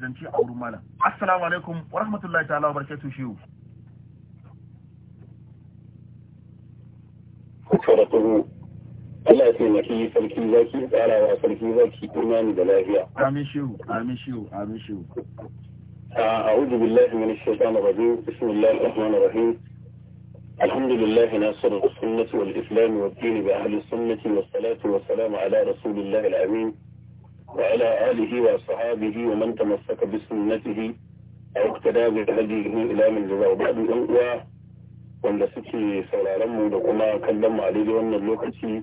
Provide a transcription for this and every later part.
zance a wurin malam assalamu alaikum wa rahmatullahi ta'ala wa barakatuh shehu faratuhu Allah ya sarki zaki tsara da lafiya amin amin amin أعوذ بالله من الشيطان الرجيم بسم الله الرحمن الرحيم الحمد لله ناصر السنة والإسلام والدين بأهل السنة والصلاة والسلام على رسول الله الأمين وعلى آله وصحابه ومن تمسك بسنته أو اقتدى بهديه إلى من جزاء بعد الأنقوى wanda suke sauraron mu da kuma kallon mu a wannan lokaci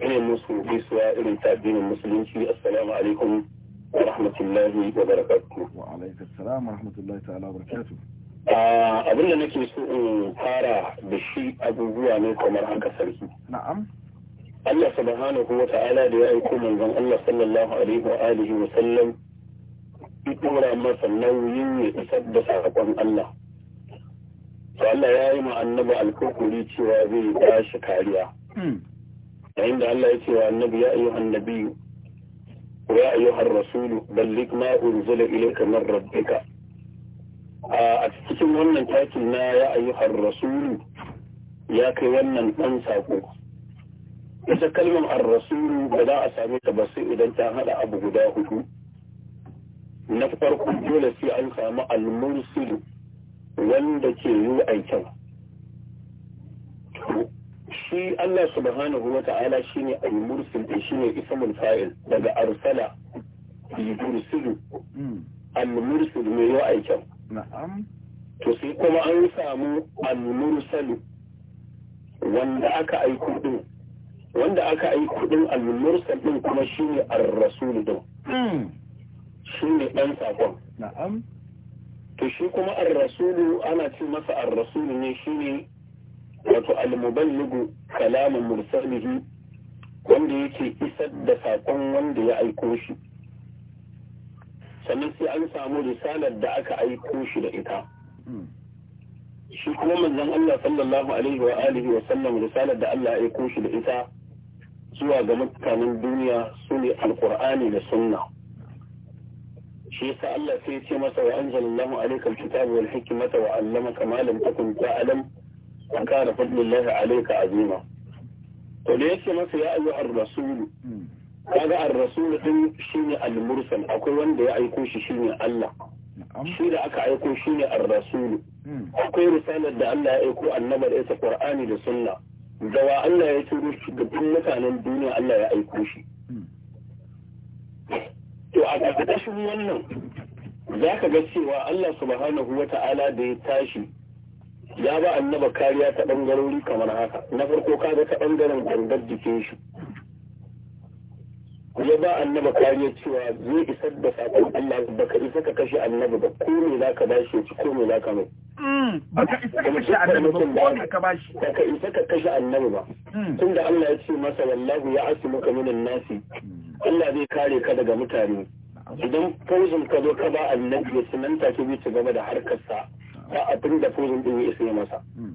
irin musu gaisuwa irin ta addinin musulunci assalamu alaikum wa rahmatullahi wa wa alaikum wa rahmatullahi ta'ala wa barakatuh abin da nake so in fara da shi abubuwa ne kamar haka sarki na'am Allah subhanahu wa ta'ala da ya aiko manzon Allah sallallahu alaihi wa alihi wa sallam ya dora masa nauyin ya isar da sakon Allah to Allah ya yi ma annabi alkukuri cewa zai ba kariya hmm. yayin da Allah ya ce wa annabi ya ayyuha annabi ya ayyuha ar-rasul balligh ma unzila ilayka min rabbika a cikin wannan takin na ya ayyuha ar-rasul ya kai wannan dan sako ita kalmar ar-rasulu ba za a same ta ba sai idan ta hada abu guda hudu na farko dole sai an samu al-mursil wanda ke yi aikin shi Allah subhanahu wa ta'ala shine al-mursil din shine ismul fa'il daga arsala yursilu hmm. al-mursil mai yi aikin to sai kuma an samu al-mursalu wanda aka aiko din wanda aka yi kudin al-mursal din kuma shine ar-rasul din hmm. shine dan sakon na'am to shi kuma ar-rasul ana ce masa ar-rasul ne shine wato al-muballighu kalamun mursalihi wanda yake isar da sakon wanda ya aiko shi sannan sai an samu risalar da aka aiko shi da ita hmm. shi kuma manzon Allah sallallahu alaihi wa alihi wa sallam risalar da Allah ya aiko shi da ita zuwa ga mutanen duniya su ne alkur'ani da sunna shi yasa Allah sai ce masa wa anzalallahu alaikal kitaba wal hikmata wa allamaka ma lam takun ta'lam wa kana fadlullahi alayka azima to da yake masa ya ayyuha ar-rasul kaga ar-rasul din shine al-mursal akwai wanda ya aiko shi shine Allah shi da aka aiko shine ar-rasul hmm. akwai risalar da Allah ya aiko annabar isa Qur'ani da sunna gawa Allah ya turo shi da duk mutanen duniya Allah ya aiko shi to a ƙarƙashin wannan za ka ga cewa Allah subhanahu wa ta'ala da ya tashi ya ba annaba kariya ta ɓangarori kamar haka na farko kaga ta ɓangaren gangar jikin shi ya ba annaba kariya cewa zai isar da sakon Allah ba ka isa ka kashe annaba ba ko me za ka bashi ci ko me za ka mai. Mm, ba ka isa ka kashe annaba ba ko me ka bashi. Ba ka isa ka kashe annaba. ba. Mm. da Allah ya ce masa wallahu ya asimuka minan nasi. Allah zai kare ka daga mutane. Idan fauzin ka zo ka ba annabi ya sinanta ki bi ci gaba da sa. ba abin da fauzin din ya isa masa. Mm.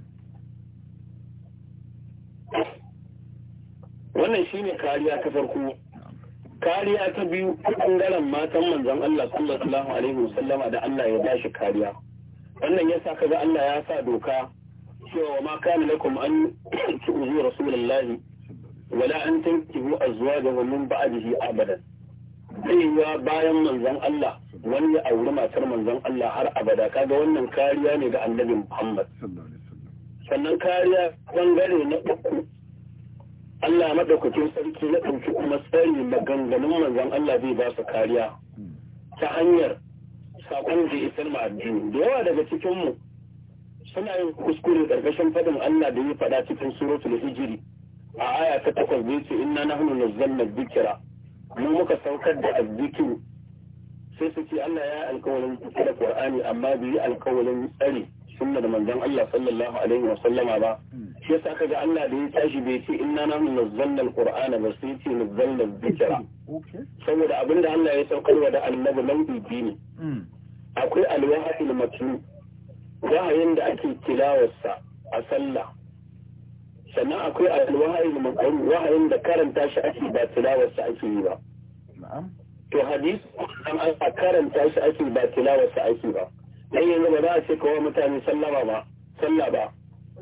Wannan shine kariya ta farko. kariya ta biyu a ɓangaren matan manzon Allah sallallahu alaihi wasallama da Allah ya ba shi kariya wannan yasa sa kaga Allah ya sa doka cewa ma kana lakum an tu'zu rasulullahi wala an tankihu azwajahu min ba'dihi abadan kaiwa bayan manzon Allah wani ya auri matar manzon Allah har abada kaga wannan kariya ne ga annabi Muhammad sannan kariya bangare na uku Allah madaukakin sarki na ɗauki kuma tsari maganganun manzon Allah zai ba su kariya ta hanyar saƙon da isar ma addini da yawa daga cikinmu suna yin kuskure ƙarƙashin faɗin Allah da ya faɗa cikin suratul hijiri a aya ta takwas da yace inna nahnu nazzalna dhikra mu muka saukar da azzikru sai su ce Allah ya alƙawarin da Qur'ani amma bai yi alƙawarin tsari da manzon Allah sallallahu alaihi wa sallama ba shi yasa kaga Allah da ya tashi bai ce inna nahnu nazzalna alqur'ana ba sai ce nazzalna dhikra saboda abinda Allah ya wa da annabi nau'i biyu ne hmm. akwai alwahil matlu wahayin da ake tilawarsa a sallah sannan akwai alwahil maqru wahayin da karanta shi ake ba tilawarsa ake yi ba to hadisi an karanta shi ake ba tilawarsa ake ba dan yanzu ba za a ce kawai mutane sallama ba sallah ba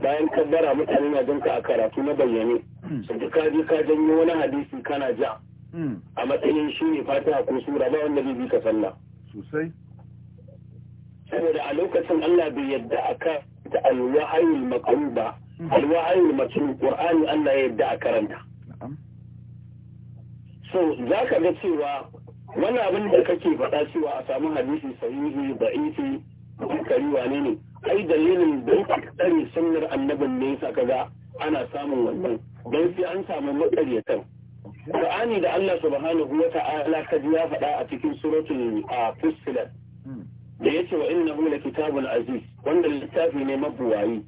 bayan kaddara mutane na jinka a karatu na bayyane su hmm. ji ka je ka janyo wani hadisi kana ja hmm. a matsayin shi ne fatiha ko sura ba wanda zai ka sallah sosai saboda a lokacin Allah bai yadda aka da alwahayul maqruba hmm. alwahayul matlu qur'ani Allah ya yadda a karanta so zaka ga cewa wani abin da kake faɗa cewa a samu hadisi sahihi da'ifi kari wane ne ai dalilin don tsare sunnar annabin ne sa kaga ana samun wannan don sai an samu makaryatan Qur'ani da Allah subhanahu wa ta'ala ji ya faɗa a cikin suratul Fussilat da yace wa innahu kitabun aziz wanda littafi ne mabuwayi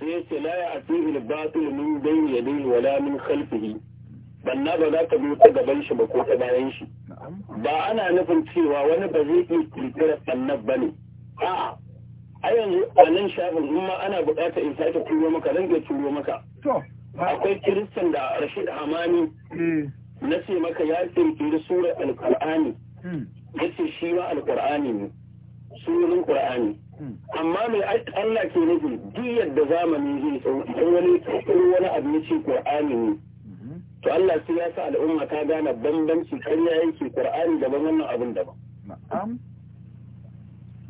sai yace la ya'tihi al-batil min bayni yadihi wala min khalfihi banna ba za ta biyo ta gaban shi ba ko ta bayan shi ba ana nufin cewa wani ba zai iya kirkirar sannan ba ne a a yanzu a nan shafin in ana bukata in sake turo maka zan iya turo maka akwai kiristan da rashid hamani eh. na ce maka ya kirkiri sura alkur'ani hmm. ya ce shi ma alkur'ani ne sunan ƙur'ani hmm. amma mai Allah ke nufi duk yadda zamani zai tsawo wani kirkiro wani abu ya ce ƙur'ani ne hmm. to Allah sai ya sa al'umma ta gane bambanci karya yake ƙur'ani daban wannan abin daban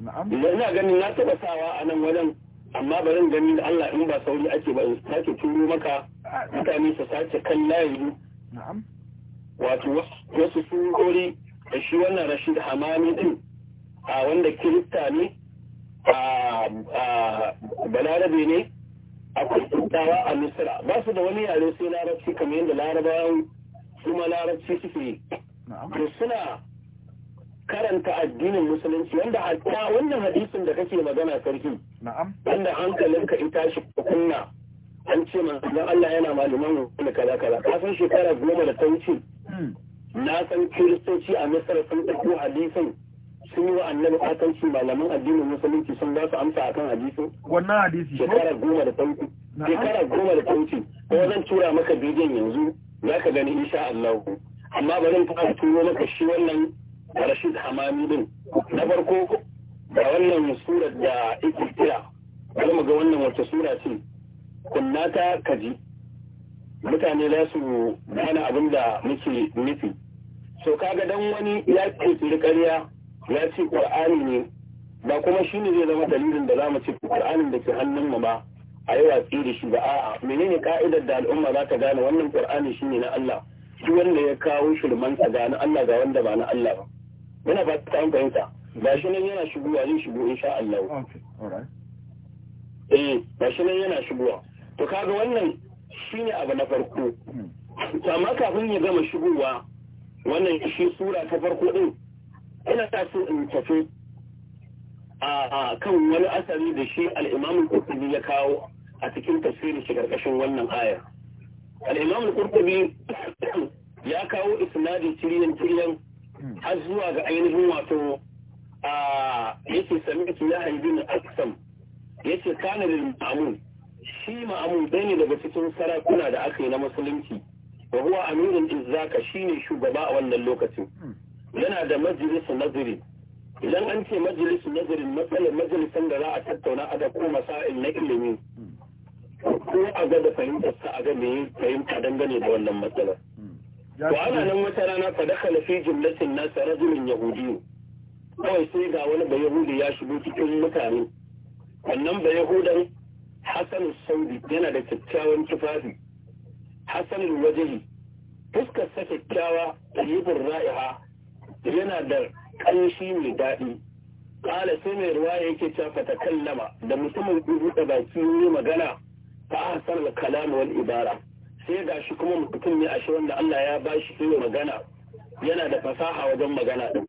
ina ganin na taɓa sawa a nan wajen amma barin ganin Allah in ba sauri ake ba in sake turo maka mutane su sace kan layi wato wasu kori da shi wannan Rashid Hamami din a wanda kirista ne a balarabe ne a turawa a misira ba su da wani yare sai larabci kamar yadda su ma larabci suke to suna karanta addinin musulunci wanda hatta wannan hadisin da kake magana sarki wanda hankalinka in tashi kunna an ce manzon Allah yana malaman wani kaza kaza ka san shekara goma da ta wuce hmm. na san kiristoci a misar sun ɗauko hadisin sun yi wa annabi fatanci malaman addinin musulunci sun ba su amsa akan hadisin wannan hadisi shekara goma da ta wuce shekara goma da ta wuce ko zan tura maka bidiyon yanzu za ka gani insha Allah amma bari in fara turo maka shi wannan da rashid hamami din na farko da wannan surar da ake kira bari ga wannan wacce sura ce kunna ta kaji mutane za su gane abin da muke nufi so kaga dan wani ya ƙirƙiri ƙarya ya ce ƙur'ani ne ba kuma shi ne zai zama dalilin da za mu ce ƙur'anin da ke hannun mu ba a yi watsi da shi ba a'a menene ka'idar da al'umma za ta gane wannan ƙur'ani shine na Allah shi wanda ya kawo shirman sa gane Allah ga wanda ba na Allah ba yana ba ta fahimta ba shi nan yana shigowa zai shigo insha Allah eh ba shi nan yana shigowa to kaga wannan shine abu na farko hmm. amma kafin ya gama shigowa wannan shi sura ta farko din ina ta so in tafi a kan wani asali da shi al-Imam al-Qurtubi ya kawo a cikin tafsiri shi karkashin wannan ayar al-Imam al-Qurtubi ya kawo isnadi tiriyan tiriyan har zuwa ga ainihin wato a yake sami su ya haibi na aksam yace kana da ma'amun shi ma'amun ɗaya ne daga cikin sarakuna da aka yi na musulunci wa huwa amirin shi ne shugaba a wannan lokacin yana da majalisun nazari idan an ce majalisun nazarin matsalar majalisan da za a tattauna a da ko masa'il na ilimi ko a ga da fahimtar sa a ga me fahimta dangane da wannan matsalar to ana nan wata rana fa dakhala fi jumlatin nas rajulun yahudi kawai sai ga wani ba yahudi ya shigo cikin mutane wannan ba yahudan hasan saudi yana da kyakkyawan tufafi hasan wajehi fuskar sa kyakkyawa tayyibur ra'iha yana da ƙanshi mai daɗi kala sai mai ruwa yake cewa fa takallama da mutumin dubu da baki yi magana fa hasan kalam wal ibara sai ga shi kuma mutum ne ashe wanda Allah ya ba shi iya magana yana da fasaha wajen magana ɗin.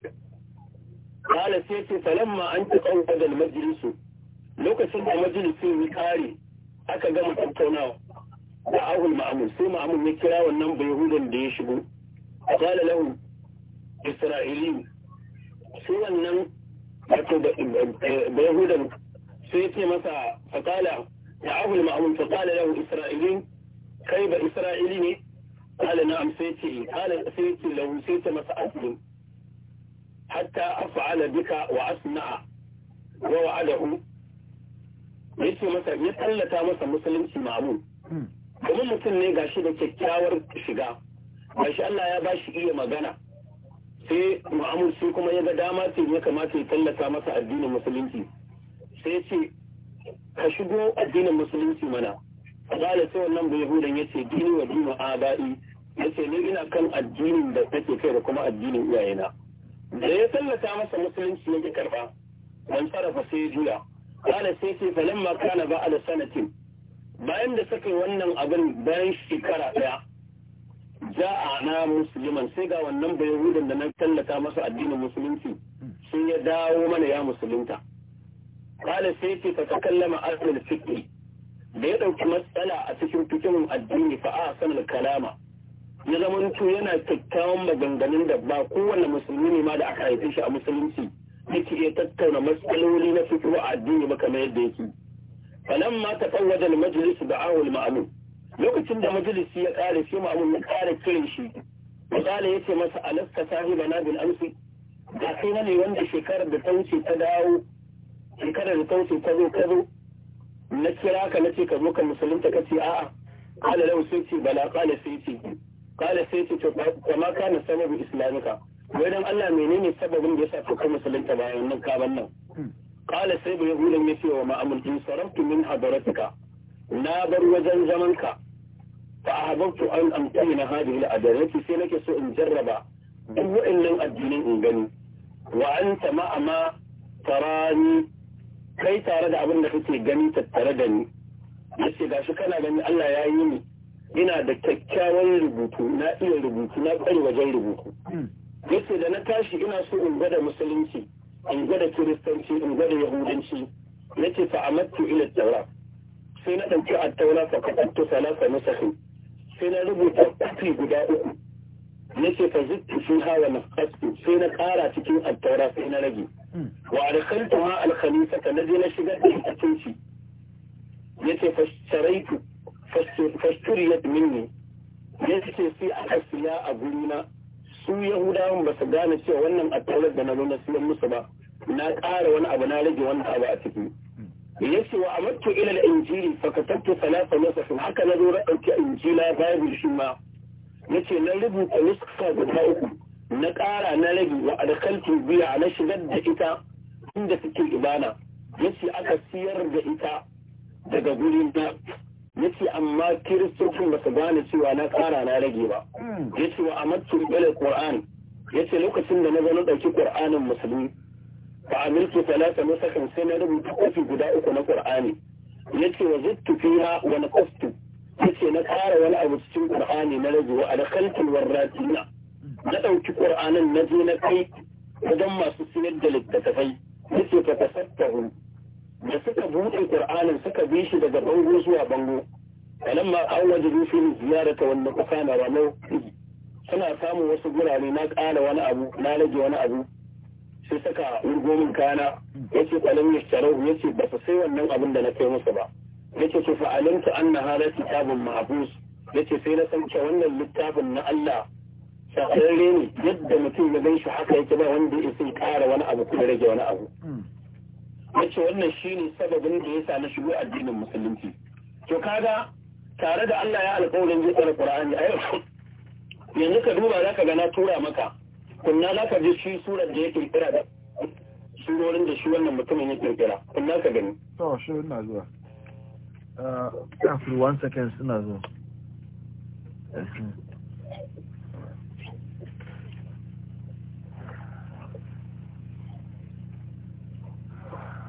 Kala sai ce falamma an ta ƙauka da majalisu lokacin da majalisun ya kare aka gama tattaunawa da ahul ma'amun sai ma'amun ya kira wannan bayahudan da ya shigo. Kala lahu Isra'ili sai wannan wato bayahudan sai ce masa fakala da ahul ma'amun fakala lahu Isra'ili kai ba isra'ili ne kala na sai ce kala sai ce lahu sai ta masa aslim hatta af'ala duka wa asna'a wa wa'adahu ce masa ya tallata masa musulunci mamun kuma hmm. mutum ne gashi da kyakkyawar shiga gashi Allah ya bashi iya magana sai mu'amul sai kuma ya ga dama ce ya kamata ya tallata masa addinin musulunci sai ce ka shigo addinin musulunci mana kala sai wannan bai yahudan yace dini wa dini abai yace ni ina kan addinin da take kai da kuma addinin iyayena da ya sallata masa musulunci yake karba man sarrafa sai juya kala sai sai falamma kana ba ala sanatin bayan da suka yi wannan abin bayan shekara daya ja'a na musulman sai ga wannan bai yahudan da na tallata masa addinin musulunci sun ya dawo mana ya musulunta kala sai ce ka takallama ahlul fiqh da ya ɗauki matsala a cikin fikin addini fa a sanar kalama ya zamanto yana kyakkyawan maganganun da ba kowane musulmi ne ma da aka haifi shi a musulunci yake iya tattauna matsaloli na fitowa a addini ba kamar yadda yake falan ma ta tsawaja da majalisu da awul ma'amun lokacin da majalisi ya ƙare shi ma'amun ya ƙare kiran shi misali ya ce masa alaska sahiba na bin amsi da kai na ne wanda shekarar da ta wuce ta dawo shekarar da ta wuce ta zo ka zo na kira ka na ce ka zo ka musulunta ka ce a'a kala lau sai ce bala kala sai ce kala sai ce to ma kana sababin islamika wai dan Allah menene sababin da yasa ka musulunta bayan nan ka nan kala sai bai hulan ya ce wa ma'amun in sarabtu min hadaratika na bar wajen zamanka fa ahbabtu an amtahina hadhihi al-adarati sai nake so in jarraba duk wa'annan addinin in gani wa anta ma'a ma tarani kai tare da abin da kake gani tattare da ni yace gashi kana gani Allah ya yi ni ina da kyakkyawan rubutu na iya rubutu na kware wajen rubutu hmm. yace da na tashi ina so in gwada musulunci in gwada kiristanci in gwada yahudanci ce fa amattu ila tawra sai na dauki at-taura fa kadantu salasa nusahi sai na rubuta kafi guda uku ce fa zittu fiha wa nafastu sai na kara cikin at-taura sai na rage wa adkhaltu ma al khalisata na shigar da ita tunci yace fashtaraitu fashturiyat minni yace sai aka siya a gurina su yahudawan ba su gane cewa wannan attaurar da na nuna sunan musu ba na ƙara wani abu na rage wani abu a ciki yace wa amattu ila al injili fa katabtu thalatha nusakh haka na zo ɗauki injila babu shi ma yace na rubuta nuska guda uku na ƙara na rage wa alkaltu biya na shigar da ita inda suke ibana ce aka siyar da ita daga gurin Ya yace amma kiristocin ba su gane cewa na ƙara na rage ba ce wa ɓale bil Ya yace lokacin da na zo ɗauki dauki qur'anin musulmi fa amiltu talata musakan sai na rubuta kofi guda uku na Ya ce wa zittu wani wa Ya ce na ƙara wani abu cikin qur'ani na rage wa alkaltu warratina na ɗauki ƙur'anin na je na kai wajen masu siyar da littattafai nake ka hu da suka buɗe ƙur'anin suka bi shi daga bango zuwa bango kalan ma an waje rufin ziyara ta wannan kusa na ramau suna samun wasu gurare na ƙara wani abu na rage wani abu sai saka urgomin kana ya ce kwalin yashtarau ya ce ba su sai wannan abin da na kai musu ba ya ce su fa'alinta an na halar kitabun mahabus ya ce sai na san wannan littafin na Allah tsararre ne yadda mutum ya gan shi haka yake ba wanda ya sai kara wani abu kuma rage wani abu hmm. yace wannan shi ne sababin da ya sa na shigo addinin musulunci to kaga tare da Allah ya alƙawarin zai tsara Qur'ani a yau yanzu ka duba zaka ga na tura maka kunna za ka ji shi surar da ya kira da surorin da shi wannan mutumin ya kirkira kunna ka gani to shi ina zuwa uh after one second ina zuwa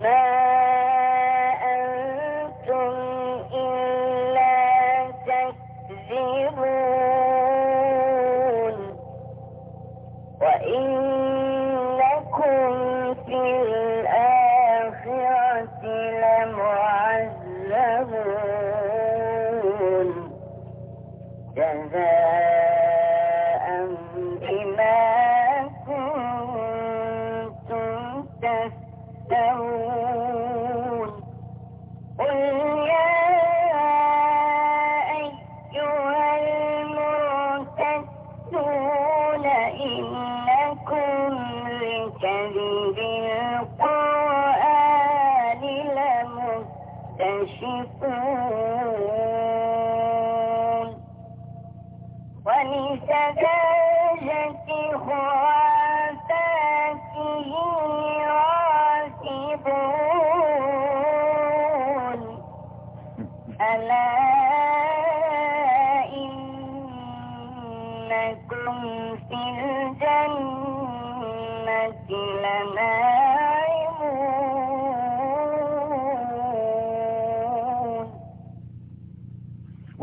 né?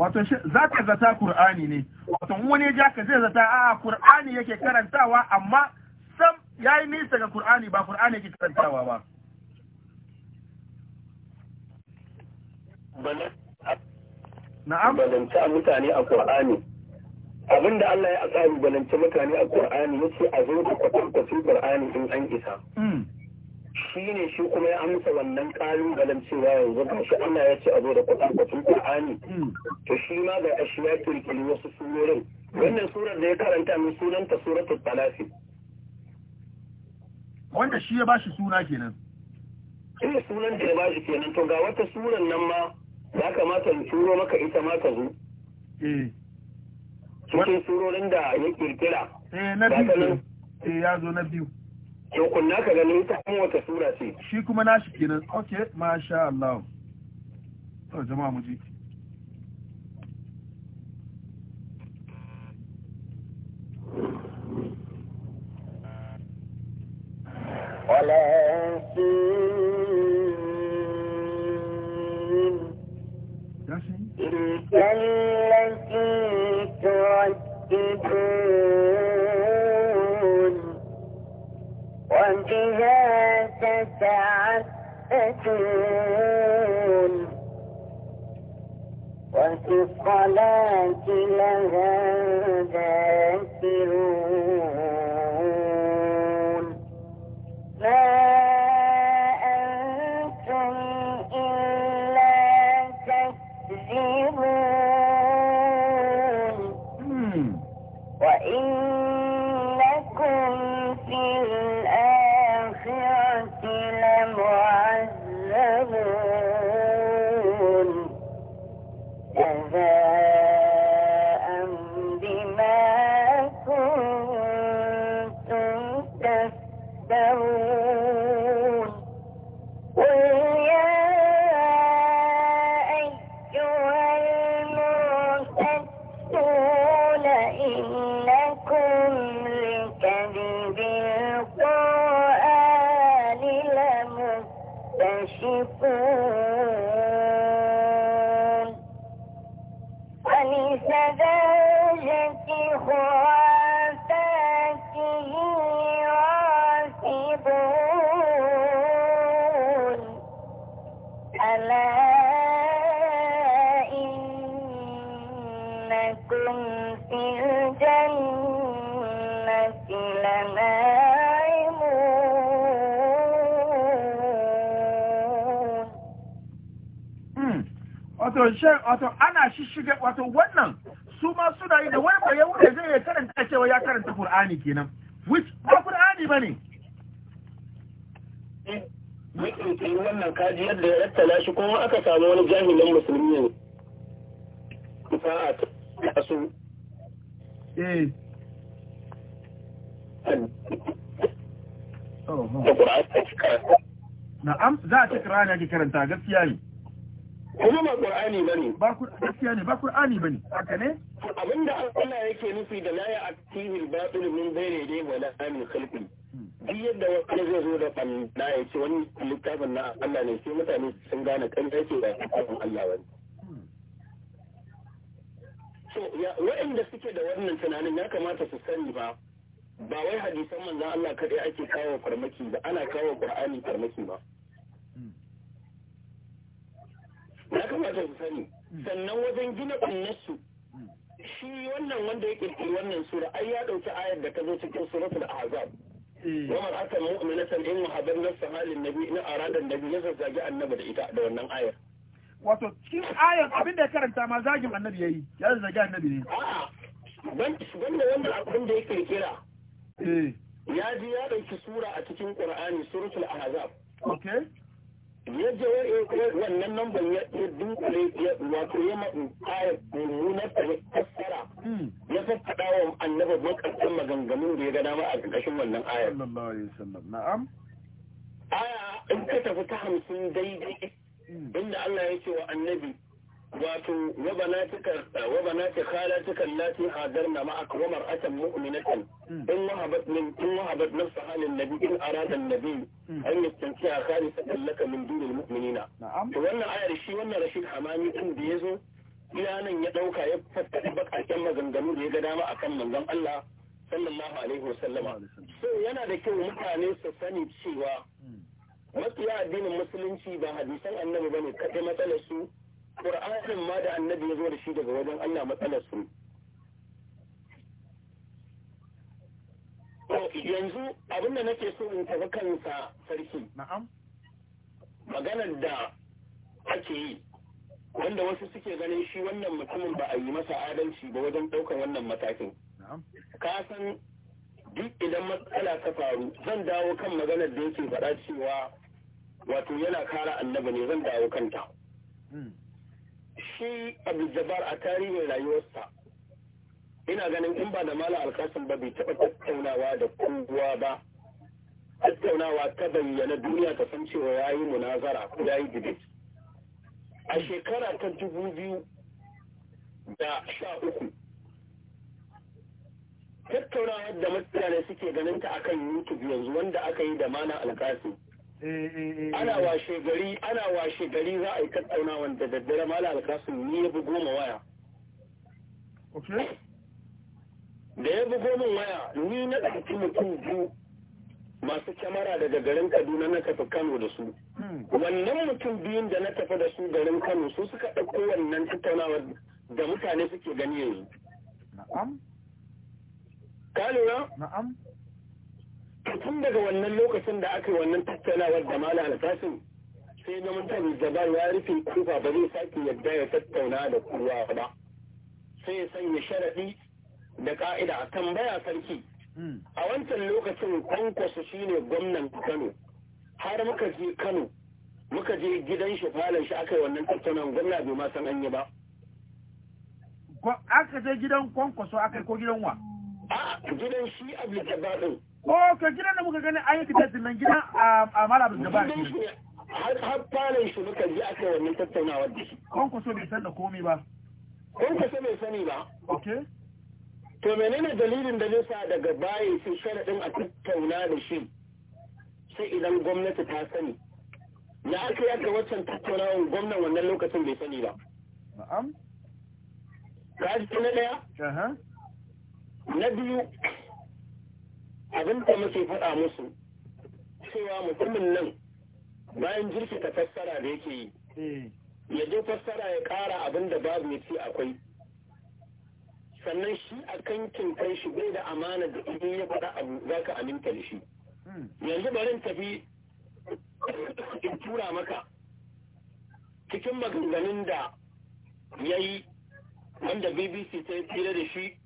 wato za ka zata Kur'ani ne wato wani ja ka zai zata a Kur'ani yake karantawa amma sam ya yi nisa ga Kur'ani ba Kur'ani yake karantawa ba balanta mutane a Kur'ani abinda Allah ya aka balanta mutane a Kur'ani yake a zo da kwatankwacin Kur'ani in an isa hmm. shi ne shi kuma ya amsa wannan ƙalubalen cewa yanzu ga shi Allah ya ce a zo da kwatankwacin Qur'ani to shi ma ga shi ya kirkiri wasu surorin wannan surar da ya karanta min sunanta ta talafi wanda shi ya bashi suna kenan eh sunan da ya bashi kenan to ga wata suran nan ma ya kamata in turo maka ita ma ka zo eh cikin surorin da ya kirkira eh na biyu eh ya zo na biyu to kunna ka ganin ta an wata sura ce shi kuma nashi kenan okay masha Allah to jama'a mu ji ولا سين تلك وبها تتعفتون وفي الصلاة لها ذاكرون wato shi wato ana shishiga wato wannan su ma suna yi da wani bayan yahuda zai ya karanta cewa ya karanta qur'ani kenan which ba qur'ani bane mutum eh, wannan kaji yadda ya tattala shi kuma aka samu wani jahilin musulmi ne fa'a ta su eh Na'am za a ci kirani ake karanta gaskiya ne. Qur'ani bane ba gaskiya ne ba Qur'ani bane haka ne abinda Allah yake nufi da la ya atihil batil min bayni dai wala min khalqi duk yadda wani zai zo da banna ya ce wani littafin na Allah ne sai mutane sun gane kan yake da littafin Allah wani so waɗanda suke da wannan tunanin ya kamata su sani ba ba wai hadisan manzon Allah kadai ake kawo farmaki ba ana kawo Qur'ani farmaki ba kamata sani hmm. sannan wajen gina kunnarsu shi wannan wanda ya kirkiri wannan sura ai ya dauki ayar da ta zo cikin suratul ahzab ومن أتى مؤمنة إن وهبت نفسها للنبي إن أراد النبي يزوج aradan da da ita da wannan ayar wato cikin ayar abin da ya karanta ma zagin annabi yayi ya zagi annabi ne ban ban da wanda abin da ya kirkira eh ya ji ya dauki sura a cikin Qur'ani suratul ahzab okay ya je wannan namban ya dunkule ya wato ya ayar mummunar fassara hmm. ya fassada wa annaba makarsan maganganun da ya ga dama a ƙarƙashin wannan ayar. Na'am. Aya in ka tafi ta hamsin daidai hmm. inda Allah ya ce wa annabi wato wa banati eh, khalatika allati hadarna ma'aka wa mar'atan mu'minatan hmm. in wahabat min in wahabat na lin nabi in arada hmm. an nabi an yastankiha khalisatan laka min dunil mu'minina to wannan ayar shi wannan Rashid Hamami din da yazo ina nan ya dauka ya fassara bakakken maganganu da ya ga dama akan manzon Allah sallallahu alaihi wasallama so yana da kyau mutane su sani cewa hmm. matsiya addinin musulunci ba hadisan annabi ne kaɗai matsalar su ƙur'anin ma da annabi ya zo da shi daga wajen Allah matsalar su yanzu abin da nake so in tafi kansa sarki na'am maganar da ake yi wanda wasu suke ganin shi wannan mutumin ba a yi masa adalci ba wajen ɗaukar wannan matakin ka san duk idan matsala ta faru zan dawo kan maganar da yake faɗa cewa wato yana kara annabi ne zan dawo kanta hmm. shi abu jabar a tarihin rayuwarsa ina ganin in ba da mala alkasin ba bai taɓa tattaunawa da kowa ba tattaunawa ta bayyana duniya ta san cewa ya yi munazara ko ya yi debate a shekara ta dubu biyu da sha uku tattaunawa da mutane suke ganin ta akan youtube yanzu wanda aka yi da mana alkasin Eh, eh, eh, ana washe gari za a yi tattauna wanda daddare mala alkasun ni ya bugo ma waya da ya bugo goma waya ni na ɗauki mutum biyu masu kyamara daga garin kaduna na tafi kano da su hmm. wannan mutum biyun da na tafi da su garin kano su suka ɗauko wannan tattaunawar da mutane suke gani yanzu na'am ka lura na'am tun daga wannan lokacin da aka yi wannan tattaunawar da mala alkasin sai na mutan jabar ya rufe kufa ba zai sake yadda ya tattauna da kowa ba sai ya sanya sharaɗi da ka'ida a tambaya sarki a wancan lokacin shi shine gwamnan kano har muka je kano muka je gidan shi falon shi aka yi wannan tattaunawa gwamna bai ma san an yi ba aka je gidan kwankwaso aka ko gidan wa a gidan shi abu da Oh, ka gidan da muka gani an yi kitabin nan gidan a malamin da ba shi. Har falon shi muka ji aka wannan tattaunawar da shi. Kwanko so bai san da komi ba. Kwanko so bai sani ba. Okay. To menene dalilin da zai sa daga baya sai sharaɗin a tattauna da shi sai idan gwamnati ta sani. Na aka yi aka waccan tattaunawar gwamnan wannan lokacin bai sani ba. Na'am. Ka ji na ɗaya? Na biyu, abin da muke faɗa musu cewa mutumin nan bayan jirki ta fassara da yake yi eh. ya je fassara ya ƙara abin da babu ya ce akwai sannan shi a kankin kai shi bai da amana da idan ya faɗa abu za ka aminta da shi hmm. yanzu barin tafi in tura maka cikin maganganun da ya yi wanda bbc ta yi tsira da shi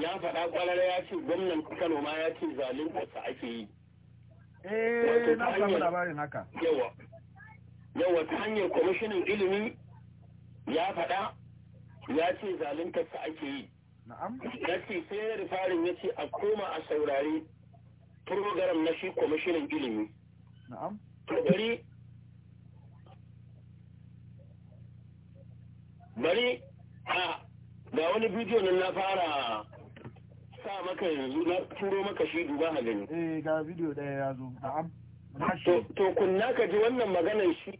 ya faɗa ƙwarar ya ce gwamnan kano ma ya ce zaluntarsa ake yi eh yawa ta hanyar kwamishinan ilimi ya faɗa ya ce zaluntarsa ake yi ya ce sai da farin ya ce a koma a saurari program na shi kwamishinan ilimi to bari bari a ga wani bidiyo nan na fara sa maka yanzu na turo maka shi duba a gani eh ga bidiyo daya ya zo na'am to kunna ka ji wannan maganar shi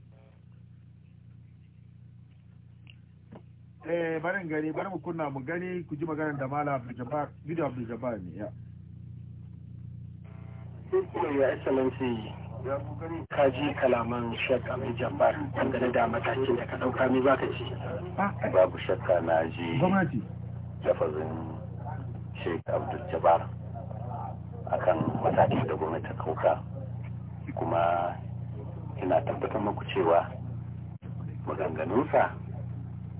eh barin gari bar mu kunna mu gani ku ji maganar da malam abdul jabbar bidiyo abdul jabbar ne ya ya excellency ka ji kalaman sheikh abin jabbar dangane da matakin da ka dauka mi baka ci ah, eh. babu shakka na ji gwamnati lafazin sheik abdul jabbar akan matakin da gwamnati ta kauka kuma ina tabbatar muku cewa maganganunsa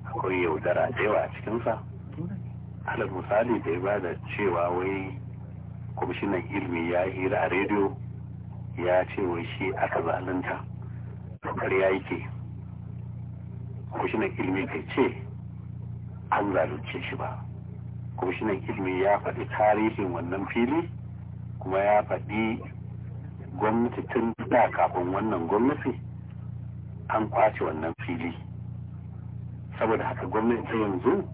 akwai yaudara da yawa a cikinsa alal misali da ya ba da cewa wai kwamishinan ilmi ya hira a rediyo ya ce wai shi aka zalunta kar ya yake kwamishinan ilmi bai ce an zalunce shi ba kwamishinan ilimi ya faɗi tarihin wannan fili kuma ya faɗi gwamnati tun da kafin wannan gwamnati an kwace wannan fili saboda haka gwamnati ta yanzu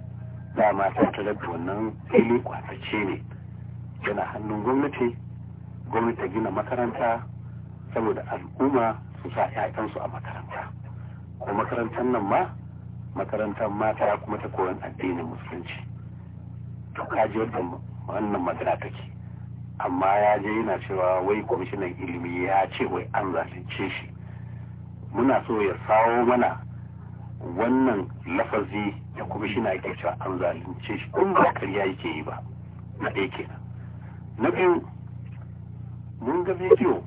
dama ta tarar da wannan fili kwatacce ne yana hannun gwamnati gwamnati gina makaranta saboda al'umma su sa 'ya'yansu a makaranta ko makarantar nan ma makarantar mata kuma ta koyon addinin musulunci to ka ji da wannan magana take amma ya je yana cewa wai kwamishinan ilimi ya ce wai an zalunce shi muna so ya sawo mana wannan lafazi da kwamishina ke cewa an zalunce shi kun ba karya yake yi ba na ɗaya kenan na biyu mun ga bidiyo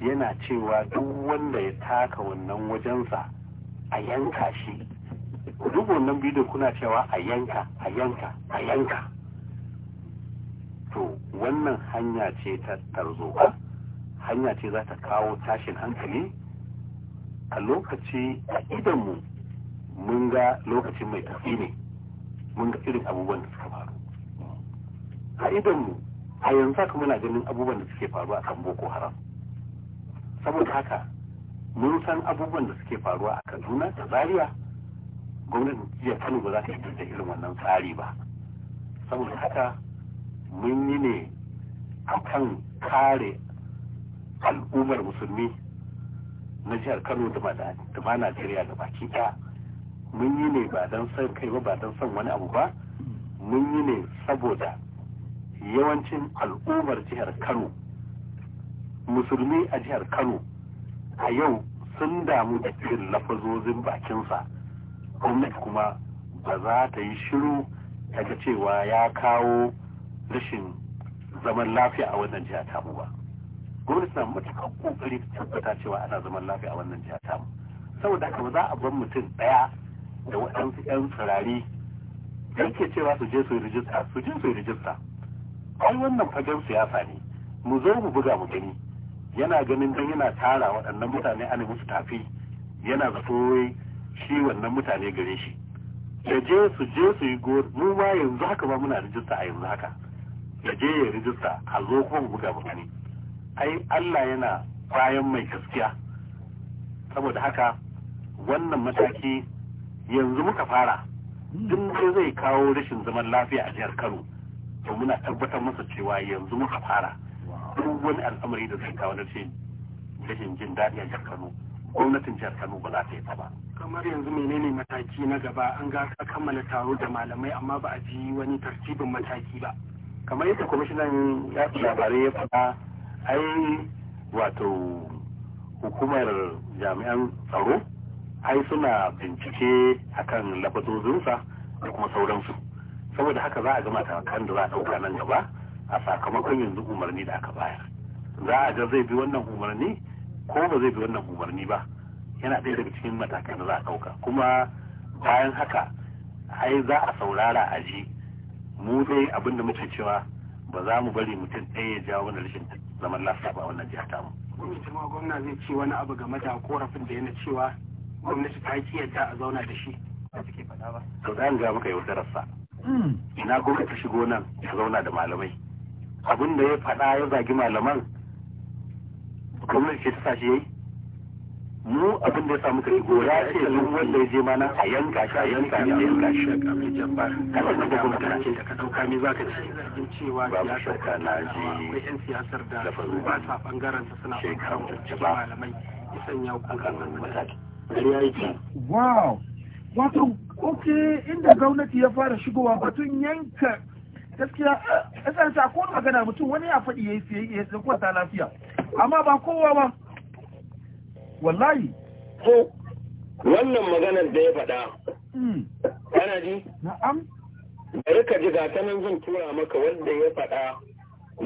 yana cewa duk wanda ya taka wannan wajensa a yanka shi ku duba wannan bidiyo kuna cewa a yanka a yanka a yanka to wannan hanya ce ta tarzoka hanya ce za ta kawo tashin hankali a lokaci a idanmu mun ga lokacin mai tafi ne mun ga irin abubuwan da suka faru a idanmu a yanzu haka muna ganin abubuwan da suke faruwa a kan boko haram saboda haka mun san abubuwan da suke faruwa a kaduna da zaria gwamnatin jiya kano ba za ta yi da irin wannan tsari ba saboda haka mun yi ne a kan kare al'ummar musulmi na jihar kano da ma najeriya da baki ɗaya mun yi ne ba don son kai ba ba don son wani abu ba mun yi ne saboda yawancin al'ummar jihar kano musulmi a jihar kano a yau sun damu da irin lafazozin bakinsa gwamnati kuma ba za ta yi shiru ta ga cewa ya kawo rashin zaman lafiya a wannan jiha tamu ba gwamnati na matuƙar kokari ta tabbata cewa ana zaman lafiya a wannan jiha tamu saboda haka ba za a bar mutum ɗaya da waɗansu 'yan tsirari da yake cewa su je su yi rijista su je su yi rijista ai wannan fagen siyasa ne mu zo mu buga mu gani yana ganin don yana tara waɗannan mutane ana musu tafi yana zato shi wannan mutane gare shi ya je su je su yi gor mu ma yanzu haka ba muna rijista a yanzu haka ya je ya rijista a zo kuma buga mutane ai Allah yana bayan mai gaskiya saboda haka wannan mataki yanzu muka fara duk da zai kawo rashin zaman lafiya a jihar Kano to muna tabbatar masa cewa yanzu muka fara duk wani al'amari da zai kawo rashin jin daɗi a jihar Kano gwamnatin jihar Kano ba za ta yi ta ba. Kamar yanzu menene mataki na gaba an ga ka kammala taro da malamai amma ba a ji wani tartibin mataki ba. Kamar yadda kwamishinan ya labarai ya faɗa ai wato hukumar jami'an tsaro ai suna bincike a akan lafazozinsa da kuma sauransu saboda haka za a gama matakan da za a ɗauka nan gaba a sakamakon yanzu umarni da aka bayar za a ga zai bi wannan umarni ko ba zai bi wannan umarni ba yana ɗaya daga cikin matakan da za a ɗauka kuma bayan haka ai za a saurara a ji mu dai abin da muke cewa ba za mu bari mutum ɗaya ya jawo wani rashin zaman lafiya ba wannan jihar tamu. kuma gwamna zai ce wani abu game da korafin da yana cewa gwamnati ta ki yadda a zauna da shi ba suke faɗa ba. sau ga muka yi wa ina gwamnati shigo nan ya zauna da malamai abin da ya faɗa ya zagi malaman gwamnati ce ta shi yayi mu abin da ya samu kai gora ce duk wanda ya je mana a yanka shi a yanka shi a yanka shi a mai jamba kada ka kuma kana ce da ka dauka me zaka ce zargin cewa ya ka na ji akwai yan siyasar da ba sa bangaren sa suna shekaru da malamai ya sanya hukumar kan mataki wow wato ok inda gwamnati ya fara shigowa batun yanka gaskiya eh, a ko magana mutum wani ya faɗi ya yi ya kwanta lafiya amma ba kowa ba wallahi ko wannan maganar da ya faɗa hmm. kana ji na'am bari ka ji gata nan zan tura maka wanda ya faɗa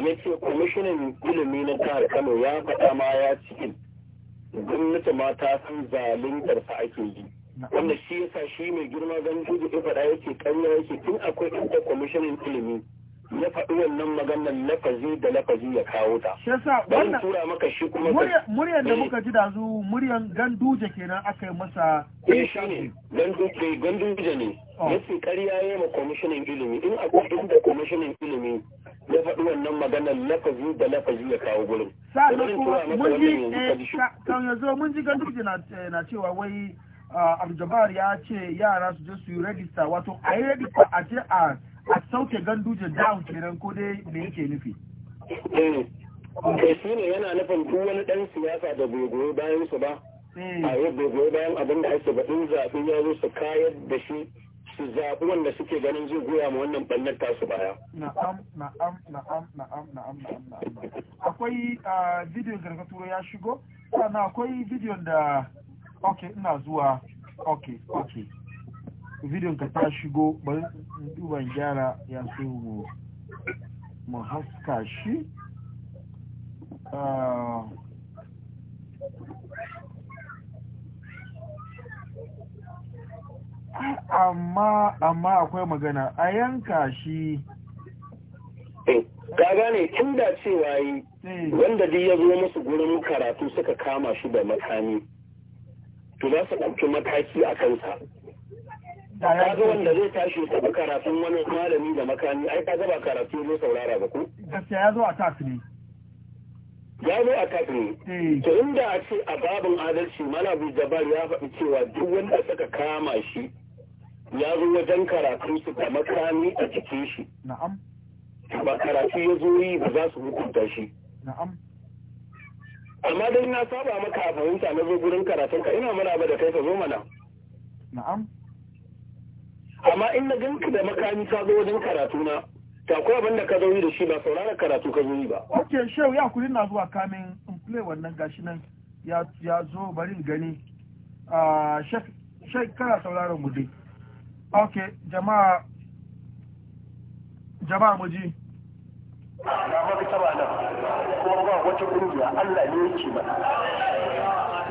ya ce kwamishinan ilimi na jihar kano ya faɗa ma ya cikin gwamnati mata ta san zaluntar ake yi wanda shi yasa shi mai girma gan da ya faɗa yake ƙarya yake tun akwai inda kwamishinan ilimi ya faɗi wannan maganar lafazi da lafazi ya kawo ta. Yasa wannan tura maka shi kuma muryar da eh. muka ji da zu muryar ganduje kenan aka yi masa eh shine ganduje ganduje ne oh. yace ƙarya yayi ma kwamishinan ilimi in akwai da kwamishinan ilimi ya faɗi wannan maganar lafazi da lafazi ya kawo gurin. Sa'an kuma mun ji eh, kan yanzu mun ji ganduje na eh, cewa wai ah, Abdul ya ce yara su je su yi rajista wato a yi rajista a je a a sauke gandujin down kenan ko dai me yake nufi eh, eh, shi ne yana nufin duk wani dan siyasa da bai goyi bayan su ba eh. a yi bai goyi bayan abin da ake baɗin zaɓi ya zo su kayar da shi su zaɓi wanda suke ganin zai goya ma wannan ɓannar tasu baya. Na'am, na'am, na'am, na'am, na'am, na'am. Akwai bidiyon turo ya shigo, sannan akwai bidiyon da, ok, ina zuwa, ok, ok. bidiyon ka ta shigo bari duban gyara ya so mu mu haska shi ah. Ah, amma amma akwai magana a yanka shi ga eh, gane tun da cewa yi eh. wanda dai ya zo musu gurin karatu suka kama shi da makami to za su ɗauki mataki a kansa da zai tashi ta bi karatun wani malami da makami ai ka gaba karatu ne saurara ba ku gaskiya ya zo a tafi ne ya zo a tafi ne eh. to inda a ce a babin adalci malabu jabar ya faɗi cewa duk wanda suka kama shi ya zo wajen karatu su da makami a cikin shi na'am ba karatu ya zo yi ba za su hukunta shi na'am amma dai na saba maka a fahimta na zo gurin karatun ina mana ba da kai ka zo mana na'am amma in na ganka da makami ka zo wajen karatu na ta kuma abin da ka zo yi da shi ba saurara karatu ka zo yi ba ok shehu ya kuri na zuwa kamin in play wannan gashi nan ya zo bari gani ah, shek kana sauraron mu dai ok jama'a jama'a mu ji na mafi taba nan kuma ba wata ƙungiya Allah ne yake mana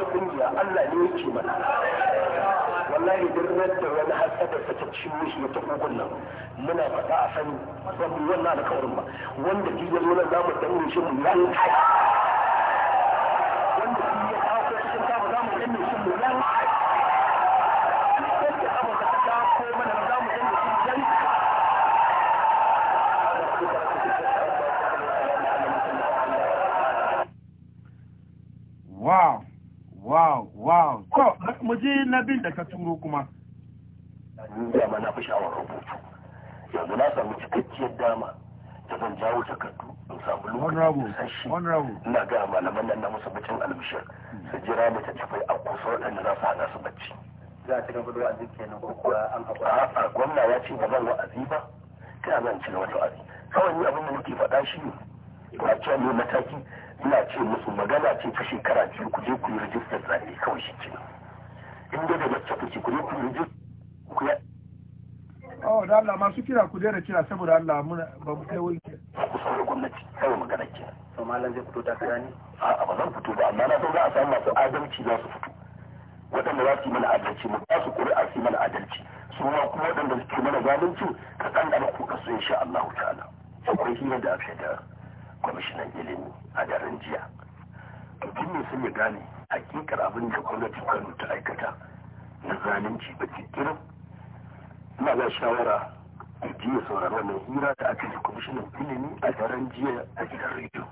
wata kungiya Allah ne yake mana wallahi duk da wani hasada sake mishi shi ta kokon nan muna faɗa a sani ba mu wannan alƙawarin ba wanda jiya yazo nan zamu danne shi mu yanka mu je na bin da ka turo kuma ma na fi sha'awar rubutu yanzu na samu cikakkiyar dama da zan jawo takardu in samu lokacin sashi ina ga malaman nan na musu bacin albishir su jira mu ta tafai a kusa waɗanda za su hana su bacci za a ci gaba a wa'azi kenan ko kuwa an haƙura a'a gwamna ya ce ba zan wa'azi ba ta zan ci wata wa'azi kawai ni abin da nake faɗa shi ne ba ce ne mataki ina ce musu magana ce ta shekara biyu ku je ku yi rajistar zane kawai shi kenan in da mace ku ne ku yi ku ya Oh, da Allah masu kira ku daina kira saboda Allah muna ba mu kai wulke. Ku sauri gwamnati kawai magana ke. To malam zai fito takara ne? A'a ba zan fito ba amma na san za a samu masu adalci za su fito. Waɗanda za su yi mana adalci mu ba su ƙuri'a su yi mana adalci. Su ma kuma waɗanda suke mana zalunci ka ɗan ɗanɗana ku ka so insha Allah ta'ala. Akwai hira da aka da kwamishinan ilimi a daren jiya. To tun ne sun yi gane hakikar abin da gwamnatin kano ta aikata na zalunci ba kirkirin ina ba shawara a jiya saurari wannan hira da aka yi kwamishinan ilimi a daren jiya a gidan rediyo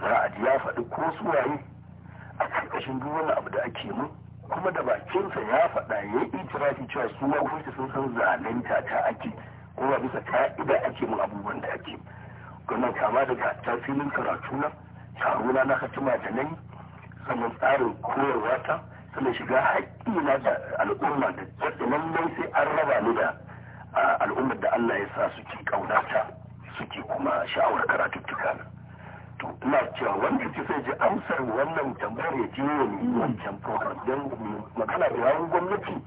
za a ji ya faɗi ko suwaye a ƙarƙashin duk wani abu da ake mu kuma da bakinsa ya faɗa ya yi tirafi cewa su ma sun san zalunta ta ake kuma bisa ka'ida ake mu abubuwan da ake gwamnati kama daga ta filin karatu na taro na na hatima da nan sannan tsarin koyarwa ta sannan shiga haƙƙi na da al'umma da jaɗa mai sai an raba ni da al'ummar da Allah ya sa suke ƙaunata suke kuma sha'awar karatuttuka na. To ina cewa wanda ke sai ji amsar wannan tambayar ya je wani wancan program don magana da yawon gwamnati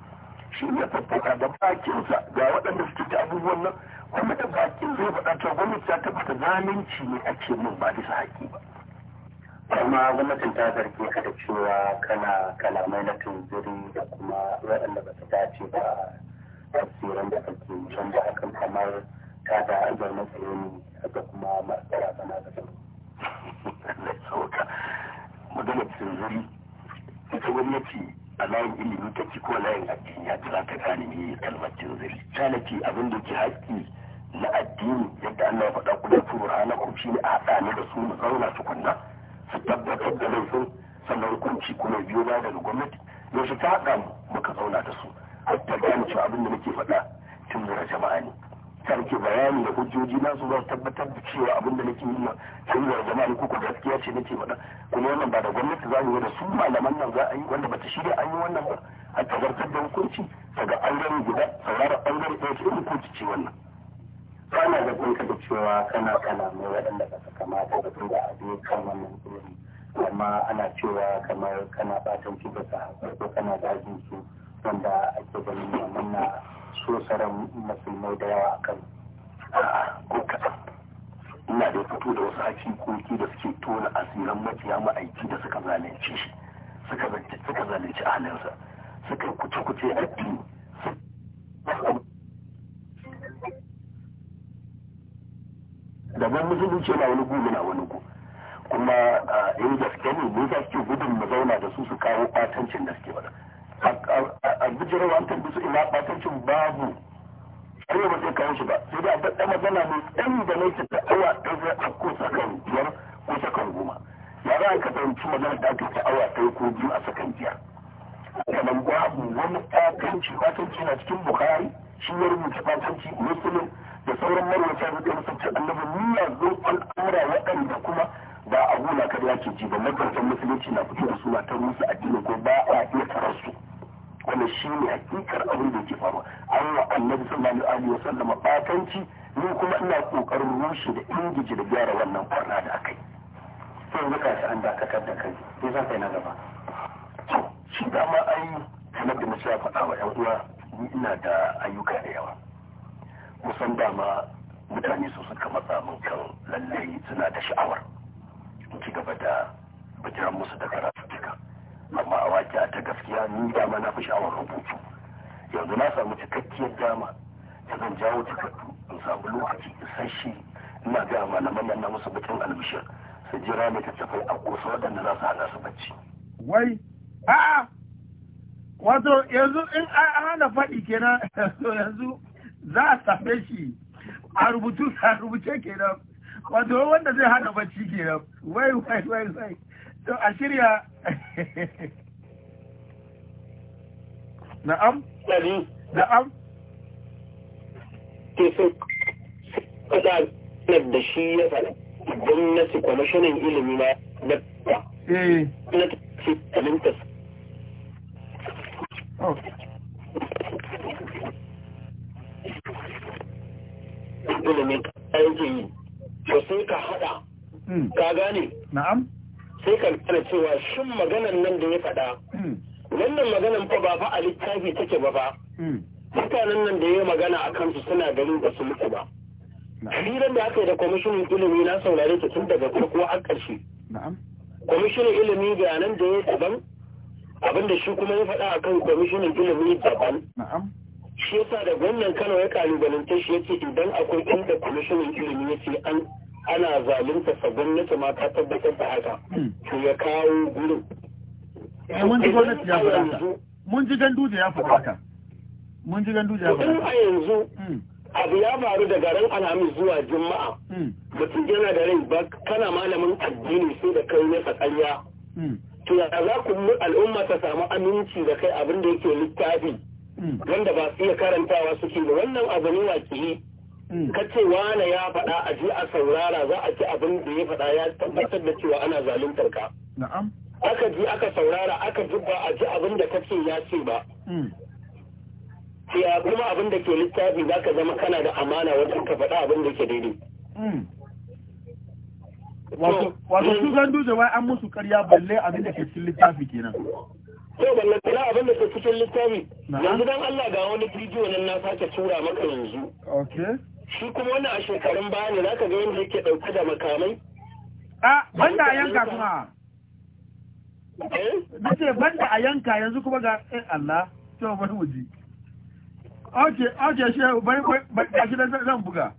shi ne faffaka da bakinsa ga waɗanda suke ta abubuwan nan kuma da bakin zai faɗa cewa gwamnati ta tabbata zalunci ne ake min ba bisa haƙƙi ba. kuma gwamnatin ta zarge ka da cewa kana kalamai na tunziri da kuma waɗanda ba su dace ba tafsirin da ake can da hakan kamar ta da ajiyar matsayi da kuma masu bana da su. Maganar tunziri ita gwamnati a layin ilimi ta ci ko layin addini ya kira ta gane ne kalmar tunziri. Ta abin da ke haƙƙi na addini yadda Allah ya faɗa kudan turu kuma shi ne a haɗa ne da su mu zauna tukunna. su tabbatar da laifin sannan hukunci kuma biyo ba daga gwamnati yaushe ta haɗa mu muka zauna da su hatta gane cewa abin da muke faɗa tunzura jama'a ne ta rike bayani da hujjoji na su za su tabbatar da cewa abin da nake yi tun tunzura jama'a ne kuka gaskiya ce nake faɗa kuma wannan ba da gwamnati za mu yi da su malaman nan za a yi wanda bata shirya an yi wannan ba a tabbatar da hukunci daga ɓangare guda sauraron ɓangare ɗaya ce hukunci ce wannan kana da kunka da cewa kana kalamai waɗanda ba su kamata ba tun da abu kan wannan irin amma ana cewa kamar kana batan ki da sahabbai ko kana dajin su wanda ake ganin wannan na so saran musulmai da yawa akan ko kaɗan ina da fito da wasu aiki-koki da suke tona asirin maciya ma'aiki da suka zalunci shi suka zalunci ahalinsa suka kuce-kuce addini daban musulunci yana wani gu yana wani gu kuma in gaske ne ne za su gudun mu zauna da su su kawo batancin gaske ba a bijirar an tambi su ina batancin babu Allah ba zai kawo shi ba sai dai a daɗa magana mai tsayi da nai ta awa ɗaya zai a ko sakan biyar ko sakan goma ya za a kasance magana da aka ta awa ɗaya ko biyu a sakan biyar. kamar babu wani fatanci fatanci na cikin bukari shi ya rubuta fatanci muslim da sauran marwata da kan sabta annabi niyya zo al'amura waɗanda kuma ba a hula kada yake ji ba makarantar musulunci na fito da suna ta musu addini ko ba a iya tarar su wannan shi ne hakikar abin da ke faruwa an wa annabi sallallahu alaihi wa sallam fatanci ni kuma ina kokarin rushe da ingiji da gyara wannan kwarna da akai sai yanzu ka an dakatar da kai sai zan kai na gaba shi dama ai kamar da na sha faɗa wa 'yan uwa ni ina da ayyuka da yawa musan dama mutane su suka matsa min kan lallai suna da sha'awar in ci gaba da bajiran musu da karatu duka amma a waƙi ta gaskiya ni dama na fi sha'awar rubutu yanzu na samu cikakkiyar dama ta zan jawo takardu in samu lokaci isasshe ina ga malaman nan na musu bikin albishir su jira ne ta tafai a kusa waɗanda za su hana su bacci. wai a'a wato yanzu in an faɗi kenan yanzu za a same shi a rubutu a rubuce kenan wato wanda zai hana bacci kenan wai wai wai wai to a shirya na'am na'am ke so kada da shi ya faɗa gwamnati kwamishinan ilimi na da eh. ta su. ilimin yake yi to sai ka hada hmm. ka gane na'am sai ka gane cewa shin maganan nan da ya faɗa hmm. wannan maganan fa ba fa a littafi take ba fa hmm. mutanen nan da ya magana a kansu suna ganin ba su mutu ba hirar da aka yi da kwamishinan ilimi na saurare ta tun daga farko har ƙarshe kwamishinan ilimi bayanan da ya daban abinda shi kuma ya faɗa akan kwamishinan ilimi daban shi yasa da gwamnan kano ya kalubalanta shi yace idan akwai inda kwamishinan ilimi yace an ana zalunta sa gwamnati ma ta tabbatar da haka hmm. to ya kawo gurin eh, mun ji gwamnati ya faɗa mun ji ganduje ya faɗa haka mun ji ya faɗa haka a yanzu hmm. abu ya faru daga ran alhamis zuwa juma'a hmm. mutum yana da rai ba kana malamin addini sai da kai nesa ƙarya to ya za ku al'umma ta samu aminci da kai abin da yake littafi hmm. wanda ba su iya karantawa suke da wannan abu ne yi hmm. ka ce wane ya faɗa a ji a saurara za a ci abin da ya faɗa ya tabbatar da cewa ana zaluntar ka aka ji aka saurara aka ji ba a ji abin da ce ya ce ba hmm. ya kuma abin da ke littafi za ka zama kana da amana wajen ka faɗa abin da ke daidai wato su zan duje wai an musu karya balle abin da ke cikin littafi kenan to balle kana abin ke cikin littafi yanzu dan Allah ga wani bidiyo nan na sake tura maka yanzu okay shi kuma wannan a shekarun baya ne zaka ga wanda yake dauke da makamai a banda yanka kuma eh? nace banda a yanka yanzu kuma ga eh Allah to wani waje Oke, oke, shehu, bari, bari, bari, zan buga.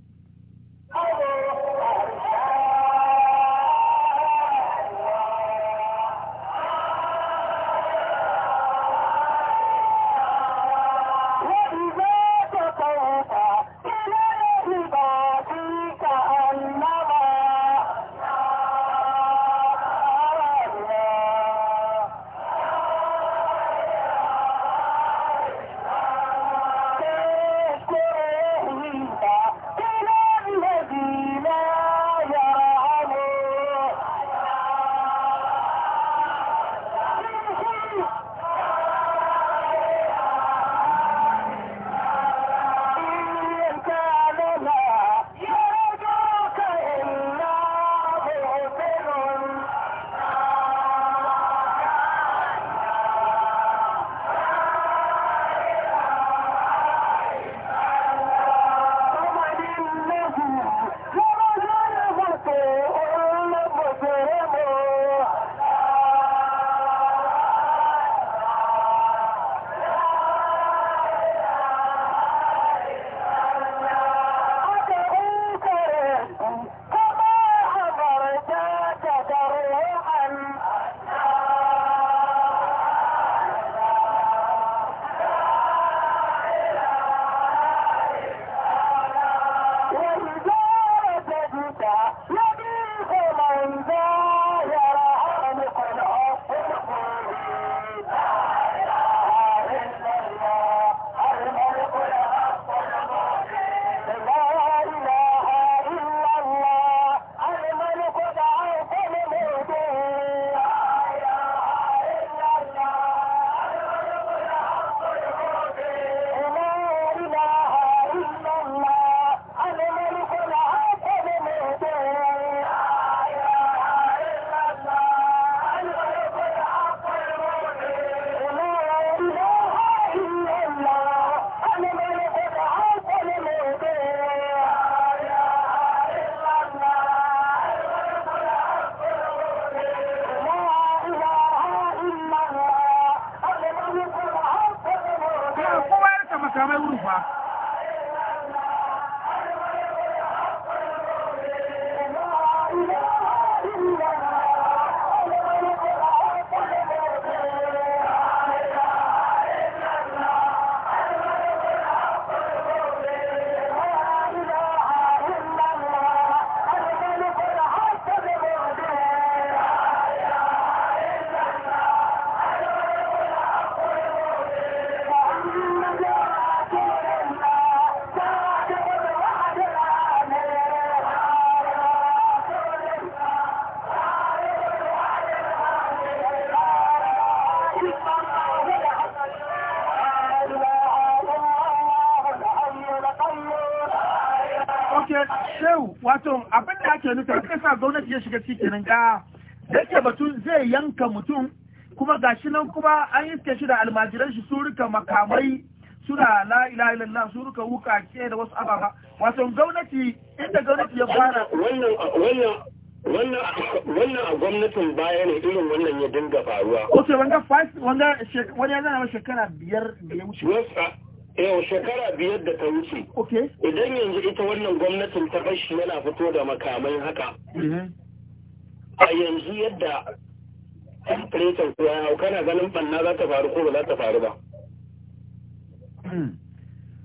gwamnati ya shiga ciki nan ga yake batun zai yanka mutum kuma gashi nan kuma an iske shi da almajiran shi su rika makamai suna la ilaha illallah su rika wukake da wasu ababa wato gwamnati inda gwamnati ya fara wannan wannan wannan wannan a gwamnatin baya ne irin wannan ya dinga faruwa. Ok, wanga wanga wani ya zana shekara biyar da ya wuce. biyar da ta wuce idan yanzu ita wannan gwamnatin ta bashi yana fito da makamai haka mhm. a yanzu yadda temperatan kuwa ya kana ganin banna za ta faru ko ba za ta faru ba hmm.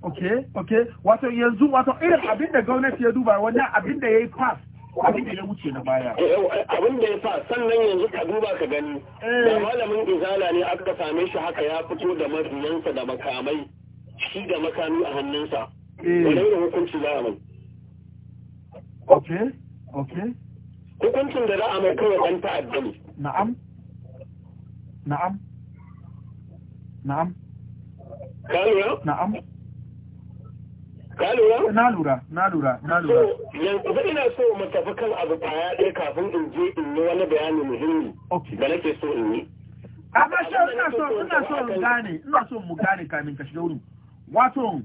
ok ok wato yanzu wato irin abin da gwamnati ya duba wannan abin da ya yi pass abin da ya wuce na baya eh, eh, abin da ya fa sannan yanzu ka duba ka gani eh. da malamin izala ne aka same shi haka ya fito da mabiyansa da makamai shi da makami a hannunsa eh. wanda yana hukunci za a mai hukuncin da za a mai kawai ɗan ta'adda ne na'am na'am na'am ka lura na'am ka lura na lura na lura na lura yanzu zai ina so matafi kan abu ɗaya ɗaya kafin in je in yi wani bayani muhimmi da nake so in yi amma ina so ina so mu gane ina so mu gane kamin ka shiga wurin wato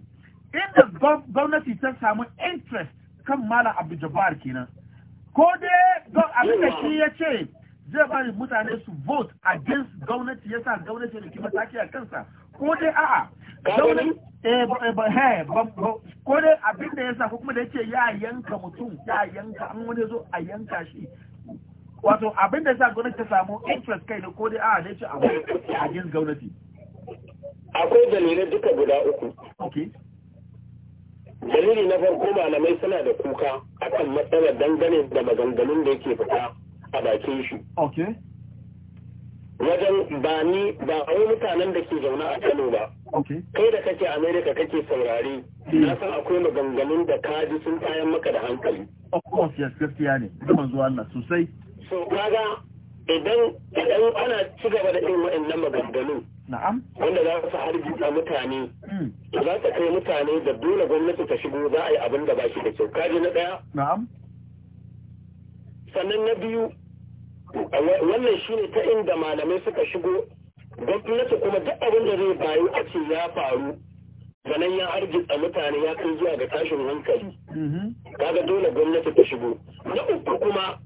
inda gwamnati ta samu interest kan malam abu jabar kenan ko dai abin da shi ya ce zai bari mutane su vote against gwamnati ya sa gwamnati da kima take a kansa ko dai a'a eh, eh, ko dai abin da ya sa ko kuma da ya ce ya yanka mutum ya yanka an wani zo a yanka shi wato abin da ya sa gwamnati ta samu interest kai da ko dai a'a a dai ce a against gwamnati akwai dalilai duka guda uku dalili na farko malamai suna da kuka akan matsalar dangane da maganganun da yake fita a bakin shi wajen ba ni ba wani mutanen da ke zaune a Kano ba. Kai da kake Amerika kake saurari, hmm. na san akwai maganganun da kaji sun tayan maka da hankali. Of course, yes, gaskiya ne, zaman zuwa Allah sosai. So, kaga idan idan ana ci gaba da irin waɗannan maganganun, na'am wanda za su hargitsa mutane hmm. za ta kai mutane da dole gwamnati ta shigo za a yi abin da ba shi da kyau kaji na ɗaya na'am sannan na biyu wannan shi ne ta inda malamai suka shigo gwamnati kuma duk abin da zai bayu a ce ya faru ganin ya hargitsa mutane ya kai zuwa ga tashin hankali mm-hmm. kaga dole gwamnati ta shigo na uku kuma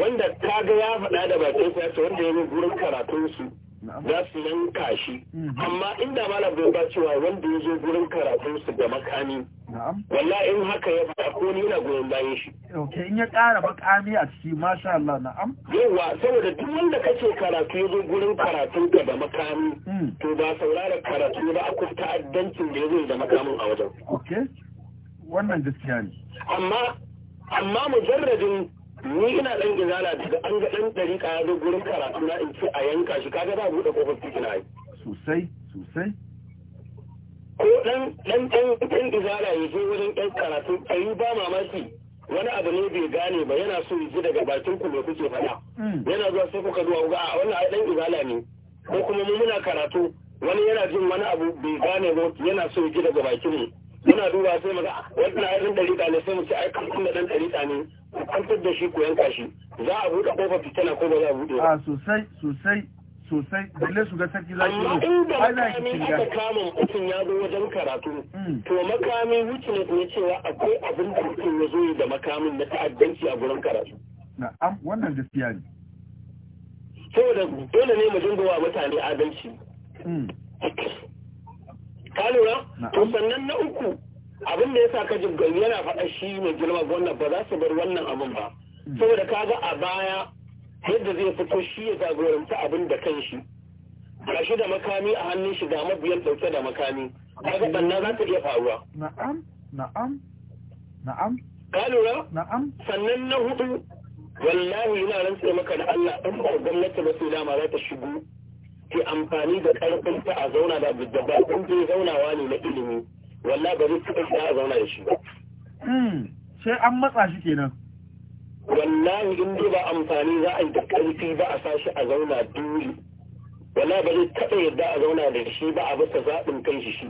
wanda kaga ya faɗa da bakin ya wanda ya gurin karatunsu za su yanka shi mhm. amma inda malam bai ba cewa wanda ya zo gurin karatun su da makami walla in haka ya fada ko ni na goyon bayan shi ok in ya ƙara makami a ciki masha Allah na'am yawa saboda duk wanda kace karatu ya zo gurin karatun ka da makami hmm. to ba saurara karatu ba akwai ta'addancin da ya zo da makamin a wajen ok wannan gaskiya ne amma amma mujarradin ni ina dan gizala daga an ga dan dari ka zo gurin karatu na in ce a yanka shi kaga ba buɗe kofar na yi sosai sosai ko dan dan dan dan gizala ya zo wurin dan karatu ayi ba mamaki wani abu ne bai gane ba yana so ji daga bakin ku me kuke faɗa mm. yana zuwa sai kuka zuwa ga wannan ai dan izala ne ko kuma mu muna karatu wani yana jin wani abu bai gane ba yana so ji daga bakin mu muna duba sai na wannan dari dariƙa ne sai mu ce ai kamfan da ɗan dariƙa ne ku kwantar da shi ku yanka shi za a buɗe kofar fitina ko ba za a bude ba. sosai sosai sosai balle su ga sarki za su yi ai za ki cinga aka kama mutum ya zo wajen karatu hmm. to makami wuce ne cewa akwai abin da mutum ya zo da makamin na ta'addanci a gurin karatu na'am wannan gaskiya ne saboda dole ne mu dinga wa mutane adalci hmm. ka lura to sannan na uku abin da sa ka jibgan yana faɗa shi mai girma ga wannan ba za su bar wannan abin ba hmm. saboda ka ga a baya yadda zai fito shi ya zagoranta abin da kan shi ga shi da makami a hannun shi ga mabiyan ɗauke da makami kaga banna za ta iya faruwa na'am na'am na'am ka lura na'am sannan na hudu wallahi yana rantse maka da Allah in ba gwamnati ba sai dama za ta shigo ke amfani da ƙarfin ta a zauna da abu da ba kun je zaunawa ne na ilimi walla ba zai taɓa da a zauna da shi ba. Hmm, sai an matsa shi kenan. wallahi in dai ba amfani za a yi da ƙarfi ba a sashi a zauna dole walla ba zai taɓa yadda a zauna da shi ba a bisa zaɓin kan shi shi.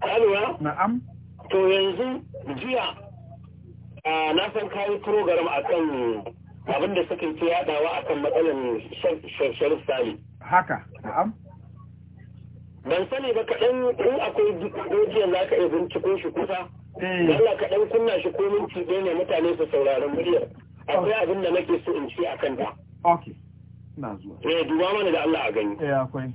Alwa? Hmm. Na'am. To yanzu jiya na san kayi program akan abin da suka yaɗawa yadawa akan matsalin sharif sali haka na'am ban sani ba kaɗan in akwai gojiyan za ka iya binciko shi kusa eh. Allah kaɗan kunna shi ko minti ɗaya ne mutane su sauraron muryar akwai abin da nake so in ci a kanta. ok na zuwa eh duba mana da Allah a gani eh akwai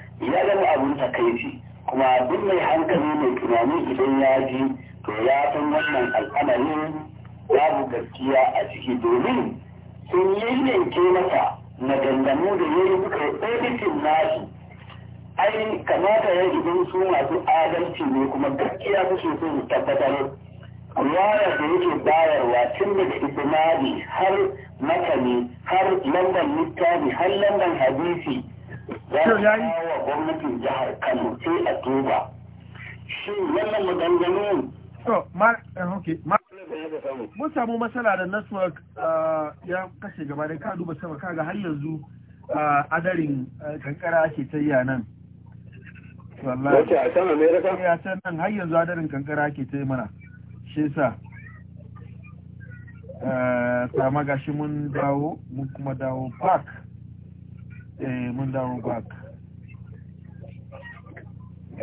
ya zama abin takaici kuma duk mai hankali mai tunani idan ya ji to ya san wannan al'amarin babu gaskiya a ciki domin sun yi yanke masa magandamu da ya yi suka editin nasu ai kamata ya idan su masu adalci ne kuma gaskiya su so su tabbatar riwaya da yake bayarwa tun daga isnadi har matani har lambar littafi har lambar hadisi ya wa gwamnatin jihar kano sai a duba shi wannan maganganu to mar eh, okay mun samu matsala da network eh, ya kashe gaba da ka duba sama kaga har yanzu eh, adarin kankara ake tayya nan wallahi wace a can america ya can nan har yanzu adarin kankara ake ta yi mana shi yasa sama gashi mun dawo mun kuma dawo park Eh, mun dawo back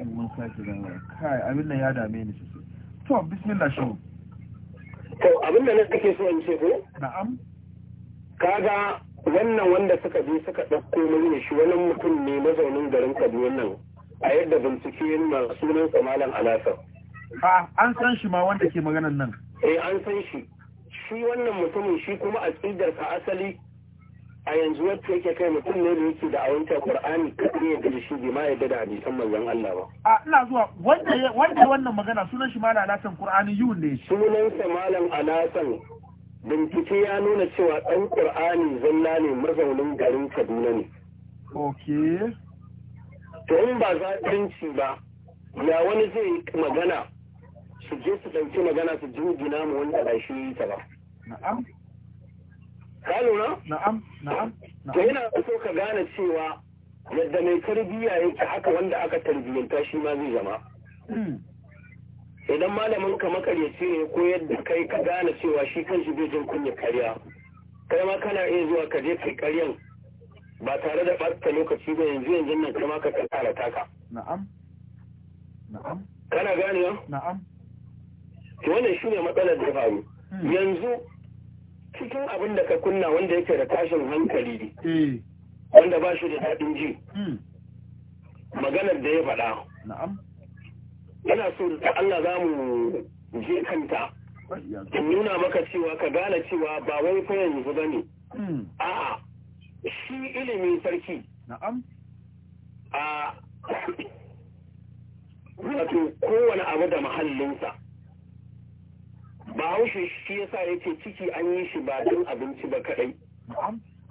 mun sake dawo kai abin nan ya dame ni sosai to bismillah shehu to abin da na kake so in ce ko na'am kaga wannan wanda suka je suka dauko mini shi wani mutum ne mazaunin garin Kaduna nan a yadda bincike yana sunan Malam Alasar a an san shi ma wanda ke maganan nan eh an san shi shi wannan mutumin shi kuma a tsidarsa asali a yanzu wacce yake kai mutum ne da yake da awanta Qur'ani kadai yadda da shi bai ma yadda da hadisan manzon Allah ba a ina zuwa wanda wanda wannan magana sunan shi malam Alasan Qur'ani yun ne sunan sa malam Alasan bincike ya nuna cewa dan Qur'ani zalla ne mazaunin garin Kaduna ne okay to in ba ci ba ya wani zai magana su je su ɗauki magana su jingina mu wanda ba shi ta ba na'am ka lura na'am na'am to yana so ka gane cewa yadda mai tarbiyya yake haka wanda aka tarbiyyanta shi ma zai zama hmm. idan malamin ka makaryaci ne ko yadda kai ka gane cewa shi kan shi bai jin kunya karya kai ma kana iya zuwa ka je kai karyan ba tare da ɓata lokaci ba yanzu yanzu nan kai ma ka kankara taka na'am na'am kana gane na'am to wannan shi ne matsalar da faru hmm. yanzu cikin abin da ka kunna wanda yake da tashin hankali eh. wanda ba shi da daɗin ji hmm. maganar da ya faɗa yana so da Allah za mu je kanta in nuna maka cewa ka gane cewa ba wai fa yanzu ba ne hmm. a'a shi ilimi sarki a wato kowane abu da mahallinsa Ba bahaushe shi yasa ya ce ciki an yi shi ba don abinci ba kaɗai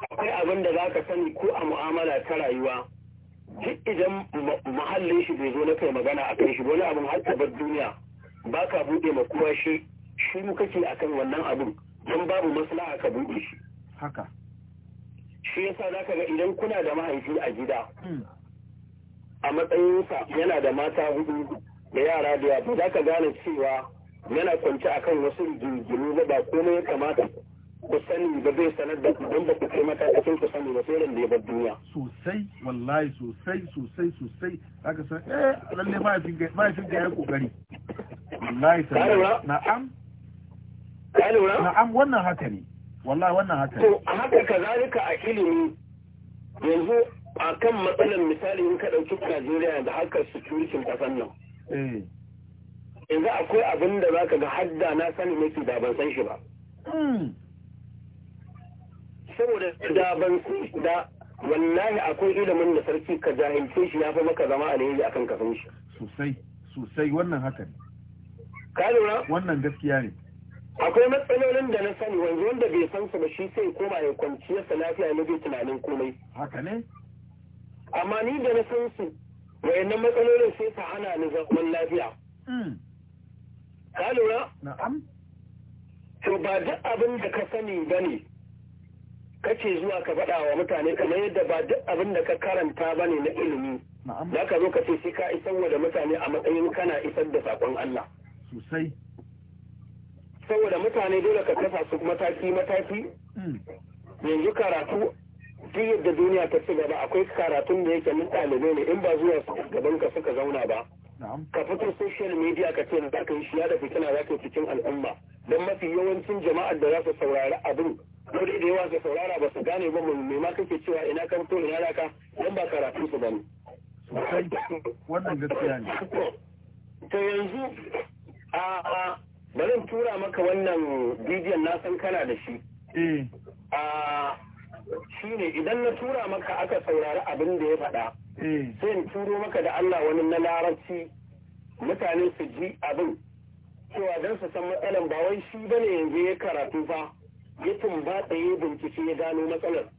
akwai abin da za ka sani ko a mu'amala ta rayuwa duk idan muhallin shi bai zo na kai magana a kan shi wani abin har bar duniya ba ka buɗe ma kowa shi shi mu kake akan wannan abin don babu maslaha ka buɗe shi haka shi yasa za ka ga idan kuna da mahaifi a gida hmm. a matsayinsa yana da mata hudu da yara da yatsu za ka gane cewa yana kwance akan wasu rigingimu na ba komai ya kamata ku sani ba zai sanar da don ba ku kai matakin ku sani ba sai da ya bar duniya sosai wallahi sosai sosai sosai aka san eh lalle ba fi ba fi ga kokari wallahi sai na'am ka na'am wannan haka ne wallahi wannan haka ne. to haka kazalika a ilimi yanzu a kan matsalar misali in ka ɗauki Najeriya da harkar security kasan nan eh yanzu akwai abin da za ka ga hadda na sani mafi da ban san shi ba hmm. saboda da ban da wallahi akwai ilimin da sarki ka jahilce shi ya fi maka zama alheri akan ka san shi sosai sosai wannan haka ne ka lura wannan gaskiya ne akwai matsalolin da na sani wanzu wanda bai san su ba shi sai koma ya ya lafiya na nufin tunanin komai haka ne amma ni da na san su wayannan matsalolin sai su hana ni zaman lafiya hmm. Ka lura? Na'am. To ba duk abin da ka sani ba ne kake zuwa ka faɗa wa mutane kamar yadda ba duk abin da ka karanta ba ne na ilimi. Za ka zo ka ce sai ka isar wa da mutane a matsayin kana isar da saƙon Allah. Sosai. Saboda mutane dole ka kasa su mataki-mataki. Hmm. Yanzu karatu duk yadda duniya ta ci gaba akwai karatun da yake min ɗalibai ne in ba zuwa gaban ka suka zauna ba. ka fito social media ka ce za ka yi shiya da fitina za ka yi cikin al'umma don mafi yawancin jama'ar da za su saurari abin dole da yawa su saurara ba su gane ba mai ma kake cewa ina ka fito ina raka don ba karatu su bane wannan gaskiya ne to yanzu a bari in tura maka wannan bidiyon na san kana da shi eh. a shine idan na tura maka aka saurari abin da ya faɗa Eh. sai in turo maka da Allah wani na larabci mutane su ji abin cewa don su san matsalan ba wai shi ne yanzu ya karatu fa ya tumbatsa ya bincike ya gano matsalar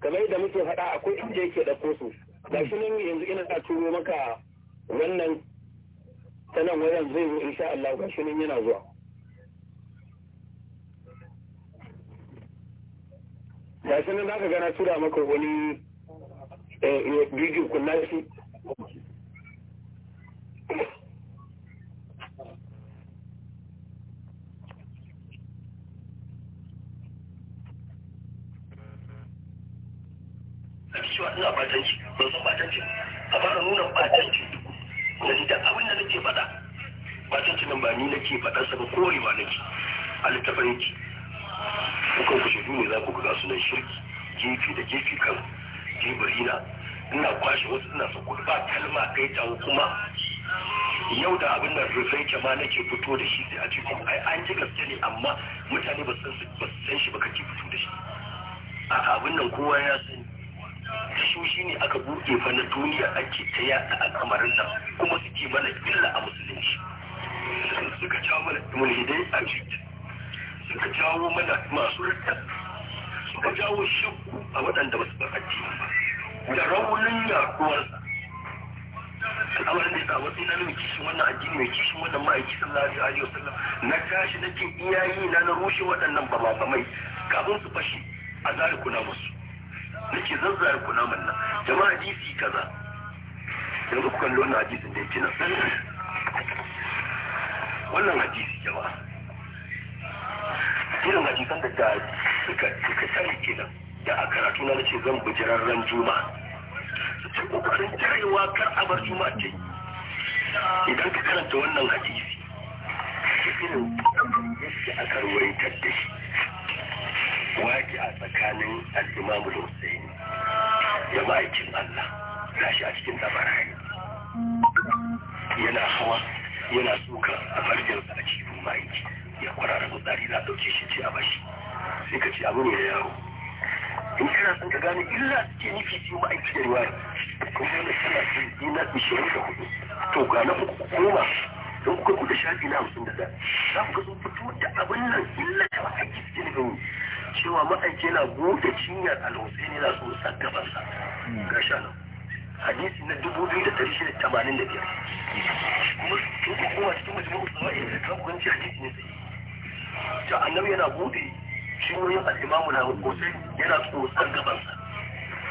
kamar da muke faɗa akwai inda yake da su ga shi nan yanzu ina ta turo maka wannan ta wajen zai zo insha Allah ga shi nan yana zuwa ga shi nan za ka gana tura maka wani bidiyo kunna shi cewa ina ban san a fara nuna da abin da nake faɗa batanci nan ba ni ba a littafin ki kukan ku shaidu ne za ku ga nan shirki Jefi da jefi kan teburi na ina kwashe wasu ina sako ba kalma kai ta kuma yau da abin da rufai ma nake fito da shi sai a cikin kuma ai an ji gaske ne amma mutane ba san san shi ba kake fito da shi a abin nan kowa ya sani shi ne aka buɗe fa na duniya ake ta yaɗa al'amarin nan kuma suke mana illa a musulunci suka jawo mana mulhidai a suka jawo mana masu rikta ka jawo shakku a waɗanda ba su ba addini ba da raunin yaduwarsa al'amarin da ya samu sai na mai kishin wannan addini mai kishin wannan ma'aiki sallallahu alaihi sallam na tashi na jin iyayi na na rushe waɗannan ba mai kafin su fashe a zari kuna musu nake zazzare kuna manna jama'a hadisi kaza yanzu kuka kalli wannan hadisin da yake nan wannan hadisi jama'a irin hadisan da da suka suka sani kenan da a karatu na ce zan bijirarren juma sai kokarin tarewa kar a bar juma ce idan ka karanta wannan hadisi irin yadda a ruwaitar da shi waki a tsakanin al da hussein da ma'aikin allah gashi a cikin labarai yana hawa yana suka a farjinsa a cikin ma'aiki ya kwarara mutsari za a ɗauke shi ce a bashi sai ka ce abu ne da yaro in kana son ka gane illa ke nufi su ma aiki da ruwa kuma wani sana yi na ishirin da hudu to ga na uku koma don kuka kuka shafi na hamsin da za ku ga fito da abin nan illa ta aiki su ke gani cewa ma'aiki yana goge cinyar alhussai ne na so sa gabansa hmm. ga sha nan hadisi na dubu biyu da ɗari shida tamanin da biyar kuma sun kuma cikin majalisar wasu da kan kwanci hadisi ne sai to annabi yana bude shi wurin al'imamu na hukusai yana tsotsar gabansa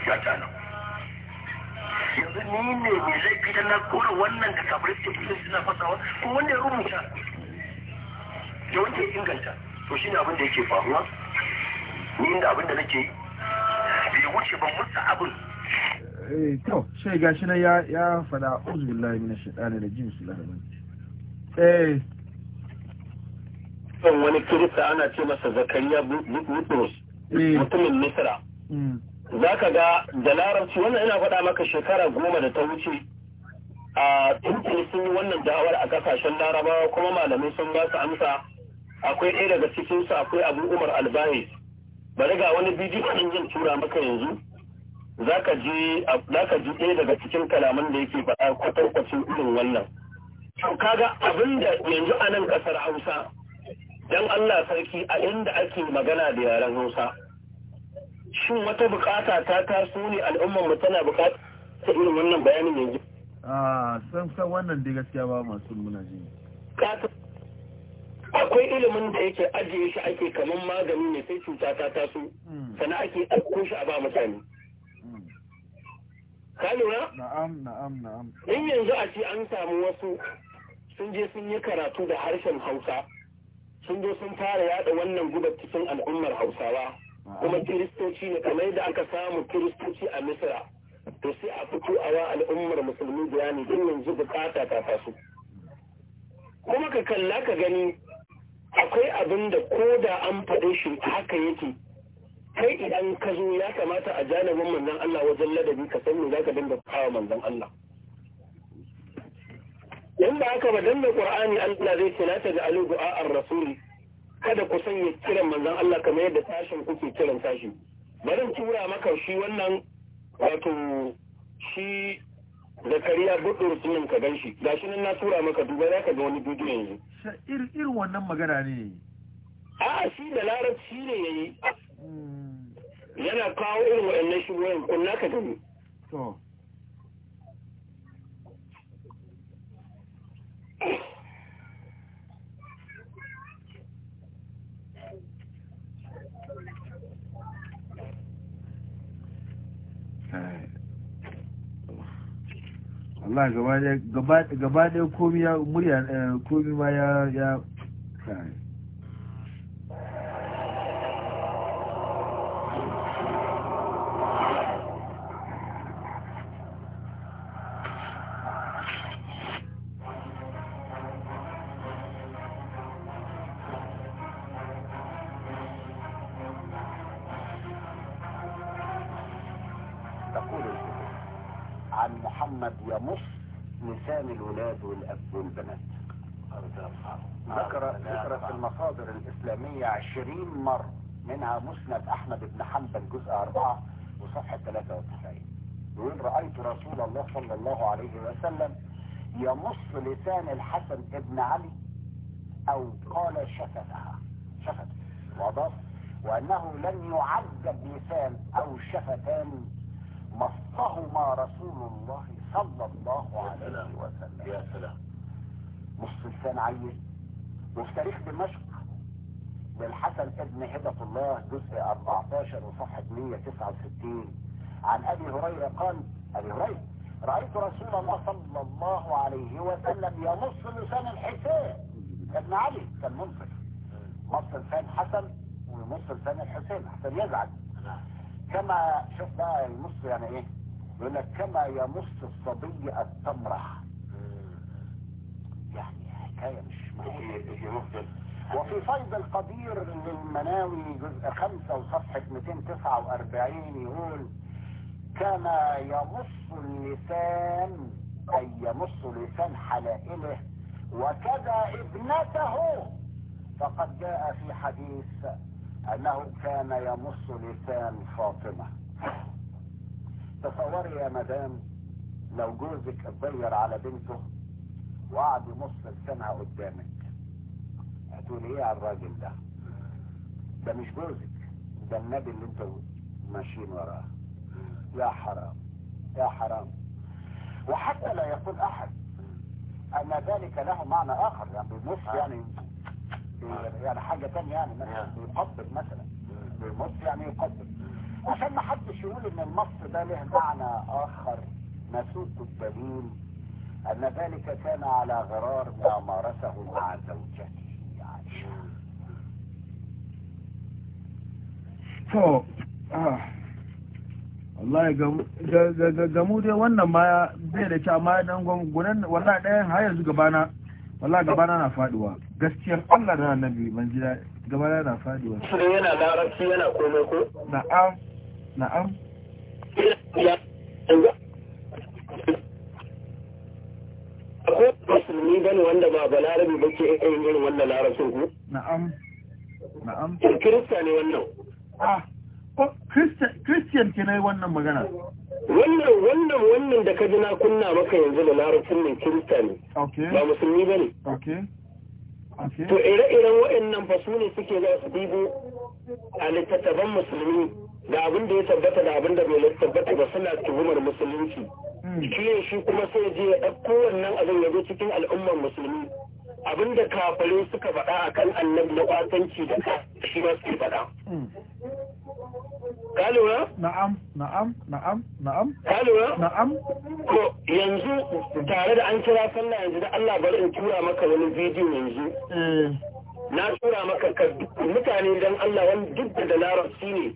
ya nan yanzu ni ne mai zai fitar na kora wannan da kafirai ke kusa suna fasawa ko wanda ya rubuta da wanda ya inganta to shi ne abin da yake faruwa ni inda abin da nake bai wuce ban musu abin eh, to sai gashi na ya fada uzu billahi minash shaitani rajim sallallahu alaihi wasallam eh kan wani kirista ana ce masa zakariya butros eh. mutumin misra hmm. za ka ga da larabci wannan ina faɗa maka shekara goma da ta wuce a tuntuni sun yi wannan da'awar a kasashen larabawa kuma malamai sun ba su amsa akwai ɗaya daga cikinsu akwai abu umar albayi bari ga wani bidiyo ɗin zan tura maka yanzu za ka ji ɗaya daga cikin kalaman da yake faɗa kwatankwacin irin wannan to kaga abin yanzu a nan ƙasar hausa dan Allah sarki a inda ake magana da yaren Hausa shin wata bukata ta taso ne al'ummar mu tana bukata ta irin wannan bayanin yanzu a san san wannan da gaskiya ba masu muna ji akwai ilimin da yake ajiye shi ake kaman magani ne sai cuta ta taso hmm. sana ake ɗauko shi a ba mutane hmm. ka lura na'am na'am na'am in yanzu a ce an samu wasu sun je sun yi karatu da harshen Hausa sun zo sun fara yada wannan gudar cikin al'ummar hausawa kuma kiristoci ne kamar da aka samu kiristoci a misira to sai a fito a wa al'ummar musulmi bayani din yanzu bukata ta taso kuma ka kalla ka gani akwai abin da ko da an faɗe shi haka yake kai idan ka zo ya kamata a janibin manzon Allah wajen ladabi ka san me zaka dinga kawo manzon Allah yan ba haka ba dan da qur'ani Allah zai ce la taj'alu du'a ar-rasul kada ku sanya kiran manzon Allah kamar yadda tashin kuke kiran tashi bari tura maka shi wannan wato shi da kariya gudur sunan ka ganshi gashi nan na tura maka duba za ka ga wani bidiyo yanzu irin wannan magana ne a'a shi da larabci ne yayi hmm. yana kawo irin shi shigoyin kunna ka gani to Allah gaba ɗaya komi ya murya eh, komi ma ya ya 20 مرة منها مسند أحمد بن حنبل جزء 4 وصفحة 93 يقول رأيت رسول الله صلى الله عليه وسلم يمص لسان الحسن ابن علي أو قال شفتها شفت وأضاف وأنه لم يعذب لسان أو شفتان مصهما رسول الله صلى الله عليه وسلم يا سلام مص لسان عيل وفي تاريخ دمشق بالحسن ابن هبة الله جزء 14 وصحة 169 عن أبي هريرة قال أبي هريرة رأيت رسول الله صلى الله عليه وسلم يمص لسان الحسين ابن علي كان منصف مص لسان حسن ويمص لسان الحسين حسن يزعل كما شوف بقى يمص يعني ايه يقول لك كما يمص الصبي التمرة يعني حكاية مش مهمة وفي فيض القدير للمناوي جزء خمسة وصفحة 249 يقول كما يمص اللسان أي يمص لسان حلائله وكذا ابنته فقد جاء في حديث أنه كان يمص لسان فاطمة تصوري يا مدام لو جوزك اتغير على بنته وقعد يمص لسانها قدامك هتقول ايه على الراجل ده ده مش جوزك ده النبي اللي انتوا ماشيين وراه يا حرام يا حرام وحتى لا يقول احد ان ذلك له معنى اخر يعني بيمص آه. يعني يعني حاجة تانية يعني مثلا آه. بيقبل مثلا آه. بيمص يعني يقبل عشان ما حدش يقول ان المص ده له معنى اخر نسوت الدليل ان ذلك كان على غرار ما مارسه مع زوجته to ah. wallahi ga mu dai wannan ma zai da cewa ma dan gungunan wallahi ɗayan har yanzu gabana wallahi gabana na faduwa gaskiyar Allah da annabi ban ji gabana na faduwa su yana larabci yana kome ko na'am na'am akwai musulmi wanda ba ba ke irin larabcin ku na'am na'am kirista ne wannan Ah, christian ke na yi wannan magana wannan wannan wannan da ka ji na kunna maka yanzu da larabcin nan kirista ne ba musulmi ba ne to ire-iren waɗannan fa su ne suke za su dibo a littattafan musulmi da abin da ya tabbata da abin da bai tabbata ba suna tuhumar musulunci hmm. shi ne shi kuma sai je ya ɗauko wannan abin ya zo cikin al'ummar musulmi abinda kafare suka faɗa akan annabi na kwatanci da shi ma suke faɗa hmm. ka lura? na'am na'am na'am na'am ka lura? na'am ko yanzu tare da an kira sallah yanzu da Allah bari in tura maka wani bidiyo yanzu eh. na tura maka ka mutane dan Allah wani duk da larabci ne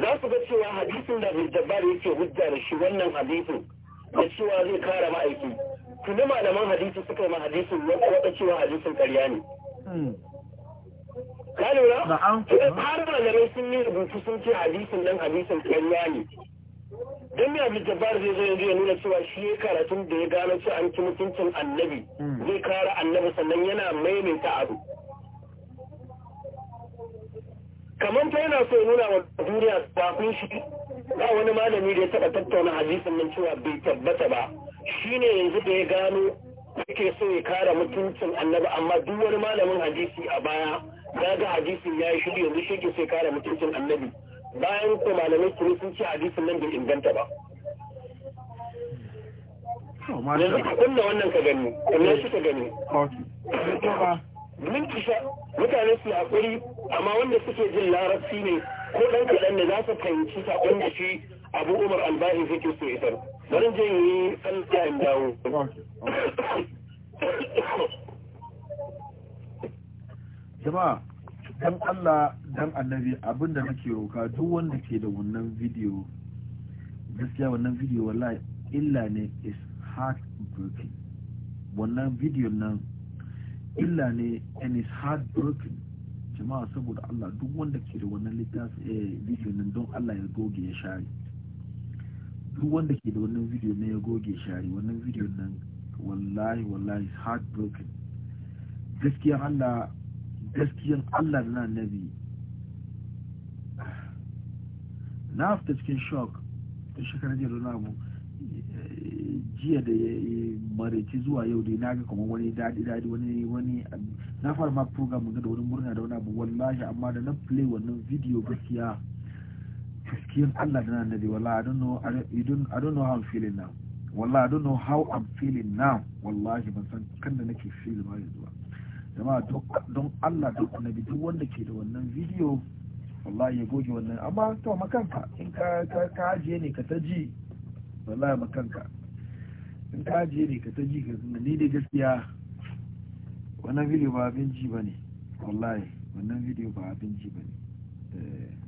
za su ga cewa hadisin da Jabbar yake hujja da shi wannan hadisin da cewa zai kara ma'aiki tuni malaman hadisi suka yi ma ya wata cewa hadisin karya ne hmm. ka lura har malamai sun yi rubutu sun ce hadisin nan hadisin karya ne don ya bi jabbar zai zo yanzu ya nuna cewa shi ya karatun da ya gano cewa an ci mutuncin annabi hmm. zai kara annabi sannan yana maimaita abu kamar ta yana so ya nuna wa duniya kafin shi ba wani malami da ya taɓa tattauna hadisin nan cewa bai tabbata ba shi ne yanzu da ya gano yake so ya kare mutuncin annabi amma duk wani malamin hadisi a baya ya ga hadisin ya yi shiri yanzu shi ke so ya kare mutuncin annabi bayan ko malamai kuma sun ci hadisin nan bai inganta ba yanzu ka kunna wannan ka gani kunna shi ka gani min kisha mutane su haƙuri amma wanda suke jin larabci ne ko dan kaɗan da za su fahimci saƙon da shi abu umar alba'i zai ke so isar bari je yi an ta'in dawo jama'a dan Allah dan annabi abinda nake roka duk wanda ke da wannan video gaskiya wannan video wallahi illa ne is heartbreaking wannan video nan illa ne and is heartbreaking jama'a saboda Allah duk wanda ke da wannan littafi eh video nan don Allah ya goge ya share duk wanda ke da wannan video na ya goge shari wannan video nan wallahi wallahi heartbroken gaskiyan Allah gaskiyan Allah na nabi na fita cikin shock ta shekarar jiya na abu jiya da maraici zuwa yau dai na ga kuma wani daɗi daɗi wani wani na fara ma program da wani murna da wani abu wallahi amma da na play wannan video gaskiya Taskiyar Allah da annabi wallahi I don't know I don't I don't know how I'm feeling now wallahi I don't know how I'm feeling now wallahi ban san kan da nake feel ba yanzu ba don Allah don annabi duk wanda ke da wannan video wallahi ya goge wannan amma to makanka in ka ka ajiye ne ka ta ji wallahi makanka in ka ajiye ne ka ta ji ka ni da gaskiya wannan video ba abin ji bane wallahi wannan video ba abin ji bane eh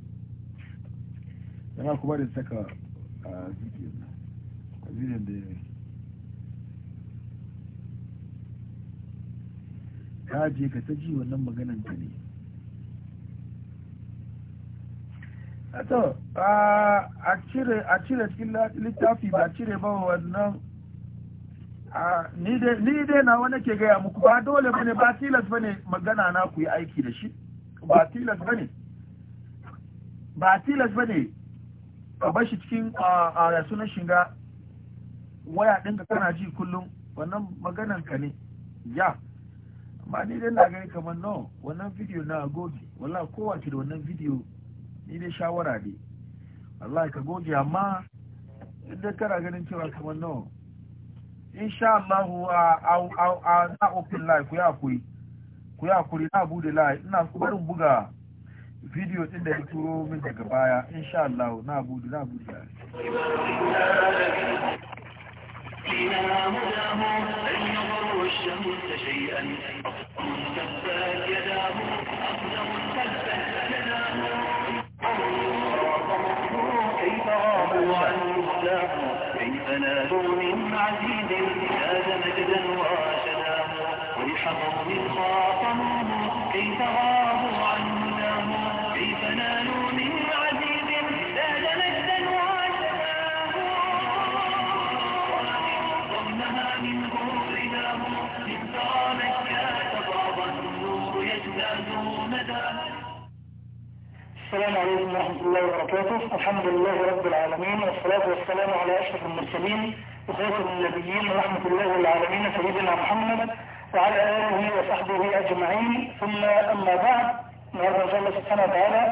yana kuma da saka a a zikirin da ya yi ka je ka ta ji wannan maganan ka ne a cire a cire cikin littafi ba cire ba wannan ni dai na wani ke gaya muku ba dole ba ne ba tilas ba ne magana na ku yi aiki da shi ba tilas ba ne ba tilas ba ne ka bar shi cikin a sunan shiga waya ka kana ji kullum wannan maganan ka ne ya amma ni dai na gani kamar no wannan video na goge wala kowace da wannan video ni dai shawara ne wallahi ka goge amma inda kana ganin cewa kamar no insha Allah a na open live ku ya kuri ku ya kuri na bude live ina barin buga video din da ya turo min daga baya insha Allah na gudu na gudu ya أن الشمس شيئا الله كيف نادوا من عزيز زاد مجدا ورحمه من خاصموه كيف غابوا السلام عليكم ورحمة الله وبركاته الحمد لله رب العالمين والصلاة والسلام على أشرف المرسلين وخاتم النبيين ورحمة الله للعالمين سيدنا محمد وعلى آله وصحبه أجمعين ثم أما بعد النهارده إن شاء الله سبحانه وتعالى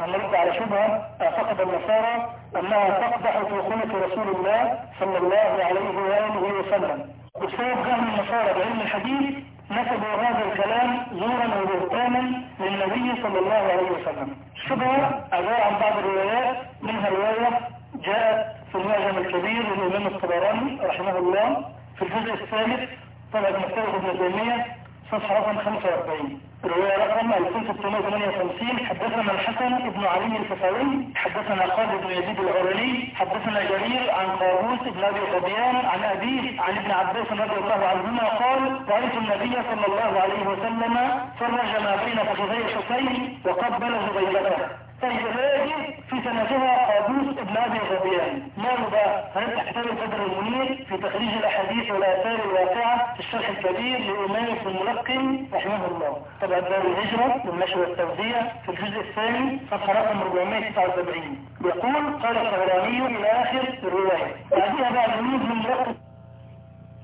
هنرد على شبهة اعتقد النصارى أنها تقدح في خلة رسول الله صلى الله عليه وآله وسلم أستاذ جهل النصارى بعلم الحديث نسبوا هذا الكلام زورا وبهتانا للنبي صلى الله عليه وسلم شبهة أداء عن بعض الروايات منها رواية جاءت في المعجم الكبير للإمام الطبراني رحمه الله في الجزء الثالث طبعا مكتبه ابن تيمية صفحة 45 رواية رقم 2658 حدثنا الحسن بن علي الفسوي حدثنا خالد بن يزيد العراني حدثنا جرير عن قابوس بن ابي قبيان عن ابيه عن ابن عباس رضي الله عنهما قال رايت النبي صلى الله عليه وسلم فرج ما بين فخذي الحسين وقبل زبيدته الزبادي في سنتها قابوس ابن ابي غبيان ماله بقى هل كتاب بدر المنير في تخريج الاحاديث والاثار الواقعه في الشرح الكبير لامام بن الملقن رحمه الله طبعا دار الهجره والنشر والتوزيع في الجزء الثاني صفحه رقم 479 يقول قال الشهراني الى اخر الروايه بعدها بقى جنود من ملقن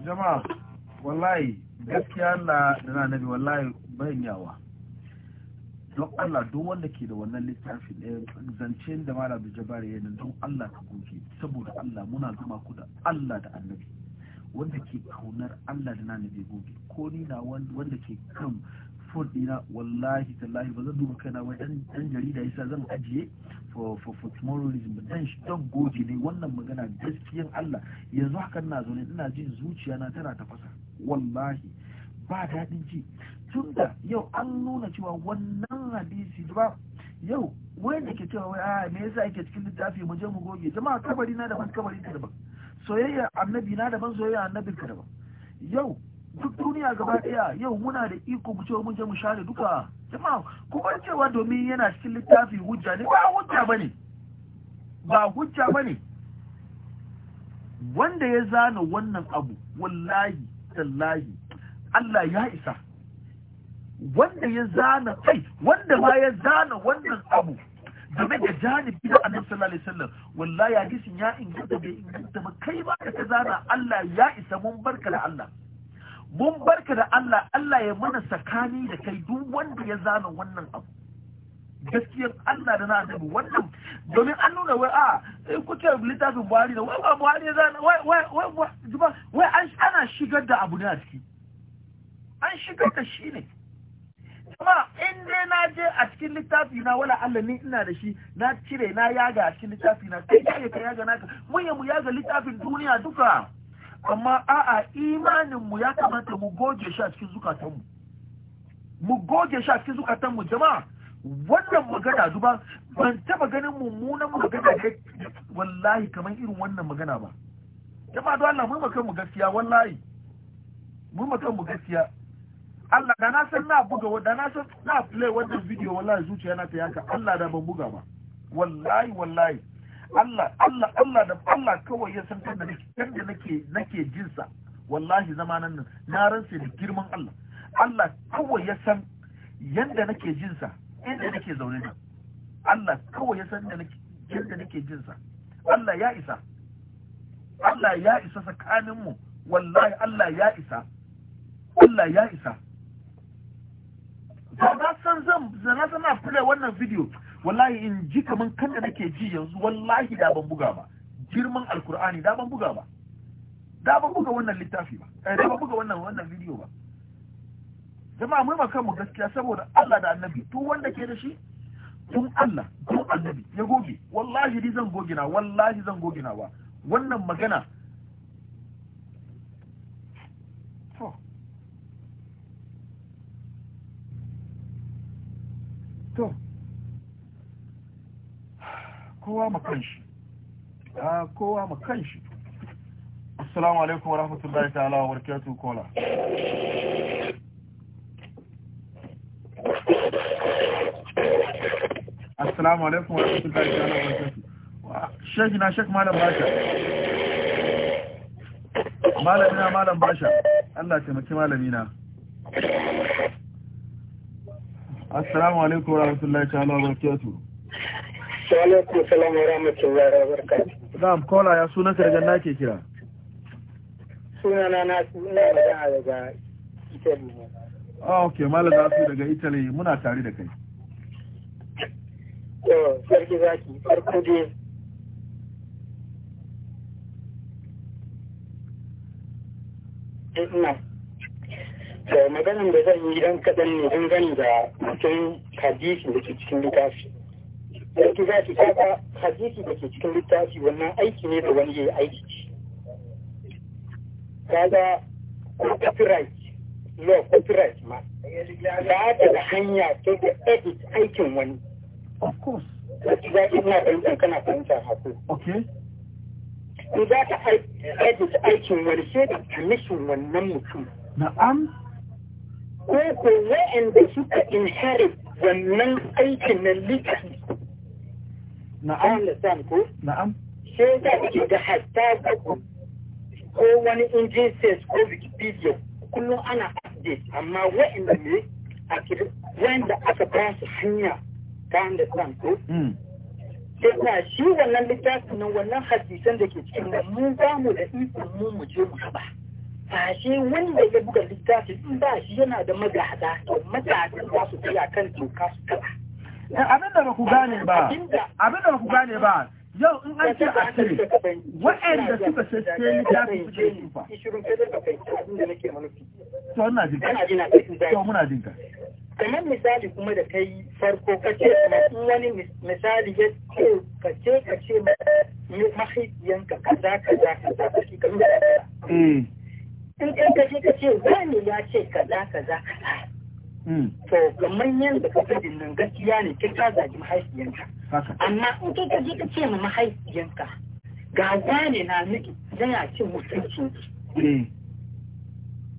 جماعه والله بس يا الله نبي والله بين يا الله don Allah don wanda ke da wannan littafi eh, zance da mara da jabari yana don Allah ka goge saboda Allah muna zama ku da Allah da annabi wanda ke kaunar Allah da nana goge ko ni na wanda ke kan fod dina wallahi tallahi ba zan duba na, wai dan jarida yasa zan ajiye for for for tomorrowism dan shi goge ne wannan magana gaskiyan Allah yanzu haka ina zo ne ina jin zuciya na tana tafasa wallahi ba daɗin ji tunda yau an nuna cewa wannan hadisi ba yau da ke cewa a ah, me yasa ake cikin littafi mu je mu goge jama'a kabari na daban kabari ka daban soyayya annabi na daban soyayya annabi ka daban yau duk duniya gaba daya yau muna da iko mu ce mun je mu share duka jama'a kuma cewa domin yana cikin littafi hujja ne ba hujja bane ba hujja bane wanda ya zana wannan abu wallahi tallahi Allah ya isa wanda ya zana kai wanda ma ya zana wannan abu game da janibi da annabi sallallahu alaihi wasallam wallahi hadisin ya inganta bai inganta ba kai ba ka zana Allah ya isa mun barka da Allah mun barka da Allah Allah ya mana sakani da kai duk wanda ya zana wannan abu gaskiyar Allah da na annabi wannan domin an nuna wai a ah, eh, kuce littafin Buhari da wai ba Buhari ya zana wai wai wai wai ana shigar da abu ne a ciki an shigar da shi ne kuma in dai na je a cikin littafi na wala Allah ni ina da shi na cire na yaga a cikin littafi na kai kai ka yaga naka mun mu yaga littafin duniya duka amma a'a imanin mu ya kamata mu goge shi a cikin zukatanmu mu goge shi a cikin zukatanmu jama'a wannan magana duba ban taba ganin mummunan magana da wallahi kamar irin wannan magana ba jama'a don Allah mu makan mu gaskiya wallahi mu makan mu gaskiya Allah da na san na buga da na san na play wannan video wallahi zuciya na ta yanka Allah da ban buga ba wallahi wallahi Allah Allah Allah da Allah kawai ya san tunda nake tunda nake nake jin sa wallahi zamanan nan na rantse da girman Allah Allah kawai ya san yanda nake jin sa inda nake zaune da Allah kawai ya san da nake yanda nake jin sa Allah ya isa Allah ya isa tsakaninmu wallahi Allah ya isa Allah ya isa da na san zan zana sana fule wannan video wallahi in ji kaman kan da nake ji yanzu wallahi da ban buga ba girman alkur'ani da ban buga ba da ban buga wannan littafi ba eh da ban buga wannan wannan video ba jama'a mu ma kanmu gaskiya saboda Allah da Annabi to wanda ke da shi tun Allah tun Annabi ya goge wallahi ni zan gogina wallahi zan gogina wannan magana to kowa makanshi a kowa makanshi assalamu alaikum wa rahmatullahi ta'ala wa barakatuh kola assalamu alaikum wa rahmatullahi ta'ala wa barakatuh shekhi na shek malam basha malamina malam basha Allah taimaki malamina assalamu alaikum wa rahmatullahi ta'ala wa barakatuh wa salamu salam wa rahmatullahi wa barakatuh na'am kola ya sunanka daga na ke kira sunana na suna magana daga Italy ah okay za su daga Italy muna tare da kai to sarki zaki farko dai eh, ina da maganin da zan yi dan kaɗan ne don gani da mutum hadisi da ke cikin littafi yake za ki kaga hadisi da ke cikin littafi wannan aiki ne da wani ya yi aiki kaga copyright law copyright ma ba ta da hanya ta da edit aikin wani of course za ki ina fahimtar kana fahimtar haku okay in za ka edit aikin wani sai da permission wannan mutum na'am ko ko wa'anda suka inherit wannan aikin na littafi na'am lisan ko na'am sai da ke da hatta ko ko wani injin says ko wikipedia kullum ana update amma wa'anda ne a kiri wa'anda aka ba su hanya ta understand ko hmm. sai na shi wannan littafin wannan hadisan da ke cikin mu ba mu da ikon mu mu je mu haba tashe wanda ya buga littafi in ba shi yana da magada to magadan za su a kan doka su kaba eh, abin da ba ku gane ba abin da ba ku gane ba yau in an ce a waɗanda suka sassai littafi suke yi fa to ina jinka to muna jinka kamar misali kuma da kai farko kace, ce wani misali ya ce ka ce ka ce mahaifiyanka kaza kaza kaza kaza kaza in ɗan ka ka ce wani ya ce kaza kaza kaza hmm. to kamar yadda ka fi nan gaskiya ne kin ka zagi mahaifiyanka amma in ka ka je ka ce ma mahaifiyanka ga wani na miki yana cin mutunci eh.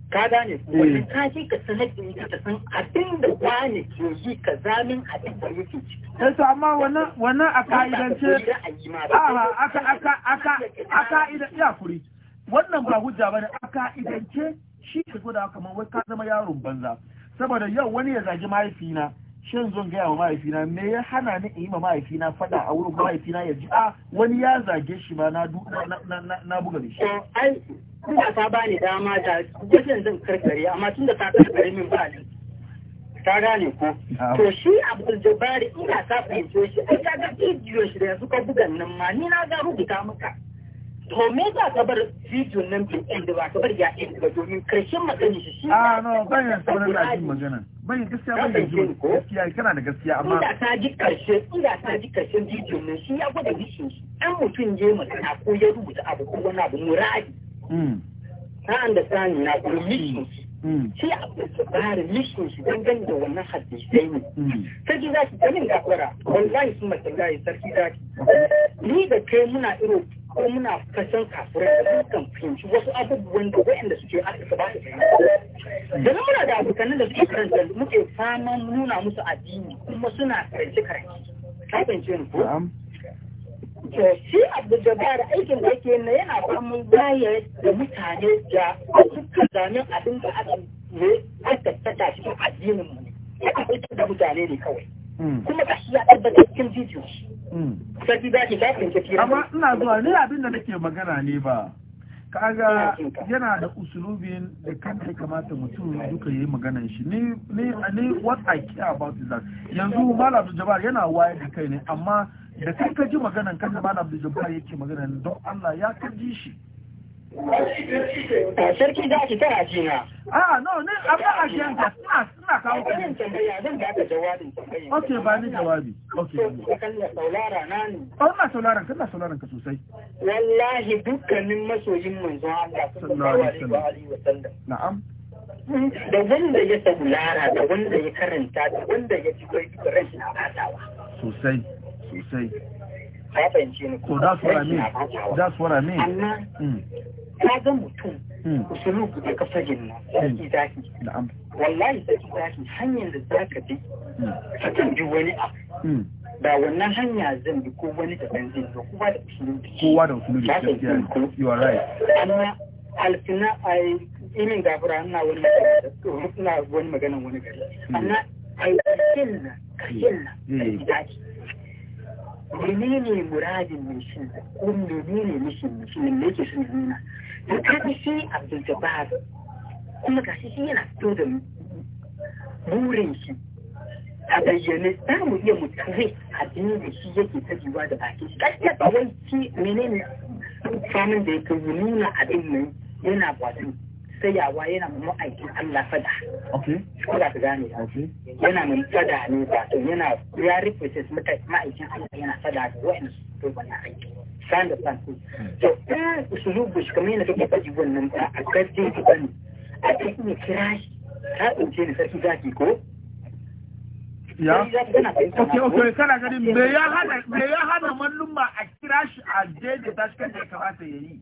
ka gane eh. wani ka je ka sanar da ita ta san abin da wani ke yi ka zamin abin da yake ciki yasu eh, amma wannan a ka'idance a a a a a a wannan ba hujja bane aka ka'idance shi ke gwada kamar wai ka zama yaron banza saboda yau wani ya zagi mahaifina shin zon gaya wa mahaifina me ya hana ni in yi ma mahaifina fada a wurin mahaifina ya ji a wani ya zage shi ma na na buga da shi eh, ai da ta bani dama da gudun zan karkare amma tun da ta karkare min ba ni ta gane ko to shi abdul jabari ina ta fahimce shi ai ka ga bidiyo shi da suka bugan nan ma ni na ga rubuta maka to me za ka bar bidiyon nan bin inda ba ka bar ya inda ba domin karshen matsayin shi shi a no bayan sauran na jin magana bayan gaskiya bayan jin gaskiya kana da gaskiya amma inda ta ji karshe inda ta ji karshen bidiyon nan shi ya gwada bishin shi an mutum je magana ko ya rubuta abu ko wani abu muradi hmm. ta understand na ko mission shi hmm. hmm. a tsari mission shi dangane da wannan hadisai ne sarki za ki ganin gafara wallahi sun matsala sarki za ki ni da kai muna iro. ko muna kasan kafirai da kan fahimci wasu abubuwan da waɗanda suke arziki ba su fahimci da muna da abokanan da suke karanta muke faman nuna musu addini kuma suna karance karance ka fahimci ni ko to shi abu da ba da aikin da yake na yana samun bayar da mutane da suka zame abin da aka ne aka tata cikin addinin mu ne ya da mutane ne kawai hmm. kuma kashi ya tabbatar cikin bidiyo Mm. amma ina zuwa ni abin da nake magana ne ba kaga yana da usulubin da ya kamata mutum duka yayi maganan shi ni ni ni what i care about is that yanzu malam abdul jabbar yana waye da kai ne amma da kai ka ji maganan kan malam abdul jabbar yake magana don Allah ya kaji shi Eh, sarki za ki tara ce na a ah, no ne abin ajiyar suna suna kawo ka yin tambaya zan aka jawabin tambaya ok ba ni jawabi ok kalla saulara na ne oh, ka sosai wallahi dukkanin masoyin manzo Allah sallallahu alaihi na'am da wanda ya saulara da wanda ya karanta da wanda ya ci kai rashin abatawa sosai sosai ka ni ko da what rami, da that's rami. ka ga mutum hmm. usulu da ka fagin nan hmm. sarki zaki wallahi sarki zaki hanyar da za ka bi hmm. ka kan bi wani abu ba wannan hanya zan bi ko wani daban zai bi kowa da usulu kowa da usulu da gaskiya you are right amma alfina ai imin gafara ina wani ina wani maganan wani gari amma ai killa killa sarki zaki menene muradin mishin shi ko menene mishin mishin ne yake ne nuna da kafi shi Abdul Jabbar kuma ga shi yana fito da burin shi a bayyane za mu iya mu tare abin da shi yake jiwa da baki shi gaskiya ba wai shi menene samun da yake nuna abin nan yana wato tsayawa yana mu aikin Allah fada. Ok. za ka gane. Yana mun fada ne ba to yana ya rufe represent ma'aikin Allah yana fada da wa'in su na aiki. Sand of san. To in eh, usulubu shi kamar yana kake faɗi wannan ba a gaske ki bane. A ce in kira shi ka ɗauke ni sarki zaki ko? Ya? Ok, ok, kana gani me ya hana mallum ba a kira shi a daidaita shi kan da ya kamata ya yi.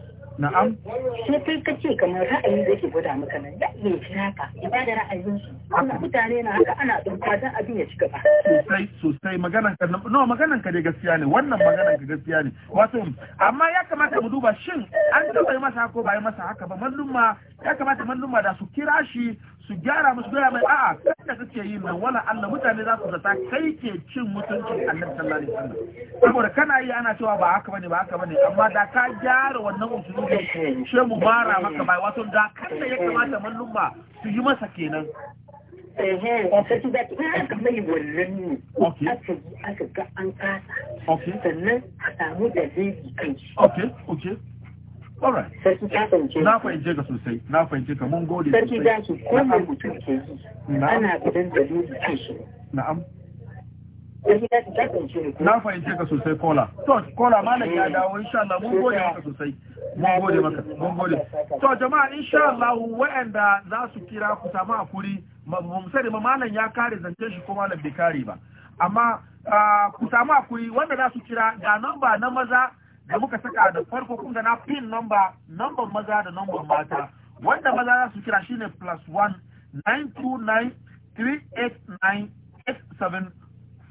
na'am sai kai ka ce kamar ra'ayi da yake gwada maka nan ya iya shi haka ya ba da ra'ayin su wannan mutane na haka ana ɗauka don abin ya ci gaba sosai sosai maganan ka no maganan ka dai gaskiya ne wannan maganan ka gaskiya ne wato amma ya kamata mu duba shin an taɓa masa ko ba yi masa haka ba malluma ya kamata malluma da su kira shi su gyara musu doya mai a'a kai da kake yi nan wala Allah mutane za su zata kai ke cin mutuncin Annabi sallallahu alaihi wasallam saboda kana yi ana cewa ba haka bane ba haka bane amma da ka gyara wannan usulubi she mu bara maka bai wato da kan da ya kamata mallumma su yi masa kenan ehe wato da aka mai wannan ne aka aka ga an kasa sannan a samu da zai kai sarki ta fahimce na fahimce ka sosai na fahimce ka mun gode sarki za ki kuma mutum ke yi ana gudan da lodi ce shi na'am na fahimce ka sosai kola to kola malam ya dawo insha Allah mun gode maka sosai mun gode maka mun gode to jama'a insha Allah waɗanda za su kira ku samu hakuri mun ma malam ya kare zance shi ko malam bai kare ba amma ah, ku samu hakuri wanda za su kira ga namba na maza da muka saka da farko kun ga na pin number number maza da number mata wanda maza za su kira shine plus one nine nine nine two three eight eight seven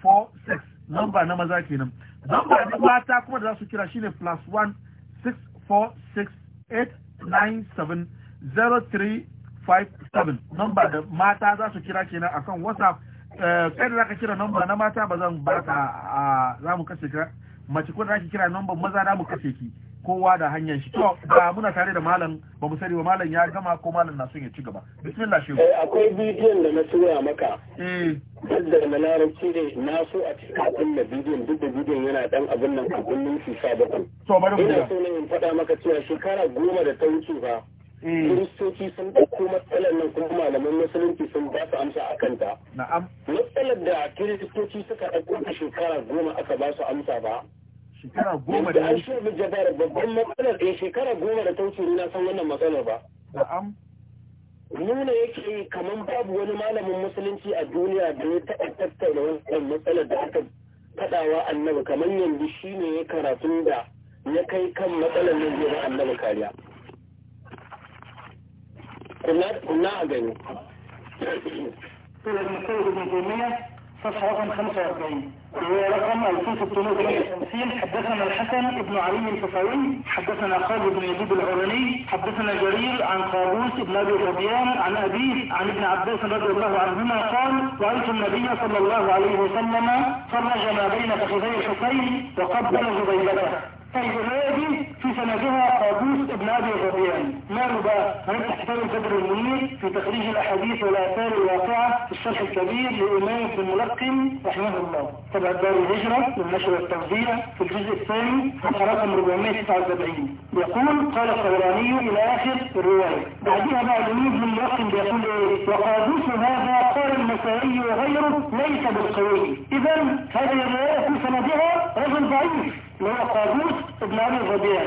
four six number na maza kenan number na mata kuma da za su kira shine plus one six six four eight nine seven zero three five seven number da mata za su kira kenan akan whatsapp eh, kai da za ka kira number na mata ba zan ba ka ah, za mu kashe ka mace ko da ki kira nan maza da mu kashe ki kowa da hanyar shi to ba muna tare da malam ba mu sani ba malam ya gama ko malam na son ya ci gaba bismillah shehu eh akwai bidiyon da na tura maka eh da na larabci ne na so a cikin da bidiyon duk da bidiyon yana dan abin nan a kullun shi sha kan. to bari mu ina so ne in faɗa maka cewa shekara goma da ta wuce ba eh. kiristoci sun ɗauko matsalar nan kuma malaman musulunci sun ba su amsa a kanta na'am matsalar da kiristoci suka ɗauko a shekara goma aka ba su amsa ba shekara goma da babban matsalar eh, shekara goma da ta wuce na san wannan matsalar ba nuna yake kamar babu wani malamin musulunci a duniya da ya taɓa tattauna wannan matsalar da aka faɗawa annabi kamar yanzu shine ya karatun da ya kai kan matsalar nan zai annabi kariya كنا da سورة sassa ya رقم 2650 حدثنا الحسن بن علي الكفاوي حدثنا خالد بن يزيد العراني حدثنا جرير عن قابوس بن ابي ربيان عن ابيه عن ابن عباس رضي الله عنهما قال رايت النبي صلى الله عليه وسلم فرج ما بين فخذي الحسين وقبل زبيدته دي في سندها قابوس ابن ابي غريان ماله بقى هنفتح كتاب الفجر المنير في تخريج الاحاديث والاثار الواقعه في الشرح الكبير لامام بن ملقن رحمه الله تبع دار الهجره للنشر والتوزيع في الجزء الثاني صفحه رقم 479 يقول قال الطبراني الى اخر الروايه بعدها بقى مين بن ملقن بيقول ايه وقابوس هذا قال المسائي وغيره ليس بالقوي اذا هذه الروايه في سندها رجل ضعيف اللي هو قابوس ابن عم الربيع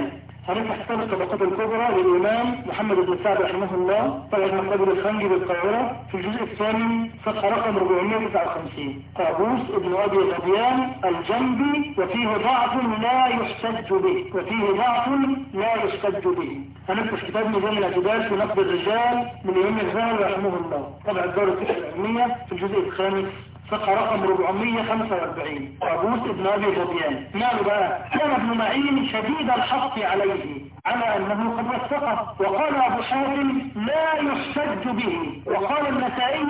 هنفتح كتاب الطبقات الكبرى للإمام محمد بن سعد رحمه الله طبعا مقابل الخنجي بالقاهرة في الجزء الثاني صفحة رقم 459 قابوس ابن أبي غبيان الجنبي وفيه ضعف لا يحتج به وفيه ضعف لا يحتج به هنفتح كتاب نظام الاعتدال في نقد الرجال من الإمام الزهر رحمه الله طبعا الدار التسعة في الجزء الخامس فقه رقم 445 قابوس بن أبي غبيان ماله بقى كان ابن معين شديد الحق عليه على أنه قد وثقه وقال أبو حاتم لا يحتج به وقال النسائي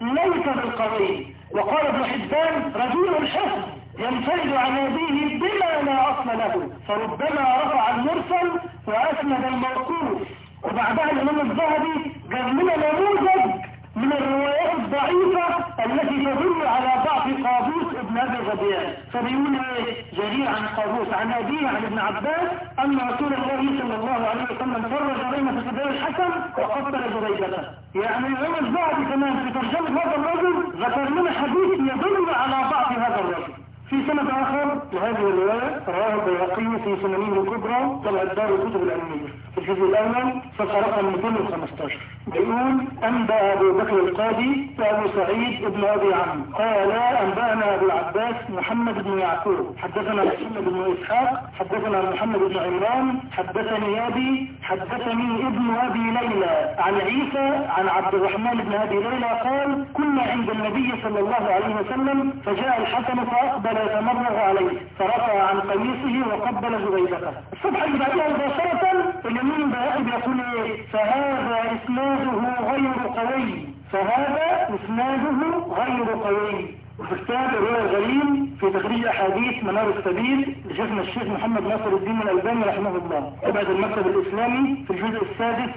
ليس بالقوي وقال ابن حبان رجل الحفظ ينفرد عن يديه بما لا أصل له فربما رفع المرسل وأسند الموقوف وبعدها الإمام الذهبي جاب لنا نموذج من الروايات الضعيفة التي تدل على ضعف قابوس ابن أبي غبيان فبيقول ايه جرير عن قابوس عن أبيه عن ابن عباس أن رسول الله صلى الله عليه وسلم فرج بين فقدي الحسن وقبل زبيدته يعني اليوم البعض كمان في ترجمة هذا الرجل ذكر لنا حديث يدل على ضعف هذا الرجل في سند آخر لهذه الرواية رواه البيهقي في سننه الكبرى طلع الدار الكتب العلمية في الجزء الأول صفحة رقم 215 بيقول أنبأ أبو بكر القاضي وأبو سعيد ابن أبي عم قال أبو العباس محمد بن يعقوب حدثنا محمد بن إسحاق حدثنا محمد بن عمران حدثني أبي حدثني ابن أبي ليلى عن عيسى عن عبد الرحمن بن أبي ليلى قال كنا عند النبي صلى الله عليه وسلم فجاء الحسن فأقبل يتمرغ عليه فرفع عن قميصه وقبل زبيدته الصبح اللي بعدها مباشرة اليمين بقى بيقول ايه فهذا إسناده غير قوي فهذا إسناده غير قوي كتاب الرؤى الغريب في تخريج احاديث منار السبيل لشيخنا الشيخ محمد ناصر الدين الالباني رحمه الله تبعد المكتب الاسلامي في الجزء السادس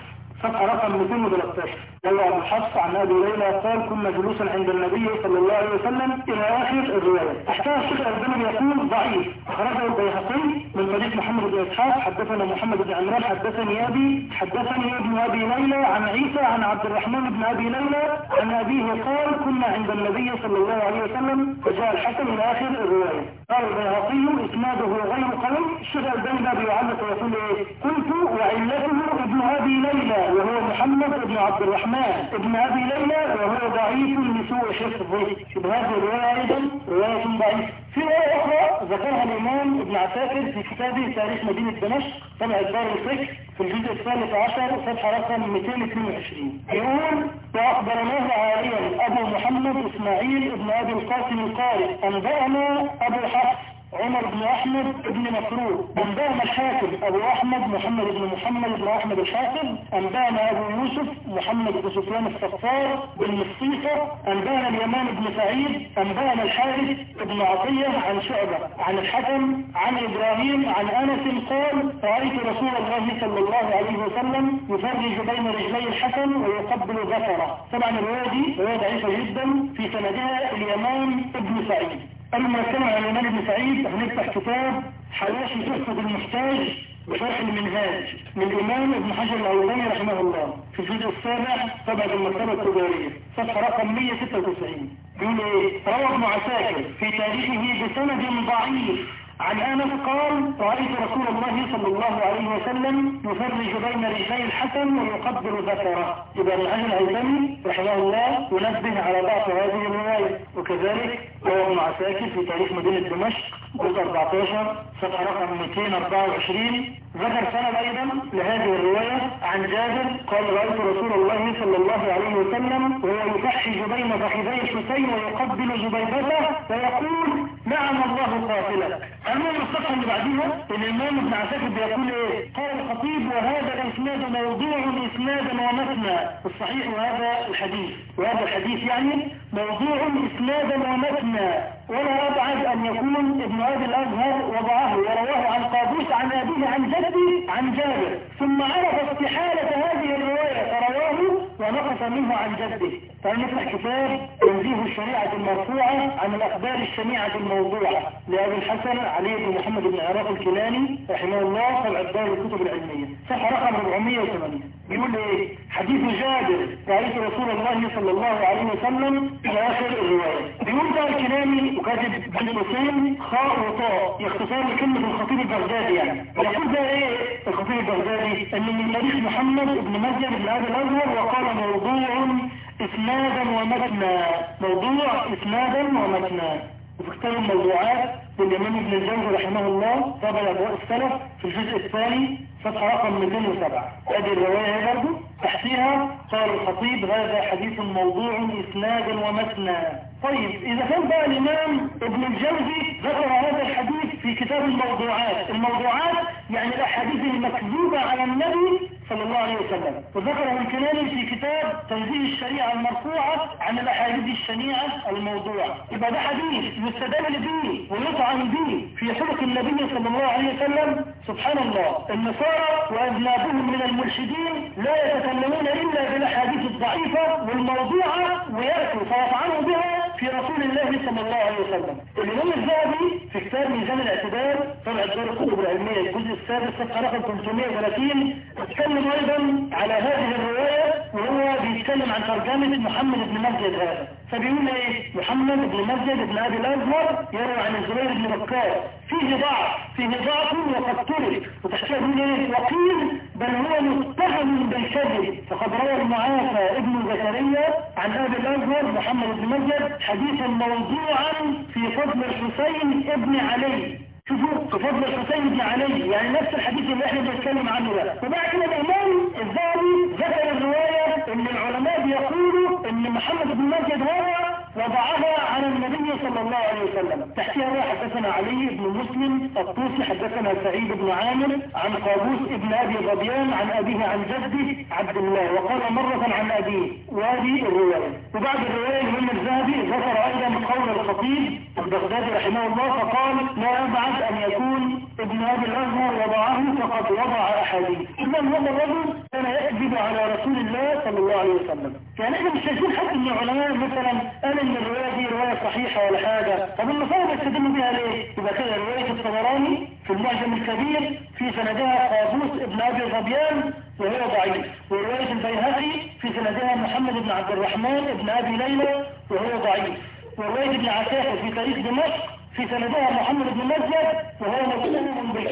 صفحه رقم 213 روى عن حفص عن ابي ليلى قال كنا جلوسا عند النبي صلى الله عليه وسلم الى اخر الروايه احكاه الشيخ الباني يقول ضعيف اخرجه البيهقي من طريق محمد بن اسحاق حدثنا محمد بن عمران حدثني ابي حدثني ابن ابي ليلى عن عيسى عن عبد الرحمن بن ابي ليلى عن ابيه قال كنا عند النبي صلى الله عليه وسلم فجاء الحسن الى اخر الروايه قال البيهقي اسناده غير قوي الشيخ ما بيعلق ويقول ايه قلت وعلته ابن ابي ليلى وهو محمد بن عبد الرحمن حماد ابن أبي ليلى وهو ضعيف لسوء حفظه بهذه الرواية أيضا رواية ضعيفة في رواية أخرى ذكرها الإمام ابن عساكر في كتابه تاريخ مدينة دمشق طبع دار الفكر في الجزء الثالث عشر صفحة رقم 222 يقول وأخبرناه عاليا أبو محمد إسماعيل ابن أبي القاسم القارئ أنبأنا أبو حفص عمر بن احمد بن مسروق انبانا الحاكم ابو احمد محمد بن محمد بن احمد الحافظ انبانا ابو يوسف محمد بن سفيان الصفار بن مصيفة انبانا اليمان بن سعيد انبانا الحارث بن عطية عن شعبة عن الحكم عن ابراهيم عن انس قال رايت رسول الله صلى الله عليه وسلم يفرج بين رجلي الحكم ويقبل ذكره طبعا الروايه دي روايه ضعيفه جدا في سندها اليمان بن سعيد أما سمع عن الإمام ابن سعيد هنفتح كتاب حواشي تحفظ المحتاج بشرح المنهاج من الإمام ابن حجر العلماني رحمه الله في الجزء السابع طبعة المكتبة التجارية صفحة رقم 196 بيقول إيه؟ روى ابن عساكر في تاريخه بسند ضعيف عن أنس قال رأيت رسول الله صلى الله عليه وسلم يفرج بين رجلي الحسن ويقبل ذكره إذا العهل الهيثمي رحمه الله ينبه على بعض هذه الرواية وكذلك رواه مع عساكر في تاريخ مدينة دمشق جزء 14 صفحة رقم 224 ذكر سند أيضا لهذه الرواية عن جابر قال رأيت رسول الله صلى الله عليه وسلم وهو يفحش بين فخذي الحسين ويقبل جبيبته ويقول نعم الله قاتلك المهم الصفحة اللي بعديها إن الإمام ابن عساكر بيقول إيه؟ قال الخطيب وهذا الإسناد موضوع إسنادا ومثنى الصحيح وهذا الحديث وهذا الحديث يعني موضوع إسنادا ومثنى ولا أبعد أن يكون ابن هذا الأزهر وضعه ورواه عن قابوس عن أبيه عن جده عن جابر ثم عرف استحالة هذه الرواية فرواه ونقص منه عن جده فلنفتح طيب كتاب تنزيه الشريعة المرفوعة عن الأخبار الشنيعة الموضوعة لأبي الحسن علي بن محمد بن عراق الكيلاني رحمه الله طبع الدار الكتب العلمية صفحة رقم 480 بيقول إيه حديث جابر رأيت رسول الله صلى الله عليه وسلم في آخر الرواية بيقول بقى الكيلاني وكاتب بالقسم خاء وطاء يختصر كلمة الخطيب البغدادي يعني يقول بقى إيه الخطيب البغدادي أن من تاريخ محمد بن مسجد بن أبي الأزهر وقال موضوع اسنادا ومتنا موضوع اسنادا ومتنا وفي كتاب الموضوعات للإمام ابن الجوزي رحمه الله طبع أضواء السلف في الجزء الثاني صفحة رقم 207 هذه الرواية برضه تحتيها قال الخطيب هذا حديث موضوع إسنادا ومثنى طيب إذا كان بقى الإمام ابن الجوزي ذكر هذا الحديث في كتاب الموضوعات الموضوعات يعني الأحاديث المكذوبة على النبي صلى الله عليه وسلم وذكر الكناني في كتاب تنزيه الشريعة المرفوعة عن الأحاديث الشنيعة الموضوعة يبقى ده حديث يستدل به ويطع عن دين في خلق النبي صلى الله عليه وسلم سبحان الله النصارى وأذنابهم من المرشدين لا يتكلمون إلا بالأحاديث الضعيفة والموضوعة ويأتوا فيطعنوا بها في رسول الله صلى الله عليه وسلم الإمام الذهبي في كتاب ميزان الاعتبار طبع الدار الكتب العلمية الجزء السادس صفحة رقم 330 اتكلم أيضا على هذه الرواية وهو بيتكلم عن ترجمة محمد بن مسجد هذا فبيقول ايه محمد بن مسجد بن ابي الازهر يروي يعني عن الزبير بن بكار فيه ضعف فيه ضعف وقد ترك وتحتاج بيقول ايه وقيل بل هو متهم بالكذب فقد روى المعافى ابن زكريا عن ابي الازهر محمد بن مسجد حديثا موضوعا في فضل الحسين ابن علي شوفوا فضل الحسين بن علي يعني نفس الحديث اللي احنا بنتكلم عنه ده وبعد كده الامام الذهبي ذكر الروايه ان العلماء بيقولوا ان محمد بن مجد ورع وضعها على النبي صلى الله عليه وسلم تحتها حدثنا علي بن مسلم الطوسي حدثنا سعيد بن عامر عن قابوس بن ابي غبيان عن ابيه عن جده عبد الله وقال مرة عن ابيه وادي الرواية وبعد الرواية من الذهبي ذكر ايضا قول الخطيب البغدادي رحمه الله فقال لا ابعد ان يكون ابن ابي الازهر وضعه فقد وضع احاديث اذا هذا الرجل كان يكذب على رسول الله صلى الله عليه وسلم يعني احنا مش شايفين حتى ان العلماء مثلا انا ان الروايه دي روايه صحيحه ولا حاجه طب المفروض استدلوا بيها ليه يبقى كده روايه الطبراني في المعجم الكبير في سندها قابوس ابن ابي ظبيان وهو ضعيف وروايه البيهقي في سندها محمد بن عبد الرحمن ابن ابي ليلى وهو ضعيف وروايه ابن عساكر في تاريخ دمشق في سندها محمد بن مسجد وهو من بيت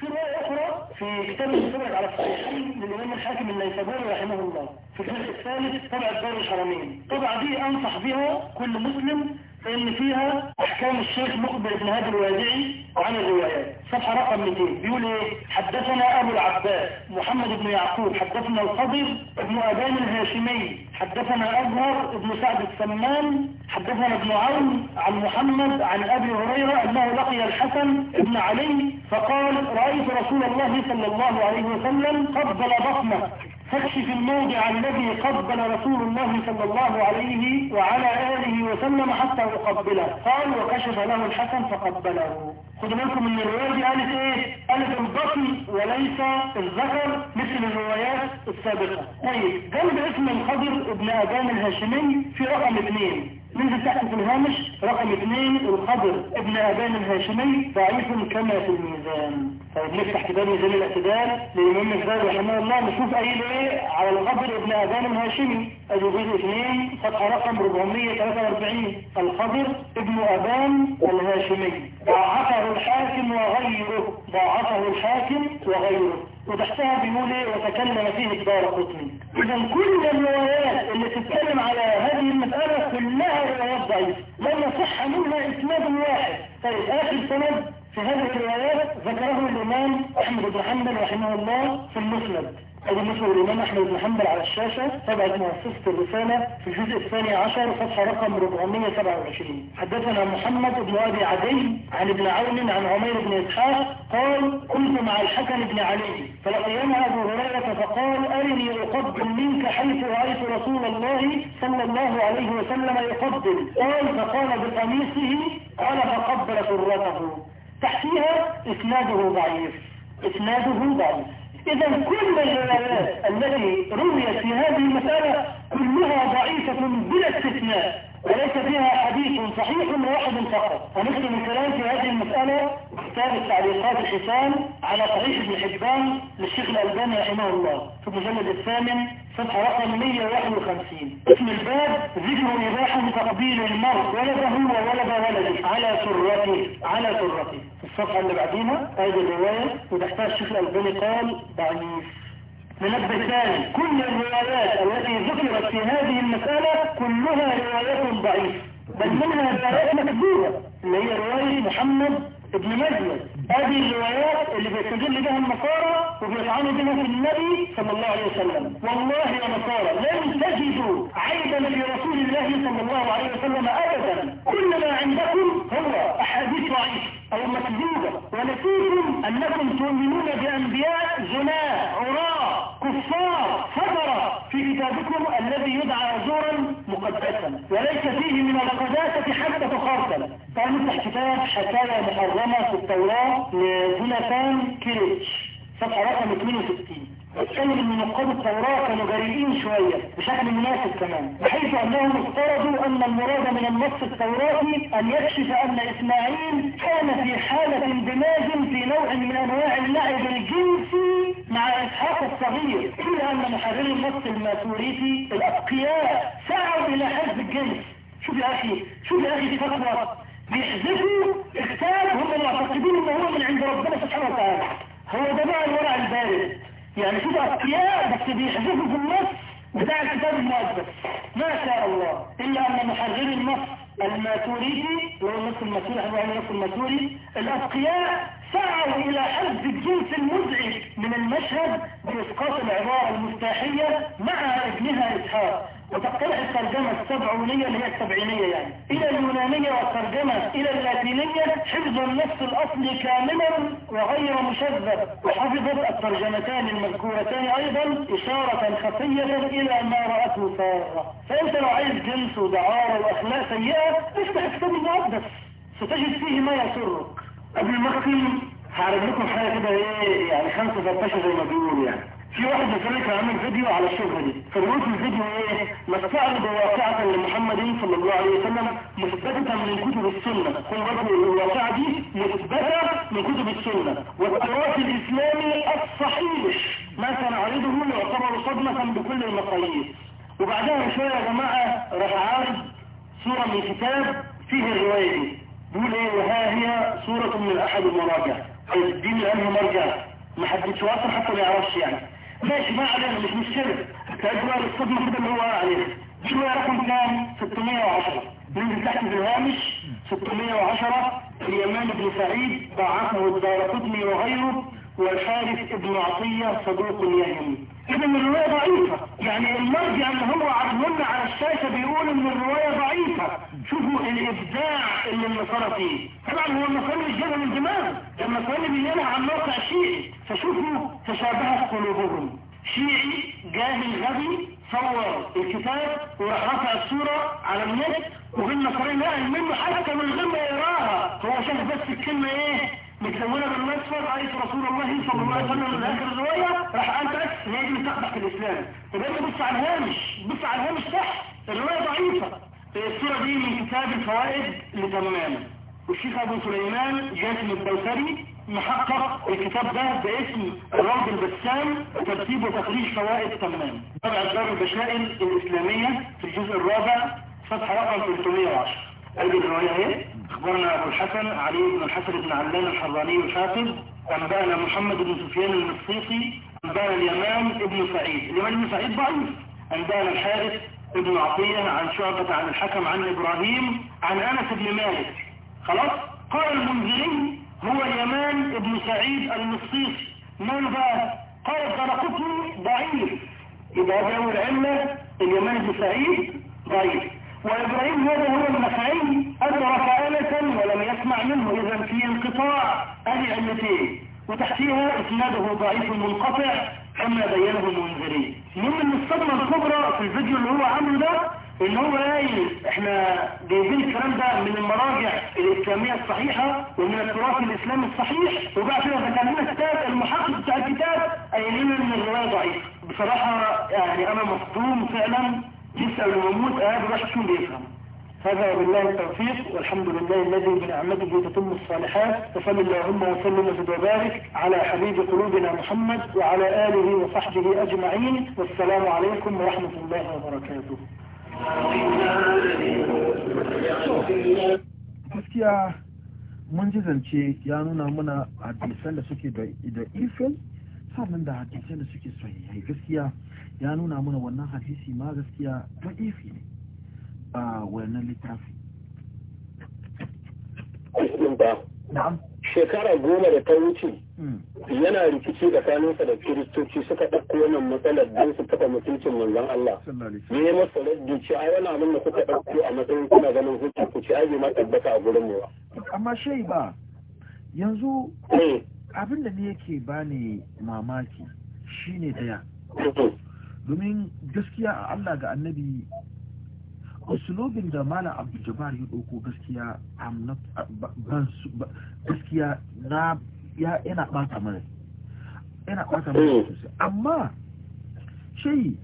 في روايه اخرى في كتاب المتفرج على الصحيحين للامام الحاكم الليثابوري رحمه الله الجزء الثالث طبع الدار الحرمين طبع دي أنصح بها كل مسلم اللي فيها احكام الشيخ مقبل بن هادي الوادعي عن الروايات صفحة رقم 200 بيقول ايه حدثنا ابو العباس محمد بن يعقوب حدثنا الخضر ابن ابان الهاشمي حدثنا ازهر ابن سعد السمان حدثنا ابن عون عن محمد عن ابي هريرة انه لقي الحسن ابن علي فقال رأيت رسول الله صلى الله عليه وسلم قبل بطنه فاكشف الموضع الذي قبل رسول الله صلى الله عليه وعلى آله وسلم حتى فقبله قال وكشف له الحسن فقبله خدوا بالكم ان الرواية دي قالت ايه قالت البطن وليس الذكر مثل الروايات السابقة طيب جنب اسم الخضر ابن ادام الهاشمي في رقم اثنين ننزل تحت في الهامش رقم اثنين الخضر ابن ابان الهاشمي ضعيف كما في الميزان طيب نفتح كتاب ميزان الاعتدال للامام الزهري رحمه الله نشوف قايل ايه على الخضر ابن ابان الهاشمي ادي جزء اثنين صفحه رقم 443 الخضر ابن ابان الهاشمي وعثر الحاكم وغيره ضاعفه الحاكم وغيره وتحتها بيقول ايه وتكلم فيه كبار قطني اذا كل الروايات اللي تتكلم على هذه المسألة كلها روايات ضعيفة لم يصح منها اسناد واحد طيب اخر سند في هذه الروايات ذكره الامام احمد بن حنبل رحمه الله في المسند ادي مثل الامام احمد بن حنبل على الشاشة تبعت مؤسسة الرسالة في الجزء الثاني عشر صفحة رقم 427 حدثنا محمد بن ابي عدي عن ابن عون عن عمير بن اسحاق قال كنت مع الحكم بن علي فلقينا ابو هريرة فقال ارني اقبل منك حيث رايت رسول الله صلى الله عليه وسلم يقبل قال فقال بقميصه قال فقبل سرته تحتيها اسناده ضعيف اسناده ضعيف إذا كل التي رويت في هذه المسألة كلها ضعيفة بلا استثناء وليس فيها حديث صحيح واحد فقط من الكلام في هذه المسألة كتاب التعليقات الحسان على طريق ابن حبان للشيخ الألباني رحمه الله في المجلد الثامن صفحة رقم 151 اسم الباب ذكر إباحة تقبيل المرء ولده وولد ولده على سرته على سرته الصفحة اللي بعديها هذه الرواية وتحتها الشيخ الألباني قال ضعيف منبه كل الروايات التي ذكرت في هذه المسألة كلها روايات ضعيفة بل منها روايات مكذوبة اللي هي رواية محمد ابن مزيد هذه الروايات اللي بيستدل بها النصارى وبيطعنوا بها في النبي صلى الله عليه وسلم والله يا نصارى لن تجدوا عيبا في رسول الله صلى الله عليه وسلم ابدا كل ما عندكم هو احاديث ضعيفه او مكذوبه ونسيكم انكم تؤمنون بانبياء زناه عراه كفار فجرة في كتابكم الذي يدعى زورا مقدسا وليس فيه من القداسه حتى تخرسل قامت احتفال حكاية محرمة في التوراة لجوناثان كيريتش صفحة رقم 62 اتكلم ان نقاد التوراة كانوا جريئين شوية بشكل مناسب كمان بحيث انهم افترضوا ان المراد من النص التوراتي ان يكشف ان اسماعيل كان في حالة اندماج في نوع من انواع اللعب الجنسي مع اسحاق الصغير الا ان محرري النص الماسوريتي الاتقياء سعوا الى حزب الجنس شوف يا اخي شوف يا اخي دي فتوى بيحذفوا كتاب هم معتقدين ان هو من عند ربنا سبحانه وتعالى هو ده بقى الورع البارد يعني في اقياء بس بيحذفوا في النص بتاع الكتاب المقدس ما شاء الله الا ان محرر النص الماتوريدي اللي هو النص الماتوري احنا النص الماتوري الاتقياء سعوا الى حذف الجنس المزعج من المشهد باسقاط العباره المفتاحيه مع ابنها اسحاق وتخترع الترجمة السبعونية اللي هي السبعينية يعني إلى اليونانية والترجمة إلى اللاتينية حفظ النص الأصلي كاملا وغير مشذب وحفظت الترجمتان المذكورتان أيضا إشارة خفية إلى ما رأته سارة فأنت لو عايز جنس ودعارة وأخلاق سيئة افتح كتاب المقدس ستجد فيه ما يسرك قبل ما أختم هعرض لكم حاجة كده إيه يعني خمسة 13 زي ما بيقولوا يعني في واحد مثلا كان عامل فيديو على الشبهه دي فبيقول في الفيديو ايه مستعرض واقعه لمحمد صلى الله عليه وسلم مثبته من كتب السنه كل وجه الواقعه دي مثبته من كتب السنه والتراث الاسلامي الصحيح ما سنعرضه يعتبر صدمه بكل المقاييس وبعدها بشويه يا جماعه راح عارض صوره من كتاب فيه الروايه دي بيقول ايه وها هي صوره من احد المراجع الدين لانه مرجع ما حدش واصل حتى ما يعرفش يعني ماشي ما علينا مش مشكلة تأجوار الصدمة كده اللي هو عليها يعني شو رقم كام 610 من تحت الهامش 610 اليمان بن سعيد ضعفه الدارقطني وغيره والحارث ابن عطية صدوق يهمي إذا الرواية ضعيفة يعني المرجع اللي هو عرضنا على الشاشة بيقول إن الرواية ضعيفة شوفوا الابداع اللي النصارى فيه طبعا هو النصارى مش جاي من دماغ ده النصارى بينها عن موقع شيعي فشوفوا تشابهت قلوبهم شيعي جاهل غبي صور الكتاب وراح رفع الصورة على النت وفي النصرين نقل منه حتى من غير ما يراها هو شاف بس الكلمة ايه متلونه بالمصفر آية رسول الله صلى الله عليه وسلم من آخر الرواية راح قال بس هي دي بتقدح الإسلام طب انت بص على الهامش بص على الهامش صح الرواية ضعيفة السيرة دي من كتاب الفوائد لتمام والشيخ أبو سليمان جاسم الدوسري محقق الكتاب ده باسم الروض البسام ترتيب وتخريج فوائد تمام طبع الدار البشائل الإسلامية في الجزء الرابع صفحة رقم 310 قلب الرواية اهي أخبرنا أبو الحسن علي بن الحسن بن علان الحراني الحافظ أنبأنا محمد بن سفيان المصيصي أنبأنا اليمام ابن سعيد اليمام ابن سعيد ضعيف أنبأنا الحارث ابن عطية عن شعبة عن الحكم عن إبراهيم عن أنس بن مالك خلاص قال المنذري هو اليمان ابن سعيد المصيص من ذا قال فلقته ضعيف يبقى هو العلة اليمان ابن سعيد ضعيف وإبراهيم هذا هو النفعي أدرك آلة ولم يسمع منه إذا في انقطاع أهل علتين وتحتيها اسناده ضعيف منقطع كما بينه المنذري من الصدمة الكبرى في الفيديو اللي هو عامله ده ان هو قايل احنا جايبين الكلام ده من المراجع الاسلامية الصحيحة ومن التراث الاسلامي الصحيح وبعد كده لنا كتاب المحقق بتاع الكتاب قايلين ان الرواية ضعيفة بصراحة يعني انا مصدوم فعلا يسأل المموت قاعد الواحد شو بيفهم هذا بالله التوفيق والحمد لله الذي بنعمته تتم الصالحات وصل اللهم وسلم وبارك على حبيب قلوبنا محمد وعلى آله وصحبه أجمعين والسلام عليكم ورحمة الله وبركاته gaskiya mun ji zance ya nuna mana hadisan da suke da ifil sannan da hadisan da suke soyayya gaskiya ya nuna mana wannan hadisi ma gaskiya ta ifi ne a wannan littafi shekara goma da ta wuce hmm. yana rikici tsakaninsa da kiristoci suka ɗauko wannan matsalar don su taɓa mutuncin manzon Allah ne ya masa raddi ce ai wani abin da kuka ɗauko a matsayin kuna ganin hujja ku ce ai ma tabbata a gurin mu ba amma shai ba yanzu eh. abin da ne yake ni mamaki shine daya mm-hmm. domin gaskiya a Allah ga annabi usulobin da malam abu jabar ya ɗauko gaskiya gaskiya na yana ɓata mana yana ɓata mana sosai amma shi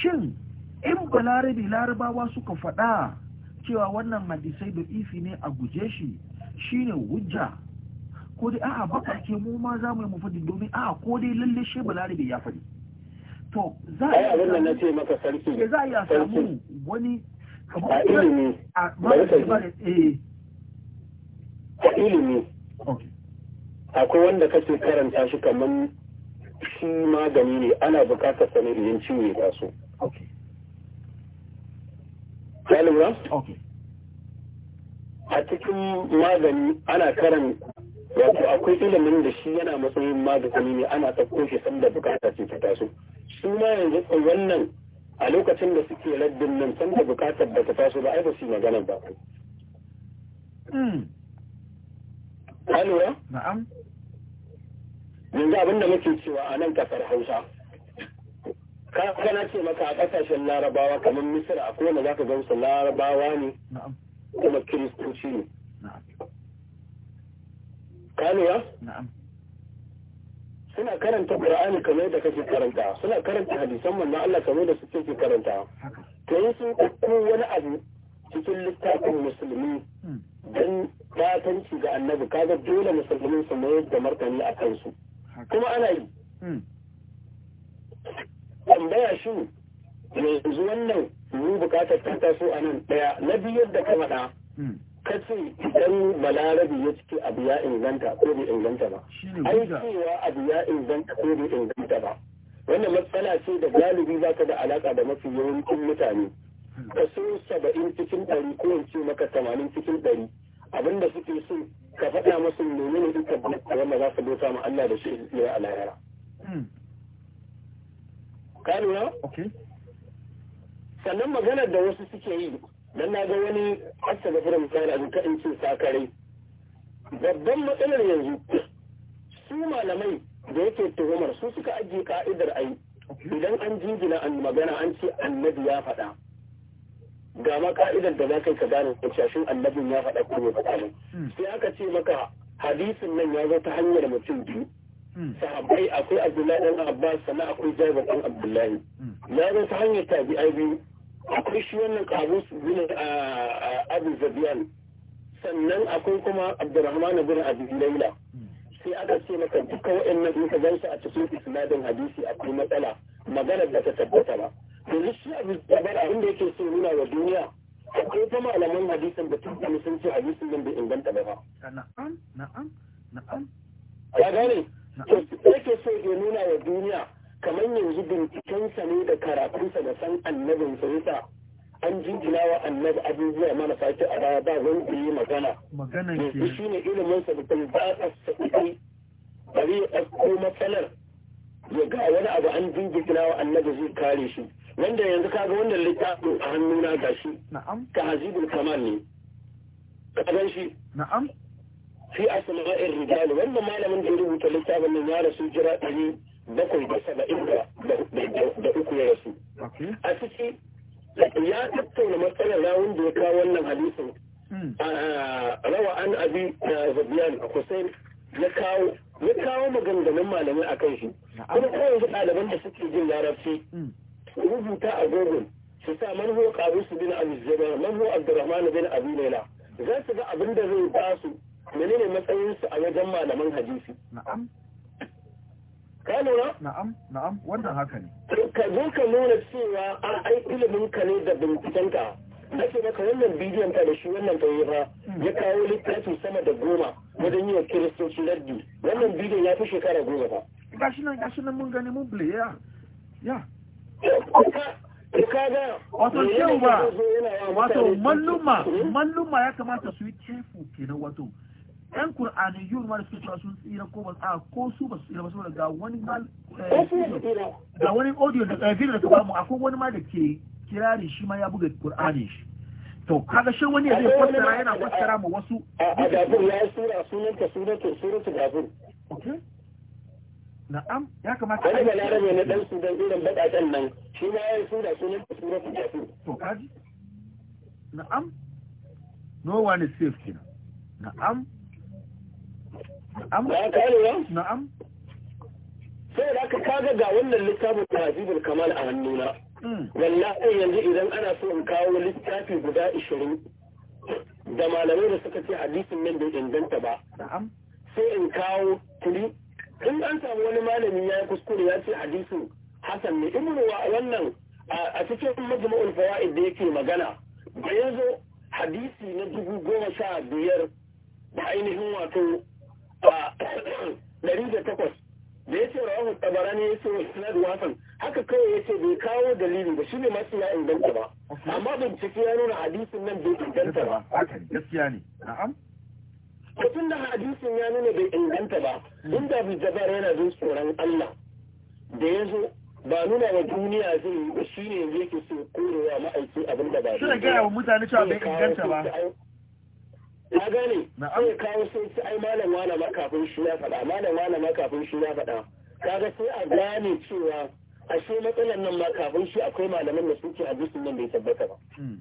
shin in balarabi larabawa suka faɗa cewa wannan hadisai da ifi ne a guje shi shine hujja ko dai a'a bakar ke mu ma za mu yi mu domin a'a ko dai lalle shi larabi ya faɗi to za a yi eh, a samu wani a ilimi ah, eh. akwai wanda kake karanta shi kamar shi magani ne ana bukatar sanin yin ciwo ya taso ya lura? a cikin magani ana karan wato akwai ilimin da shi yana matsayin magani ne ana ɗauko shi sanda bukata ce ta taso shi ma yanzu wannan a lokacin da suke raddin nan san da bukatar da ta taso ba ai ba su magana ba ku hmm. ka na'am yanzu abin da muke cewa a nan kasar Hausa ka kana ce maka a kasashen Larabawa kamar Misir a kowane za ka su Larabawa ne kuma Kiristoci ne ka na'am suna karanta Qur'ani kamar da kake karanta suna karanta hadisan manzon Allah kamar da suke ke karanta to yin sun ko wani abu cikin littafin musulmi hmm. dan batanci ga annabi kaga dole musulmi su mai da martani a kansu kuma ana yi hmm. tambaya shi yanzu wannan mu bukatar ta taso a nan daya na biyar da ka faɗa hmm. ka ce idan balarabi ya ciki abu ya inganta ko bai inganta ba ai cewa abu ya inganta ko bai inganta ba wannan matsala ce da galibi za ka da alaka da mafi yawancin mutane kaso saba'in cikin ɗari ko in ce maka tamanin cikin ɗari abinda suke so ka faɗa masu nemi ne duka wanda za su bauta ma Allah da shi ne a lahira. Hmm. Ka lura? Sannan maganar da wasu suke yi don na ga wani hasta ga firin misali abu kaɗin cin sakarai babban matsalar yanzu su malamai da yake tuhumar su suka ajiye ka'idar a yi idan an jingina an magana an ce annabi ya faɗa ga ma ka'idar da za ka yi ka gane shashin annabin ya faɗa ko bai faɗa hmm. sai aka ce maka hadisin nan ya zo ta hanyar mutum biyu hmm. sahabbai akwai abdullahi dan abbas sannan akwai jabir dan abdullahi hmm. ya zo ta hanyar tabi'ai biyu akwai shi wannan kabus a ah, ah, abu zabiyan sannan akwai kuma abdurrahman bin abu laila sai aka ce maka duka waɗannan in ka gan su a cikin isnadin hadisi akwai matsala magana da ta tabbata ba yanzu shi abu zabiyan abin da yake so nuna wa duniya akwai ta malaman hadisin da tun kanu sun ce hadisin nan bai inganta ba ba. Ah, na'am na'am na'am. ya gane. to yake so ya nuna wa duniya kamar yanzu bincikensa ne da karatunsa da san annabin sa an jinjina wa annabi abubuwa mana fati a baya ba zan yi magana magana ke shi ne ilimin sa mutum ba a sa'i bari ya ɗauko matsalar ya ga wani abu an jinjina wa annabi zai kare shi wanda yanzu kaga wannan littafin a hannuna ga shi ka hazibul kamal ne ka gan shi na'am fi asma'ir rijal wannan malamin da ya rubuta littafin nan ya rasu jira ɗari bakwai da saba'in da uku ya rasu. A ciki ya tattauna matsalar rawun da ya kawo wannan hadisin. Hmm. Rawa an abi na Zabiyan Hussein ya kawo ya kawo maganganun malamai a kan shi. Kuma kawai su ɗaliban da suke jin larabci hmm. rubuta a Google su sa manho su bin Abi Zubair manho Abdurrahman bin Abu Laila za su ga abin da zai ba su menene matsayinsu a wajen malaman hadisi. ka lura? na'am na'am wannan haka ne ka zo ka nuna cewa a ai ilimin ka ne da binciken ka ake maka wannan bidiyon ka da shi wannan tayyiba ya hmm. kawo littafin sama da goma wajen yi wa kiristoci lardi wannan bidiyon ya fi shekara goma ba gashi nan gashi nan mun gani mun bule ya ya wato cewa wato malluma hmm? malluma ya kamata su yi tefu kenan wato yan kur'ani yiwu ma suke cewa sun tsira ko ba a ko su ba su tsira ba saboda ga wani mal eh, ga wani audio da eh, video da ka bamu akwai wani ma da ke kirari shi ma ya buga Kur'ani. shi to kaga shi wani ya zai fassara yana fassara ma wasu a ya na'am ya kamata wani na dan irin nan ya sura na'am na'am ba sai da ka kaga ga wannan littafin tahzibul kamal a hannuna hmm. wallahi yanzu idan ana so in kawo littafi guda 20 da malamai da suka ce hadisin nan bai inganta ba sai in kawo kudi. in an samu wani malami ya yi kuskure ya ce hadisin hassan ne ibnu wannan a cikin majmu'ul fawaid da yake magana ya zo hadisi na dubu goma sha biyar da ainihin wato ɗari da takwas da ya ce rawahu tabarani ya ce isnad wasan haka kawai ya ce bai kawo dalili ba shi ne masu ya inganta ba amma bincike ya nuna hadisin nan bai inganta ba gaskiya ne na'am mutum da hadisin ya nuna bai inganta ba inda bi jabar yana jin tsoron Allah da ya zo ba nuna wa duniya zai yi shi ne yake so korewa ma'aiki abin da ba shi ne gaya wa mutane cewa bai inganta ba ya gane sai ya kawo sai ci ai malam wala ma kafin shi ya faɗa malam wala ma kafin shi ya faɗa kaga sai a gane cewa ashe matsalar nan ma kafin shi akwai malaman da suke a jisun nan bai tabbata ba hmm.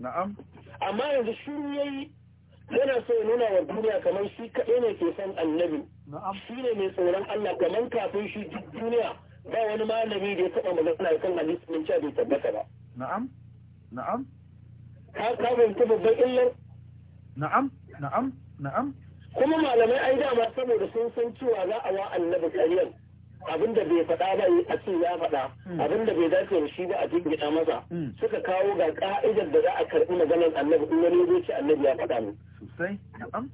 na'am amma yanzu shiru yayi yana so ya nuna wa duniya kamar shi kaɗai ne ke son annabi shi ne mai tsoron Allah kamar kafin shi duk duniya ba wani malami da ya taɓa magana kan hadisin nan cewa bai tabbata ba na'am na'am ka ka bai babban illar na'am na'am na'am kuma malamai ai dama saboda sun san cewa za a wa annabi ƙaryan abin da bai faɗa ba a ce ya faɗa hmm. abin da bai dace da shi ba a gida masa hmm. suka kawo ga ka'idar da za a karɓi maganar annabi in wani zai ce annabi ya faɗa ne sosai na'am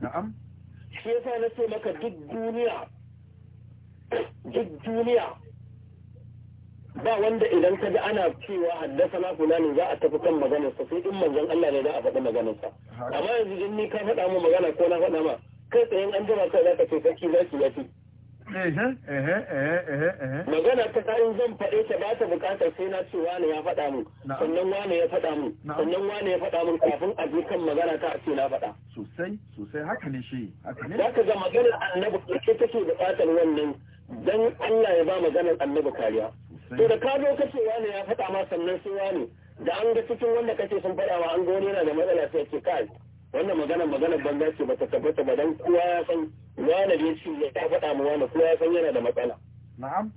na'am shi yasa na ce maka duk duniya duk duniya ba wanda idan ka ji ana cewa haddasa na fulani za a tafi kan maganarsa sai in manzon Allah ne za a faɗi maganarsa amma yanzu in ni ka faɗa mu magana ko na faɗa ma kai tsaye an jira kai za ka ce sarki za ki yafi magana ta in zan faɗe ta ba ta buƙatar sai na ce wane ya faɗa mu sannan wane ya faɗa mu sannan wane ya faɗa mu kafin a je kan magana ta a ce na faɗa sosai sosai haka ne shi haka ne za ka ga maganar annabi ke take buƙatar wannan dan Allah ya ba maganar annabi kariya to da ka zo kace wani ya faɗa ma sannan sai wani da an ga cikin wanda kace sun faɗa ma an ga wani yana da matsala sai ce kai wannan magana magana banza ce bata tabbata ba dan kowa ya san wani ne shi ya faɗa ma wani kowa ya san yana da matsala na'am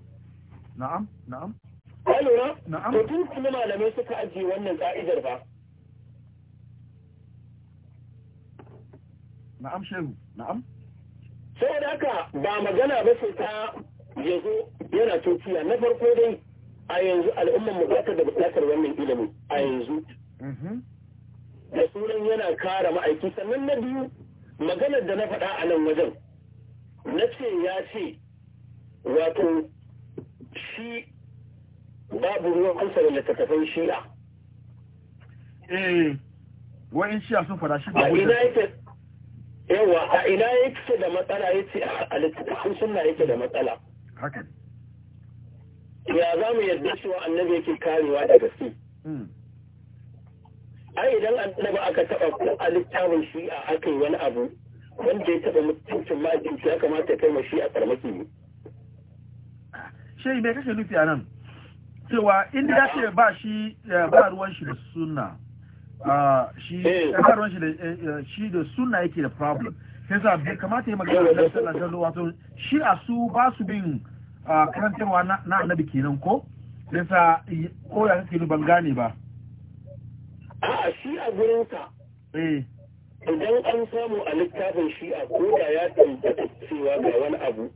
na'am na'am ka lura na'am to tun kuma malamai suka ajiye wannan ka'idar ba na'am shehu na'am saboda haka ba magana ba sai ta ya zo yana tokiya na farko dai a yanzu al'umman mu zaka da bukatar wannan ilimin a yanzu mhm. da sunan yana kara ma'aiki sannan na biyu maganar da na faɗa a nan wajen na ce ya ce wato shi babu ruwan amsa da littattafan shi'a eh wa'in shi'a sun faɗa shi ba ina yake yawa a ina yake da matsala yace a littattafan sunna yake da matsala haka ya za mu yarda cewa annabi yake karewa daga su? Hmm. ai idan annabi aka taba ko a littafin shi a aka yi wani abu wanda ya taba mutuncin shi ya kamata kai ma shi a karmaki ne shi mai kashe nufi a nan cewa inda ya ce ba shi eh, ba ruwan shi da Uh, shi da sunna yake da problem yasa bai kamata ya magana da sallallahu alaihi wato shi a su ba su bin karantarwa na annabi kenan ko yasa ko ya kake ban gane ba a shi a gurin ka eh idan an samu a littafin shi a da ya tabbata cewa ga wani abu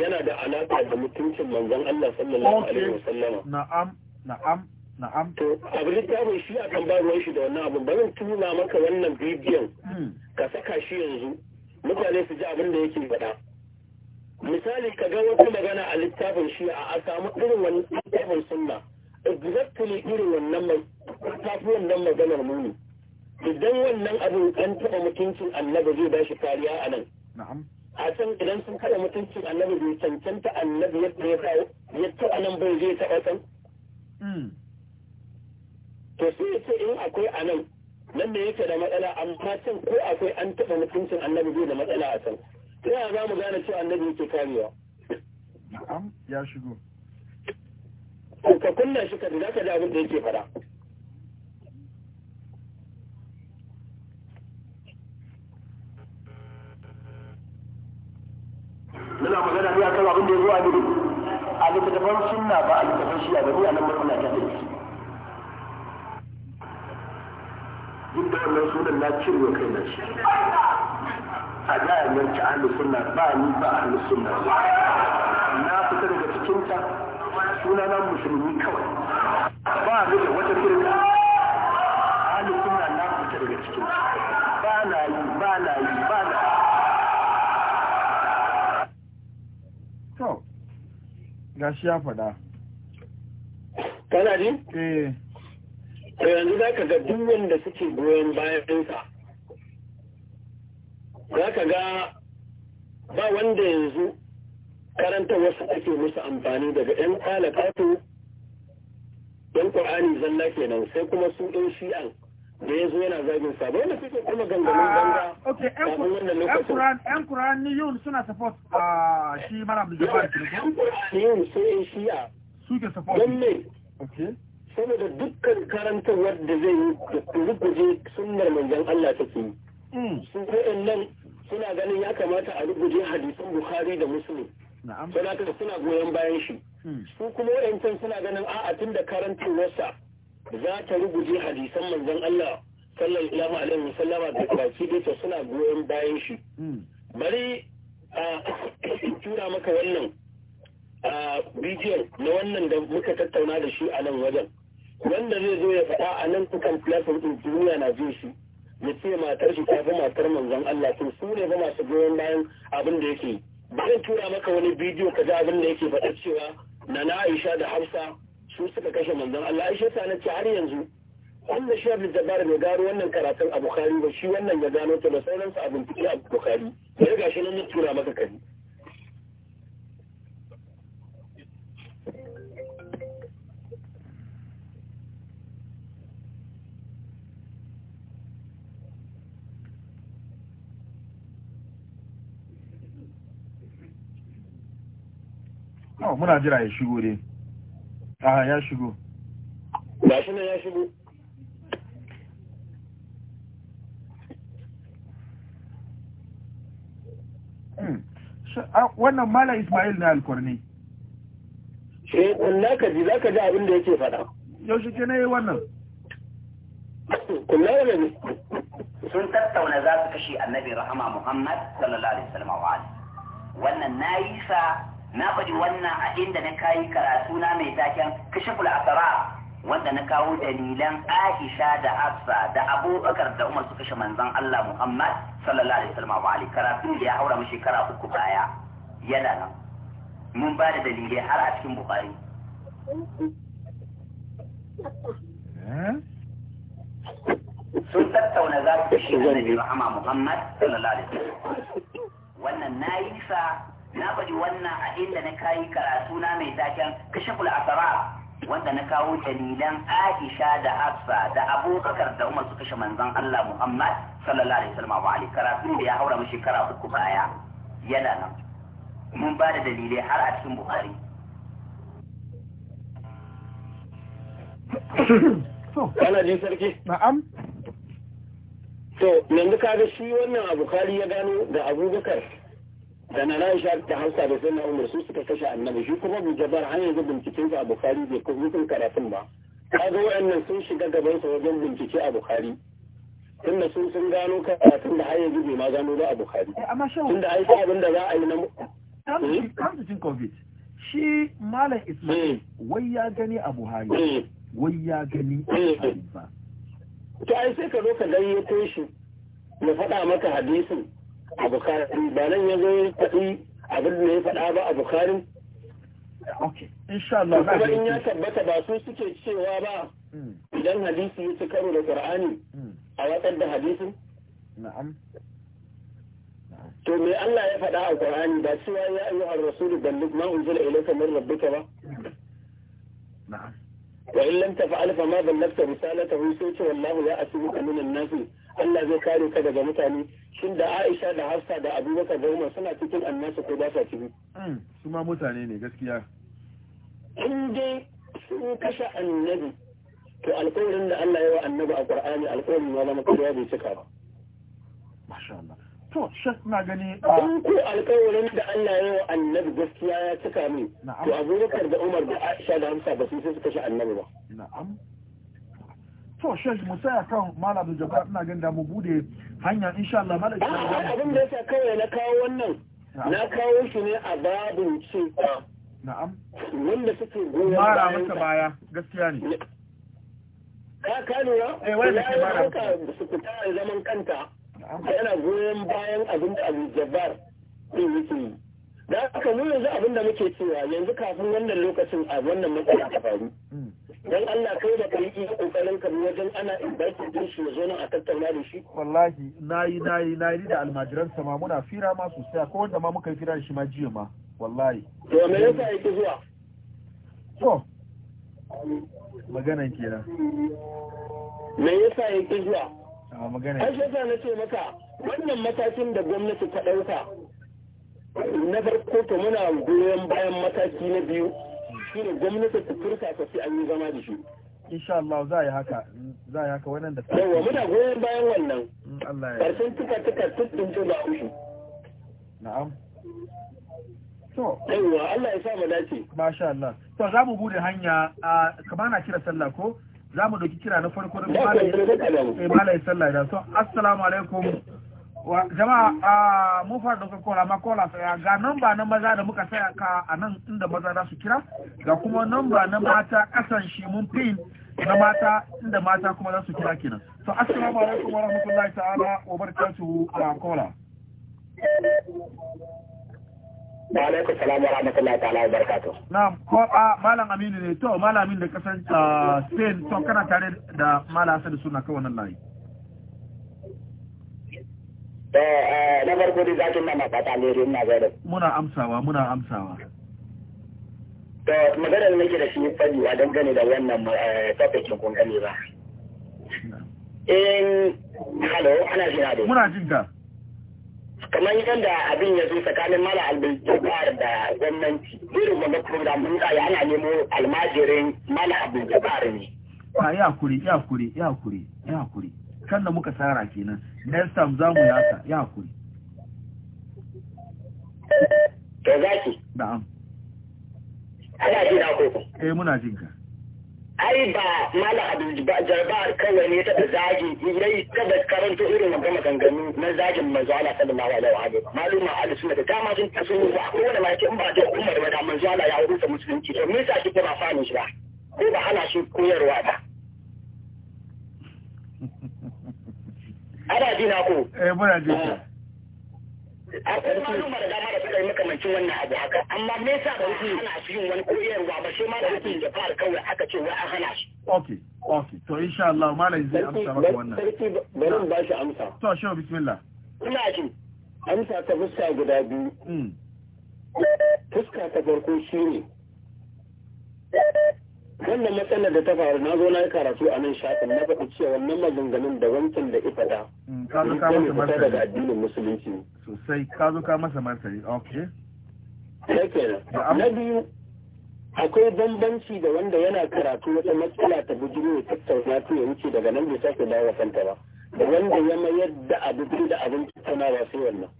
yana da alaka da mutuncin manzon Allah sallallahu alaihi wasallama na'am na'am na'am to abu littafin shi a kan ba ruwan shi da wannan abu ba zan tuna maka wannan bidiyon hmm. ka saka shi yanzu mutane su ji abin da yake faɗa misali ka ga wata magana a littafin shi a samu irin wani littafin sunna exactly irin wannan mai tafi wannan maganar muni idan wannan abin an taɓa mutuncin annabi zai ba shi kariya a nan a can idan sun kada mutuncin annabi zai cancanta annabi yadda ya kawo ya taɓa nan bai zai taɓa san hmm. to sai ya ce in akwai a nan nan da yake da matsala amma can ko akwai an taɓa mutuncin annabi bai da matsala a can ta yaya za mu gane cewa annabi yake karewa na'am ya shigo ka kunna shi ka za ka ji abin da yake faɗa muna magana ne akan abin da ya zo a gudu a littattafan sunna ba a littattafan shiya ba ni a nan muna tafi duk wannan sunan na cire kai na shi a sunna ba ni ba sunna na fita daga cikin ta suna na musulmi kawai ba ni da wata firka sunna na fita daga cikin ta ba na yi ba na yi ba na yi gashi ya faɗa kana eh to yanzu za ka ga duk wanda suke goyon bayansa za ka ga ba wanda yanzu karanta wasu ake musu amfani daga 'yan kalakatu don ƙwa'ani zalla kenan sai kuma su ɗin shi'an da ya zo yana zagin sa ba wanda suke kuma gangamin ganga ah, kafin wannan lokacin yan ƙura'ani yun suna support a ah, shi mara abdul jabbar yan ƙura'ani yun sai yan shi'a suke support don me saboda dukkan karantarwar da zai yi da ruguje sunnar manzon Allah ke yi hmm. su ko'in nan suna ganin ya kamata a rubuje hadisan Bukhari da Musulun. suna ta suna goyon bayan shi hmm. su kuma wa'yancan suna ganin a'a tunda da karantarwarsa za ta ruguje hadisan manzon Allah sallallahu alaihi wasallama da baki da suna goyon bayan shi hmm. bari a tura maka wannan a bidiyon na wannan da muka tattauna da shi a nan wajen wanda zai zo ya faɗa a nan kukan platform ɗin duniya na jin shi ya ce matar shi ta fi matar manzon Allah to su ne ba masu goyon bayan abin da yake bayan tura maka wani bidiyo ka ji abin da yake faɗa cewa na na Aisha da hausa su suka kashe manzon Allah Aisha ta na ce har yanzu wanda shi Abdul Jabbar bai wannan karatun a Bukhari ba shi wannan ya gano ta da sauransu a bincike a Bukhari sai ga shi nan tura maka kari oh, muna jira ya shigo dai a ah, ya shigo Ba shi ya shigo hmm. ah, wannan mala ismail na alkwarni eh kunna ka ji ka ji abin da fada faɗa yaushe ke na yi wannan kunna da ne sun tattauna za su kashe annabi rahama muhammad sallallahu alaihi wasallam wa wannan na yi sa na faɗi wannan a inda na kayi karatu na mai taken kashiful asara wanda na kawo dalilan Aisha da Hafsa da Abubakar da Umar su kashe manzon Allah Muhammad sallallahu alaihi wasallam wa alihi karatu ya haura mu shekara uku baya yana nan mun ba da dalilai har a cikin bukari. sun tattauna za su kashe Annabi Muhammad sallallahu alaihi wasallam wannan na yi sa na faɗi wannan a inda na kayi karatu na mai taken kashiful asara wanda na kawo dalilan Aisha da Hafsa da Abubakar da Umar su kashe manzon Allah Muhammad sallallahu alaihi wasallam wa alaihi karatu da ya haura mu shekara uku baya yana nan mun ba da dalilai har a cikin Bukhari Kana jin sarki? Na'am. To, yanzu ga shi wannan Abu Khari ya gano da Abubakar da na Aisha ta Hausa da sai na Umar su suka kashe Annabi shi kuma bu jabar an yanzu binciken sa a Bukhari bai kuma kun karatun ba kaga wannan sun shiga gaban sa wajen bincike a Bukhari tunda sun sun gano karatun da har yanzu bai ma gano ba a Bukhari eh, tunda ai abin da za a yi na mu. cin hmm? covid shi malam ismail hmm. wai ya gani a buhari hmm. wai ya gani a buhari ba to ai sai ka zo ka gayyato shi ya faɗa maka hadisin a bukari ba nan ya zo ya faɗi abin da ya faɗa ba a bukari kuma in ya tabbata ba su suke cewa ba hmm. idan hadisi ya ci karo da qur'ani hmm. a watsar da hadisin to me Allah ya faɗa a qur'ani ba cewa ya ayyuhar rasul balligh ma unzila ilayka min rabbika ba wa in lam taf'al fa ma ballagta risalatahu sai ce wallahu ya asibuka min an-nas Allah zai kare ka daga mutane shin da Aisha da Hafsa da Abubakar da Umar suna cikin annasu ko ba sa ciki hmm, su ma mutane ne gaskiya in dai sun kashe annabi to alƙawarin da Allah ya wa annabi a Qur'ani alƙawarin ya zama kariya bai cika ba masha Allah to shi na gani a in ah, ko alƙawarin da Allah ya wa annabi gaskiya ya cika min to Abubakar da Umar da Aisha da Hafsa ba su sai su kashe annabi ba na'am to shi mu kan malamin Jabbar ina ganin da mu bude hanya insha Allah malaka ah, abin da yasa kawai na kawo wannan na kawo shi ne a babin cewa na'am wanda suke goyon mara maka baya gaskiya ne ka ka lura eh wanda ke mara su fita zaman kanta yana goyon bayan abin da Abu Jabbar din yake yi da aka nuna yanzu abin da muke cewa yanzu kafin wannan lokacin a wannan matsala ta faru mm. dan Allah kai da kai yi kokarin ka wajen ana invite din shi ya zo nan a tattauna da shi wallahi nayi nayi nayi da almajiran sa ma muna fira ma sosai ko wanda ma muka fira shi ma jiya ma wallahi to me yasa yake zuwa to magana kenan me yasa yake zuwa a ah, magana ai yasa na ce maka wannan matakin da gwamnati ta dauka na farko to muna goyon bayan mataki na biyu shine gwamnatin ta turka ta ce an yi zama da shi insha Allah za yi haka za yi haka wannan da ta yawa muna goyon bayan wannan Allah ya karshen tuka tuka tuddin ta ba ushi na'am to yawa Allah ya sa mu dace masha Allah to za mu bude hanya a kamar na kira sallah ko za mu doki kira na farko da malai sallah eh, da so assalamu alaikum jama'a mun fara daukar kola amma kola saya ga namba na maza da muka saya ka a nan inda maza za su kira ga kuma namba na mata kasan shi mun pin na mata inda mata kuma za su kira kenan to assalamu alaikum wa rahmatullahi ta'ala wa barakatuhu a kola wa alaikum salam wa ta'ala wa barakatuhu na'am ko a malam aminu ne to malamin aminu da kasan spain to kana tare da malam da suna kawai wannan layi To eh, eh, na farko dai zakin na mafata alheri ina gaida. Muna amsawa muna amsawa. To maganar nake da shi fadi a dangane da wannan eh, tafikin kun gane ba. In hallo, ana jina dai. Muna jin ka. kamar yadda abin ya zo tsakanin mala albin jabar da gwamnati irin wanda program mun tsaye ana nemo almajirin mala albin jabar ne. Ah, ya kuri, ya kuri, ya kuri, ya kuri. kan da muka tsara kenan next time za mu yasa ya hakuri to ki na'am ana jin ku. eh muna jin ka ai ba mala jarbar kawai ne ta zagi yayi ta da karanto irin wannan maganganu na zagin manzo Allah sallallahu alaihi wa alihi maluma ahli sunna da dama sun taso ba ko wani ma yake in ba da umar ba da manzo Allah ya hukunta musulunci to me yasa kike ba fani shi ba ko ba ana shi koyarwa ba ana ji na ko eh muna ji ka eh. a kuma da dama da suka yi makamancin wannan abu haka amma me yasa ba su hana su yin wani koyarwa ba shi ma da hakin da fara kawai aka ce wa an hana shi okay okay to insha Allah malam zai amsa maka wannan sarki bari ba shi amsa to shi bismillah ina ji amsa ta fuska guda biyu hmm. fuska ta farko shi ne wannan matsalar da ta faru na zo na yi karatu a nan shafin na faɗi cewa wannan maganganun da wancan da ita da mm, ka zo ka masa martani daga addinin musulunci sosai ka zo ka masa martani okay na biyu akwai bambanci da wanda yana karatu wata matsala ta bujiro ya tattauna ta ya wuce daga nan bai sake dawo kanta ba da wanda ya mayar da abu da abin tattaunawa sai wannan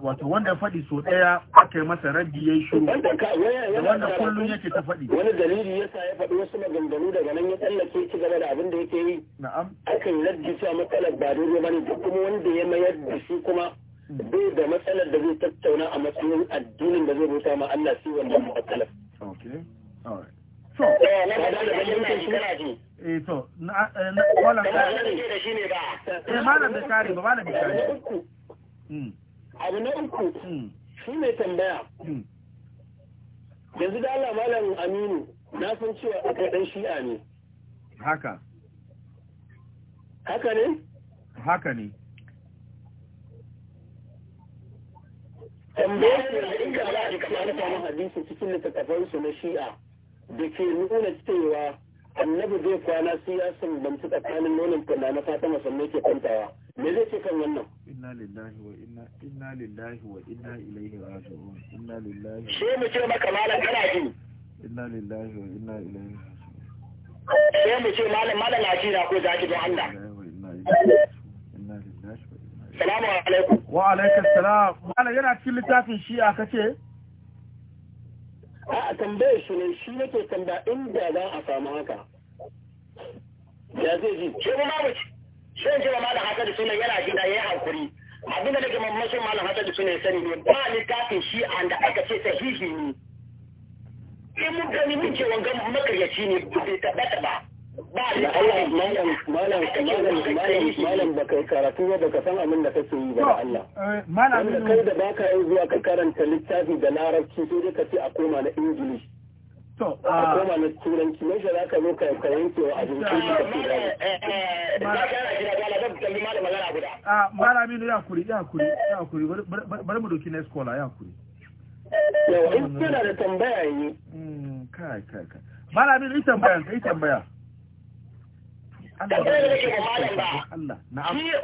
wato wanda faɗi so ɗaya aka yi masa rabbi ya yi shuru da wanda kullum yake ta faɗi wani dalili ya sa ya faɗi wasu maganganu daga nan ya tsallake ci gaba da abin da yake yi na'am yi raddi cewa matsalar ba daidai ne duk kuma wanda ya mayar da shi kuma bai da matsalar da zai tattauna a matsayin addinin da zai rusa ma Allah sai wannan matsalar okay so eh, na da shi kana ji eh to na eh, da shi ne ba eh, malam da kare ba malam da abu na uku hmm. shi mai tambaya hmm. yanzu da Allah malam aminu na san cewa aka dan shi'a ne haka haka ne haka ne tambaya ne da inda ba a kama na samun hadisi cikin su na shi'a da ke nuna cewa annabi zai kwana siyasan bantu tsakanin nonon kunda na fatima sannan ke kwantawa me zai ce kan wannan inna lillahi wa inna inna lillahi wa inna ilaihi raji'un inna lillahi shi mu ce maka malam kana ji inna lillahi wa inna ilaihi sai mu ce malam malam na ji na ko zaki don Allah Salamu alaikum. Wa alaikum salam. Malam yana cikin littafin shi'a kace? a tambayar shi ne shi nake tambaya inda za a samu haka ya zai ji ke ma mace sai ce malam hasadu suna yana gida ya yi hankuri abin da nake mamashin malam hasadu suna ya sani ne ba ni kafin shi an da aka ce sahihi ne in mun gani mun ce wanga makaryaci ne bai tabbata ba ni malam ba kai karatu ba ka san abin da kake yi ba da Allah eh, malam kai da baka yi zuwa ka karanta littafi da larabci sai dai ka ce a koma da ingilishi To, a koma na turanci, mai shi za zo ka yanke wa abin da ke da eh, eh, eh, ya Mara minu ya kuri, kuri, kuri, bari mu doki na eskola ya kuri. in da tambaya yi. Hmm, kai, kai, kai. Mara tambaya, tambaya. dangane da nake malam ba shi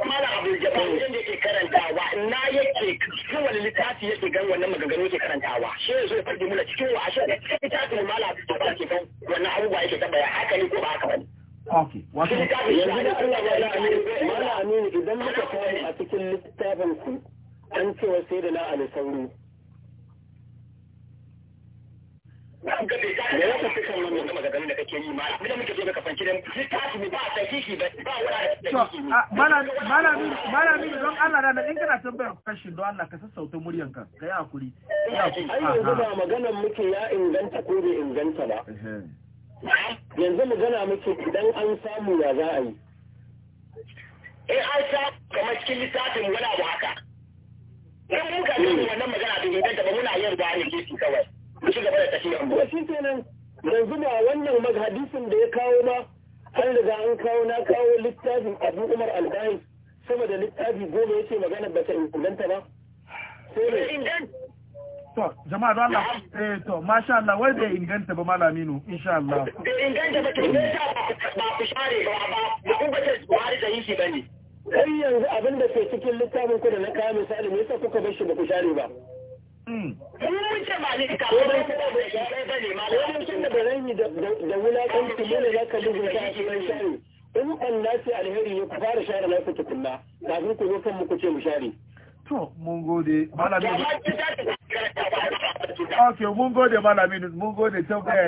malam abin da fahimtar da yake karantawa na yake cikin wani littafi yake gan wannan maganganu yake karantawa shi yanzu ya farge mula cikin wa ashe da littafin malam da ba ke kan wannan abubuwa yake tambaya haka ne ko ba haka bane Ok, wato idan muka fara a cikin littafin ku an cewa sai da na alisauri da ya kasu kan wani wani magagarin da kake yi ma abin da muke so ka fanci dan littafi ne ba a sahihi ba ba wani da sahihi ne malami don Allah rana in kana tambayar kashin don Allah ka sassauta muryanka ka yi hakuri ai yanzu ba maganar muke ya inganta ko bai inganta ba yanzu magana muke idan an samu ya za a yi in an samu kamar cikin littafin wani abu haka in muka yi wannan magana bai inganta ba muna yin da gefe kawai ci gaba da tafiya unguwar. Shi kenan yanzu ba wannan maghadisin da ya kawo ba an riga an kawo na kawo littafin Abu Umar Albani sama da littafi goma ya ce magana ba ta inganta ba. To, jama'a don Allah, eh to, masha Allah, wai bai inganta ba malaminu, insha Allah. Bai inganta ba, to, bai ba ku share ba, ba ku bace Buhari da yi shi bane. Kai yanzu abin da ke cikin littafin ku da na kawo misali, me yasa kuka bar shi ba ku share ba? mun ce ba ne da yi wulakanci ne ya kalli a cikin shari in Allah sai alheri ne ku fara share lafiya tukunna kafin ku zo kan mu ku ce mu share to mun gode malamin ok mun gode malamin mun gode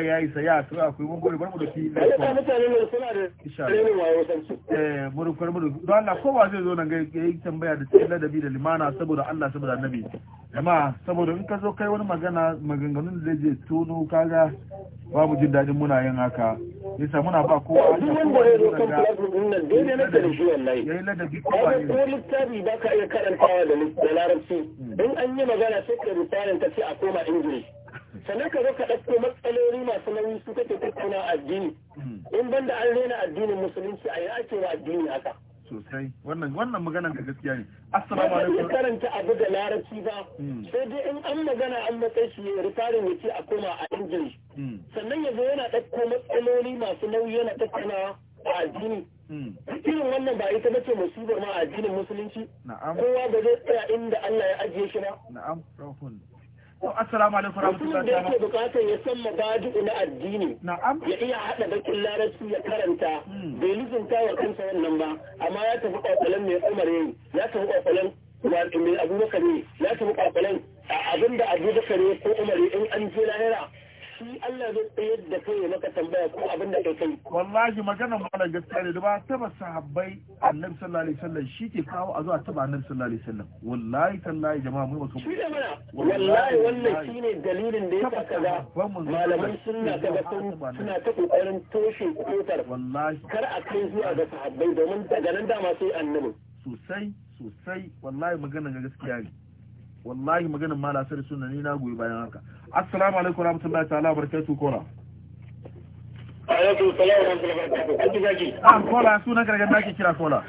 ya isa ya su akwai mun gode barmu da doki na kuma ko ne eh mun don Allah zai zo nan ga yayi tambaya da cikin ladabi da limana saboda Allah saboda annabi amma saboda in ka zo kai wani magana maganganun da zai tono kaga ba mu jin dadin muna yin haka yasa muna ba kowa duk wanda ya zo kan platform din nan dole ne da shi wallahi yayi ladabi ko ba ne ko littafi ba ka iya karantawa da littafi da larabci hmm. in an yi magana sai ka misalin ta ce a koma sannan ka zo ka ɗauko matsaloli masu nauyi su kake tattauna addini hmm. in banda an rena addinin musulunci a yi ake wa addini haka sosai wannan wannan maganan ka gaskiya ne assalamu alaikum karanta abu da larabci ba hmm. sai dai in an magana an matsayi shi rifarin ya ce a koma a ingilishi sannan ya yana ɗauko matsaloli masu nauyi yana tattaunawa a addini hmm. irin wannan ba ita bace musibar ma a addinin musulunci kowa ba zai tsaya inda Allah ya ajiye shi ba na'am rahun ko assalamu alaikum warahmatullahi ta'ala yake bukatar ya san mabadi na addini na'am ya iya hada bakin larabci ya karanta hmm. bai lizinta wa kansa wannan ba amma ya tafi kokalan mai Umar yayi ya tafi kokalan wato mai Abubakar ne ya tafi kokalan abinda Abubakar ko Umar in an je lahira shi Allah zai tsayar da kai ya maka tambaya ko abin da kai kai wallahi maganar mana gaskiya ne da ba taba sahabbai annabi sallallahu alaihi wasallam shi ke kawo a zuwa taba annabi sallallahu alaihi wasallam wallahi tallahi jama'a mu musu shi ne mana wallahi wannan shine dalilin da yasa kaza malaman sunna kaga sun suna ta kokarin toshe kotar wallahi kar a kai zuwa ga sahabbai domin daga nan dama sai annabi sosai sosai wallahi maganar gaskiya ne wallahi maganin ma lasar suna ni na goyi bayan haka assalamu alaikum rahmatullahi ta'ala barakatu kola alaikum salam rahmatullahi barakatu zaki ah kola suna gargan da kira kola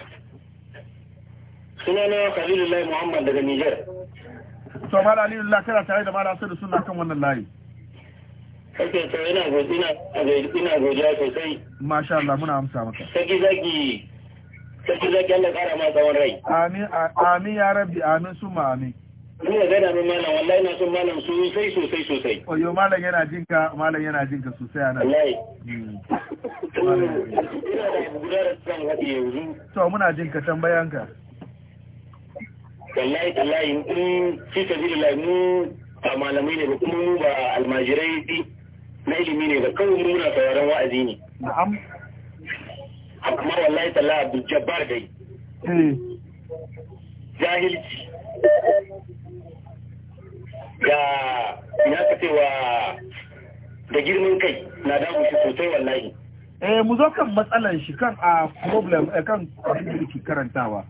suna na khalilullahi muhammad daga niger to mala alilullahi kana tare da mala asir suna kan wannan layi Kake to ina godiya ina godiya sosai. Masha Allah muna amsa maka. Sarki zaki Sarki zaki Allah kara ma tsawon rai. Amin amin ya rabbi amin suma amin. Mun ga gada min malam wallahi na son malam sosai sosai sosai. Oyo malam yana jin ka malam yana jin ka sosai a nan. Wallahi. Ina da guda da san haɗi yanzu. To muna jin ka tambayan ka. Wallahi wallahi in fi sabilillah mu ba malamai ne ba kuma mu ba almajirai na ilimi ne ba kawai mu muna sauraron wa'azi ne. Na'am. Amma wallahi tallahi Abdul Jabbar dai. Eh. Jahilci. da ya fi cewa da girman kai na damu shi sosai wallahi eh mu zo kan matsalan shi kan a ah, problem eh, kan abin da yake karantawa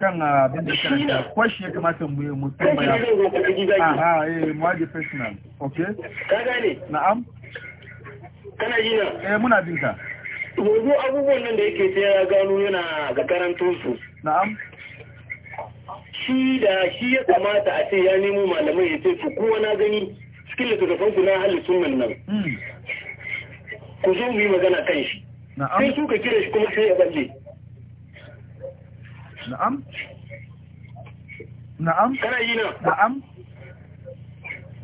kan ah, abin da karanta kwashi ya kamata mu mu tambaya aha eh mu waje personal okay ka gane na'am kana ji na eh muna jin ka yanzu abubuwan nan da yake sai ya gano yana ga karantun su na'am shi da shi ya kamata a ce ya nemo malamai ya ce su kowa na gani cikin littattafan ku na halin sunan nan hmm. ku zo mu yi magana kan shi sai su ka kira shi kuma sai ya balle na'am na'am kana yi na na'am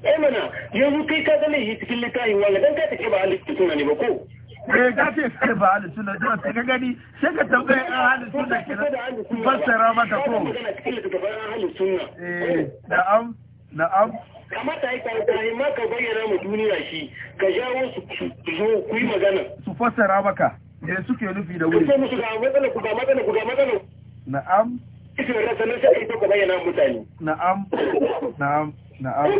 ai eh, mana yanzu kai ka ga laifi cikin littafin wanda dan ka take ba halin sunan ne ba ko eh ka ce kai ba ahli sunna da sai ka gani sai ka tambaye an ahli sunna ki fassara mata ko eh na'am na'am kamata ya kai kai ma ka bayyana mu duniya shi ka jawo su zo ku yi magana su fassara maka me suke nufi da wuri ku ga matsala ku ga matsala ku ga magana na'am kike rasa nan sai ka bayyana mutane na'am na'am na'am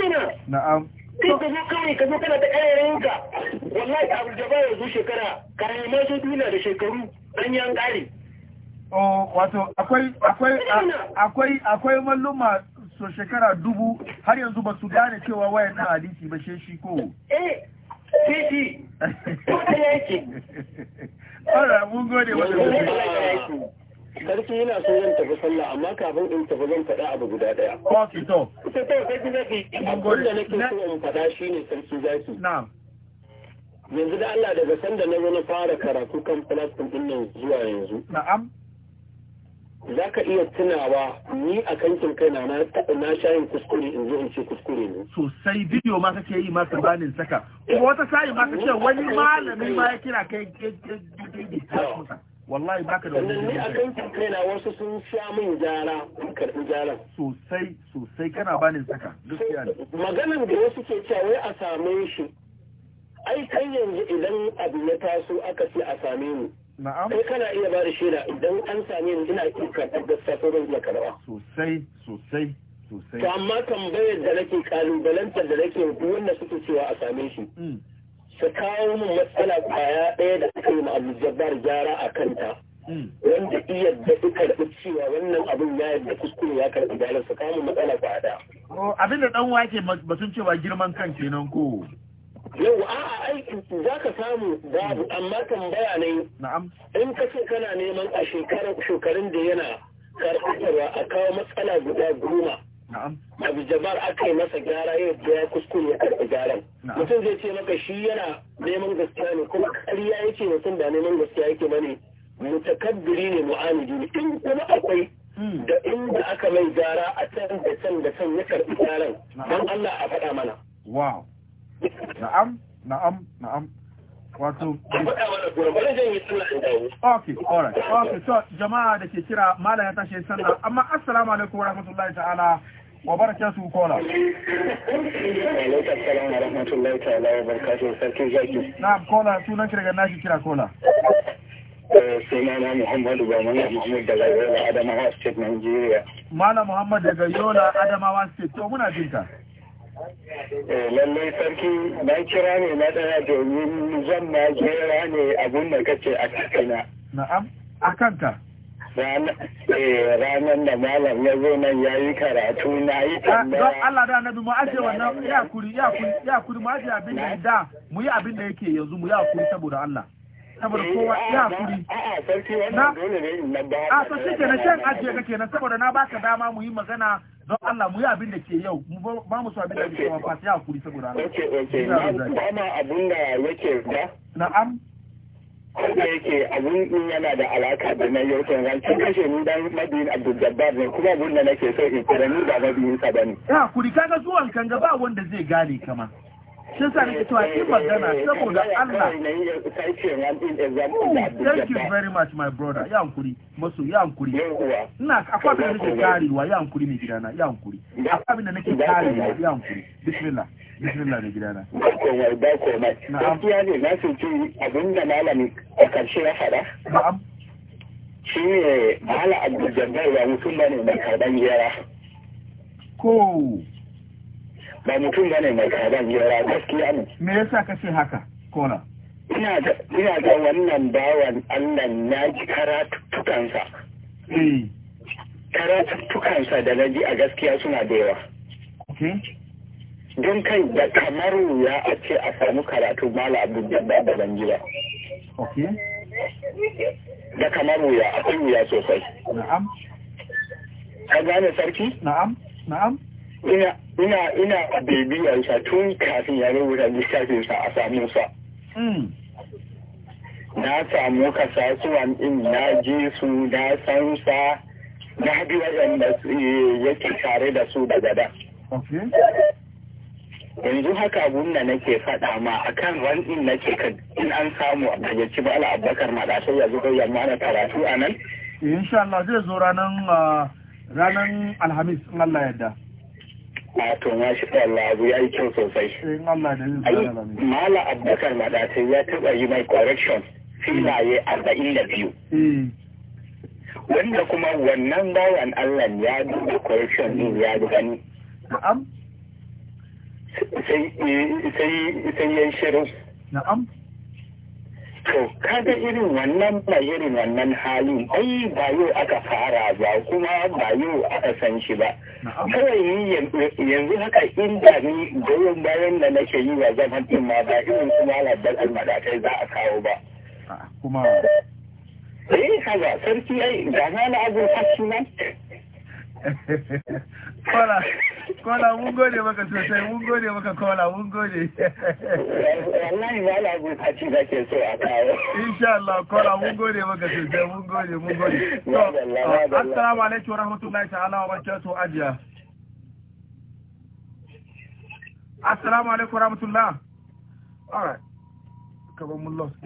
na'am kai ka kawai ka zo kana ta ƙararinka wallahi abu jaba ya zo shekara kayan ma zo duniya da shekaru an yan ƙare. wato akwai akwai akwai akwai malluma so shekara dubu har yanzu ba su gane cewa wayan na hadisi ba shi ko. eh sai shi ko ta yake. Ara mun gode wa da sarki yana so zan tafi sallah amma kafin in tafi zan faɗa abu guda ɗaya. Ok to. Ita kai sarki zaki abin da nake so in faɗa shi ne sarki zaki. Na'am. Yanzu da Allah daga sanda na zo na fara karatu kan plastic ɗin nan zuwa yanzu. Na'am. Za ka iya tunawa ni a kankin kai na na yin kuskure in zo in ce kuskure ne. Sosai bidiyo ma kake yi ma banin saka. Kuma wata sa'i ma ce wani malami ma ya kira kai daidaita. wallahi baka da wani ne akan kaina wasu sun sha min jara karbi jaran sosai sosai kana bani saka gaskiya ne maganan da wasu ke cewa wai a same shi ai kai yanzu idan abu ya taso aka ce a same ni na'am kai kana iya bada shaida idan an same ni ina iya karɓar gaskiya ko zan karɓa sosai sosai sosai to amma tambayar da nake kalubalantar da nake duk wanda suke cewa a same shi mm. su kawo min matsala kwaya ɗaya da aka yi ma abu jabbar gyara a kanta hmm. wanda iya da karɓi cewa wannan abin ya da kuskure ya karɓi dalar su kawo min matsala kwaya ɗaya. abin da ɗan wake batun cewa girman kan kenan ko. yau a aiki. za ka samu babu amma tambaya ne in ka ce kana neman a shekarun da yana karɓarwa a kawo matsala guda goma. abu jabar aka yi masa gyara yau da ya kuskure a karɓi gyaran mutum zai ce maka shi yana neman gaskiya ne kuma ƙarya ce mutum ba neman gaskiya yake ba ne mutakabbiri ne mu'amidi ne in kuma akwai hmm. da inda aka mai gyara a can da can da can ya karɓi gyaran don Allah a faɗa mana. Wow. Na'am, na'am, na'am. wato ok alright ok so jama'a da ke kira malam ya tashi sanda amma assalamu alaikum wa rahmatullahi ta'ala wa barakatu kola na'am kola sunan ki daga shi kira kola eh, sunana muhammadu ba mana muhammad daga yola adamawa state nigeria Mana Muhammadu daga yola adamawa state to muna jinka Eh, lallai sarki na kira ne na ɗaya domin zan ma jera ne abin da kace a kakana. Na'am, a kanta. Eh, ranar da malam ya zo nan ya yi karatu na yi ah, tambaya. Don Allah da nabi mu aje wannan ya kuri ya kuri ya kuri mu aje abin da da mu yi abin da yake yanzu mu yi kuri saboda Allah. saboda eh, kowa ya kuri na a to shi ke na shan ajiye ka kenan saboda na baka dama mu yi magana don Allah mu yi abin da ke yau ba mu so abin da ke wafa ya hakuri saboda Allah ok na dama abin da yake da na'am ko da yake abun din yana da alaka da na yau kan ran kin kashe ni dan madin Abdul Jabbar ne kuma abun da nake so in kira ni ba madin sa bane ya kuri kaga zuwan kan ga ba wanda zai gane kama shi sa nake cewa yi magana saboda Allah thank you very much my brother ya hankuri masu ya hankuri ina akwai abin da nake karewa ya hankuri mai gidana ya hankuri akwai abin da nake karewa ya hankuri bismillah bismillah mai gidana ba ba ne na su ci abin da malami a karshe ya na'am shi ne mala mutum ko ba mutum bane mai kagan yara gaskiya ne me yasa kace haka kona? ina ga ina ga wannan bawan Allah na ji karatukansa eh karatukansa da na ji a gaskiya suna da yawa don kai da kamar wuya a ce a samu karatu mala da jabba da ban jira da kamar wuya akwai wuya sosai na'am ka gane sarki na'am na'am ina ina ina a bibiyarsa tun kafin ya rubuta littafinsa a samun sa hmm. na samu kasasuwan in na ji su na san sa na bi waɗanda eh, yake tare da su daga da yanzu haka gunna nake faɗa ma akan ran in nake kan in an samu a gajarci ba ala abubakar sai ya zo yamma na karatu a nan insha Allah zai zo ranar ah, ranar alhamis in Allah yadda a to masha Allah abu ya yi kyau sosai mala abubakar madata ya taɓa yi mai correction filaye arba'in da biyu hmm. wanda kuma wannan bawan Allah ya duba correction din ya gani sai sai shirin To kaga irin wannan ba irin wannan halin ai ba yau aka fara ba kuma ba yau aka san shi ba. Kawai yanzu haka inda ni goyon bayan da nake yi wa zaman ɗin ma ba irin kuma labar almadatai za a kawo ba. Kuma. Eh haza sarki ai ga na na abin fashi kola kola mun gode maka sosai mun gode maka kola mun gode wallahi ba la buka ci da ke so a kawo insha Allah kola mun gode maka sosai mun gode mun gode uh, assalamu alaikum wa rahmatullahi ta'ala wa barakatuh ajiya assalamu alaikum wa all right mun lost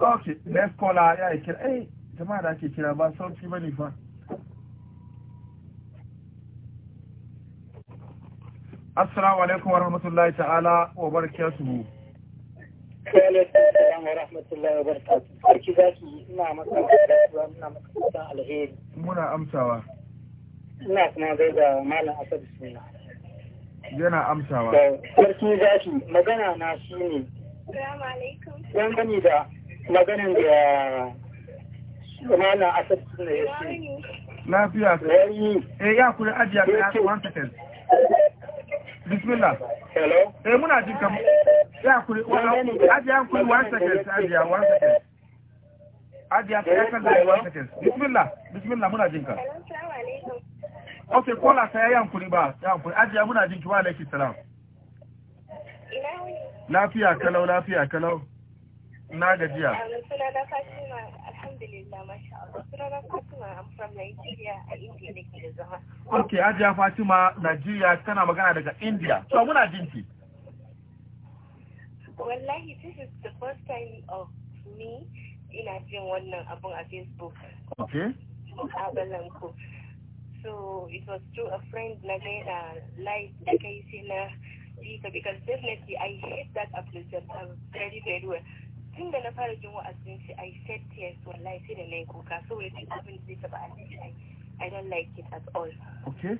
okay next caller ya kira eh jama'a da ake kira ba sauki bane fa assalamu alaikum wa rahmatullahi ta'ala wa barakatuhu muna amsawa ina kuma zai da malam asad suna yana amsawa sarki zaki magana na shi ne yan gani da maganin da malam asad suna ya ce lafiya eh ya kuri ajiya ka ya one second bismillah hello eh muna jin kam ya kuri wannan ajiya kuri one second ajiya one second ajiya ya kan da one second bismillah bismillah muna jin ka Ok, kola sai ya kuri ba ya kuri ajiya muna jin ki wa alaikum salam lafiya kalau lafiya kalau na gajiya Alhamdulillah, mashallah. Sunana Fatima, I'm from Nigeria, a India nake da zama. Okay, Hajiya Fatima, Nigeria tana magana daga India. So muna jinki. Wallahi, this is the first time of me ina jin one abun a Facebook. Okay. So it was through a friend na gaina live I kai sai because definitely I hate that application very very well. tun da na fara jin wa'azin shi I said tears wallahi sai da na yi kuka saboda duk abin da zai taba annabi I I don't like it at all. Okay.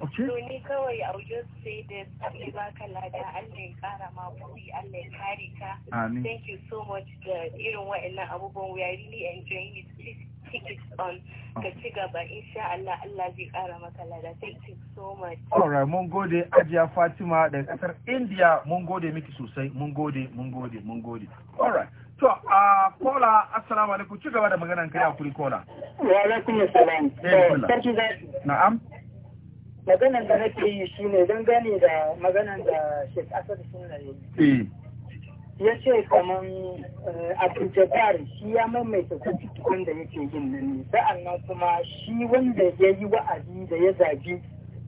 Okay. So ni kawai I will just say this lada Allah ya kara ma Allah ya kare ka. Amin. Thank you so much da irin wa'annan abubuwan we are really enjoying it. Please keep on ka ci gaba insha Allah Allah zai kara maka lada thank you so much alright mun gode Ajiya Fatima da kasar India mun gode miki sosai mun gode mun gode mun gode alright to uh, a kola assalamu alaikum ci gaba da magana kai a kuri kola wa alaikum assalam eh, eh, sarki zaki na'am maganan da nake yi shine don gane da maganan da Sheikh Asad Sunna yi eh. ya ce kamar eh, abdul shi ya maimaita kutukan da yake yin nan ne sa'annan kuma shi wanda ya yi wa'azi da ya zabi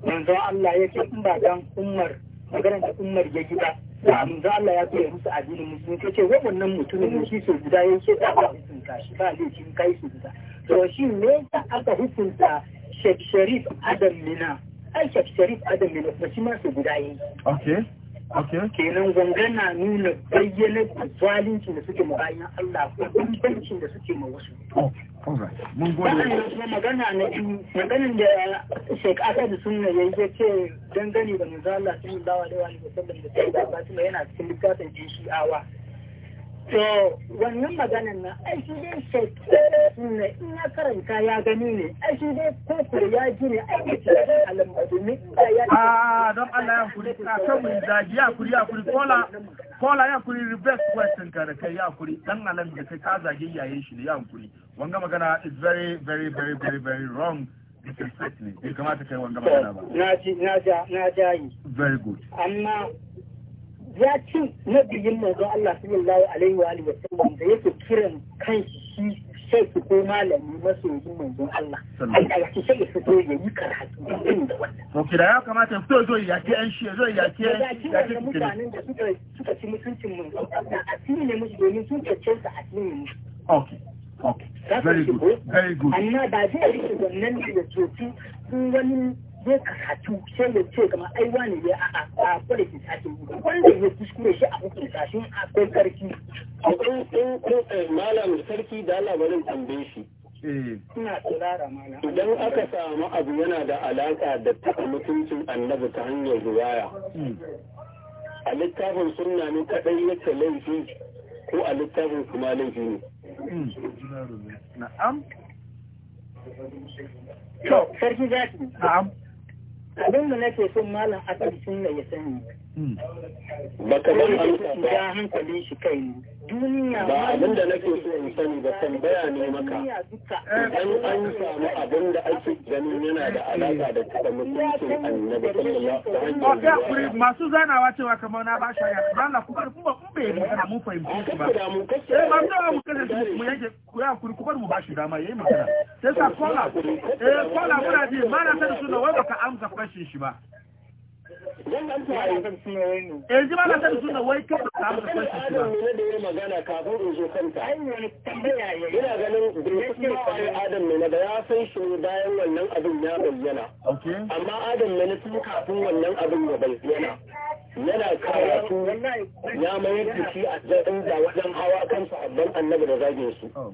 manzon Allah ya ce in ba dan umar maganar da umar ya yi ba da manzon Allah ya ya musu addinin musulunci ya ce wannan mutumin shi so guda ya ce da ba hukunta shi ba laifin kai su guda to shi ne da aka hukunta Sheikh Sharif Adam Mina ai Sheikh Sharif Adam Mina ba shi ma so guda ya yi kenan gwanga nuna bayyana zalunci da suke bayan Allah ko bambancin da suke ma wasu mun Sunna dangane da manzo Allah da sai Fatima yana cikin littafin shi'awa to wannan maganan na ai shi dai shekaru ne in ya karanta ya gani ne ai shi dai kokor ya ji ne ai da cikin halin ne. Ah, don Allah ya kuri ka kan mun zagi ya kuri ya kuri kola kola ya kuri reverse question ka da kai ya kuri dan alam da kai ka zagi yayin shi ne ya kuri wanga magana is very very very very very wrong disrespect ne bai kamata kai wanga magana ba na ji na ji, na ji. very good amma ya ci nabiyin manzo Allah sallallahu alaihi wa alihi wasallam da yake kiran kanshi shi sai ko malami masoyi manzo Allah ai da shi sai su ya yi karatu din da wannan to da ya kamata ya fito zo ya ce an shi zo ya ce ya ce mutanen da suka suka ci mutuncin manzo Allah a cikin ne musu domin sun cece sa a cikin ne okay okay very good very good amma ba zai rike wannan da cutu wani zai karatu sai ya ce kama ai wani ne a a kwada ki sake wanda ya kuskure shi a kuskure hukunta a akwai sarki akwai in eh, malam sarki da labarin tambaye shi eh. Idan aka samu abu yana da alaƙa da taɓa mutuncin annabi ta hanyar ruwaya. Hmm. A littafin sunna ne kaɗai yake laifi ko a littafin kuma laifi ne. Hmm. Na'am. sarki zaki. Na'am. abin da nake son malam a ƙarshen da ya sani hmm. ba ka shi kai ne ba abin da nake so in sani ba tambaya ne maka idan an samu abin da ake ganin yana da alaƙa da taɓa mutuncin annabi sallallahu alaihi wa sallam masu zanawa cewa kamar na ba shi ya ba la kuma kuma mun bai mu kana mun fahimci ba eh ba da mu kace mu yake ku ya kuri kuma mu ba shi dama yayi magana sai sa kola eh kola muna ji mana ta suna wai baka amsa question shi ba Eh, yanzu ba na san suna wai kai ka samu da kwanci ba ne da yin magana kafin in zo kanta ina ganin gaskiyar kwaye adam ne da ya san shi bayan wannan abin ya bayyana amma adam ne tun kafin wannan abin ya bayyana yana karatu ya mayar da shi a zaɗin da wajen hawa kan sahabban annabi da zagin su. Oh,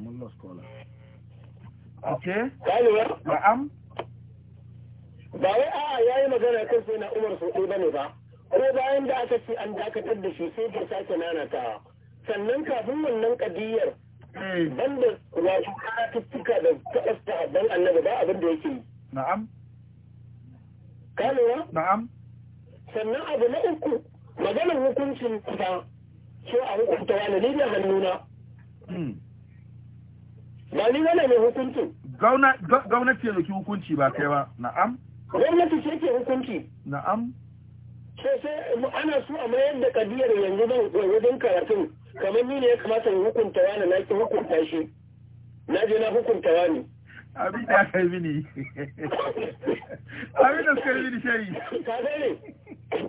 ba wai a'a ya yi magana kan sai na umar sau ba ne ba ko bayan da aka ce an dakatar da shi sai ke sake nanata, sannan kafin wannan kadiyar hmm. banda wato karatuttuka da taɓa sahabban annabi ba abin da yake yi na'am kamewa na'am sannan abu na uku maganar hukuncin kusa so a hukunta wani ne da hannuna hmm. ba ni wani ne hukuncin gwamnati ya zaki hukunci ba kai ba na'am gwamnati ce ke hukunci na'am sai sai ana so a mayar da kadiyar yanzu don wajen karatun kamar ni ne ya kamata in hukunta wani na ki hukunta shi na je na hukunta wani abin da aka yi mini abin da suka yi mini shari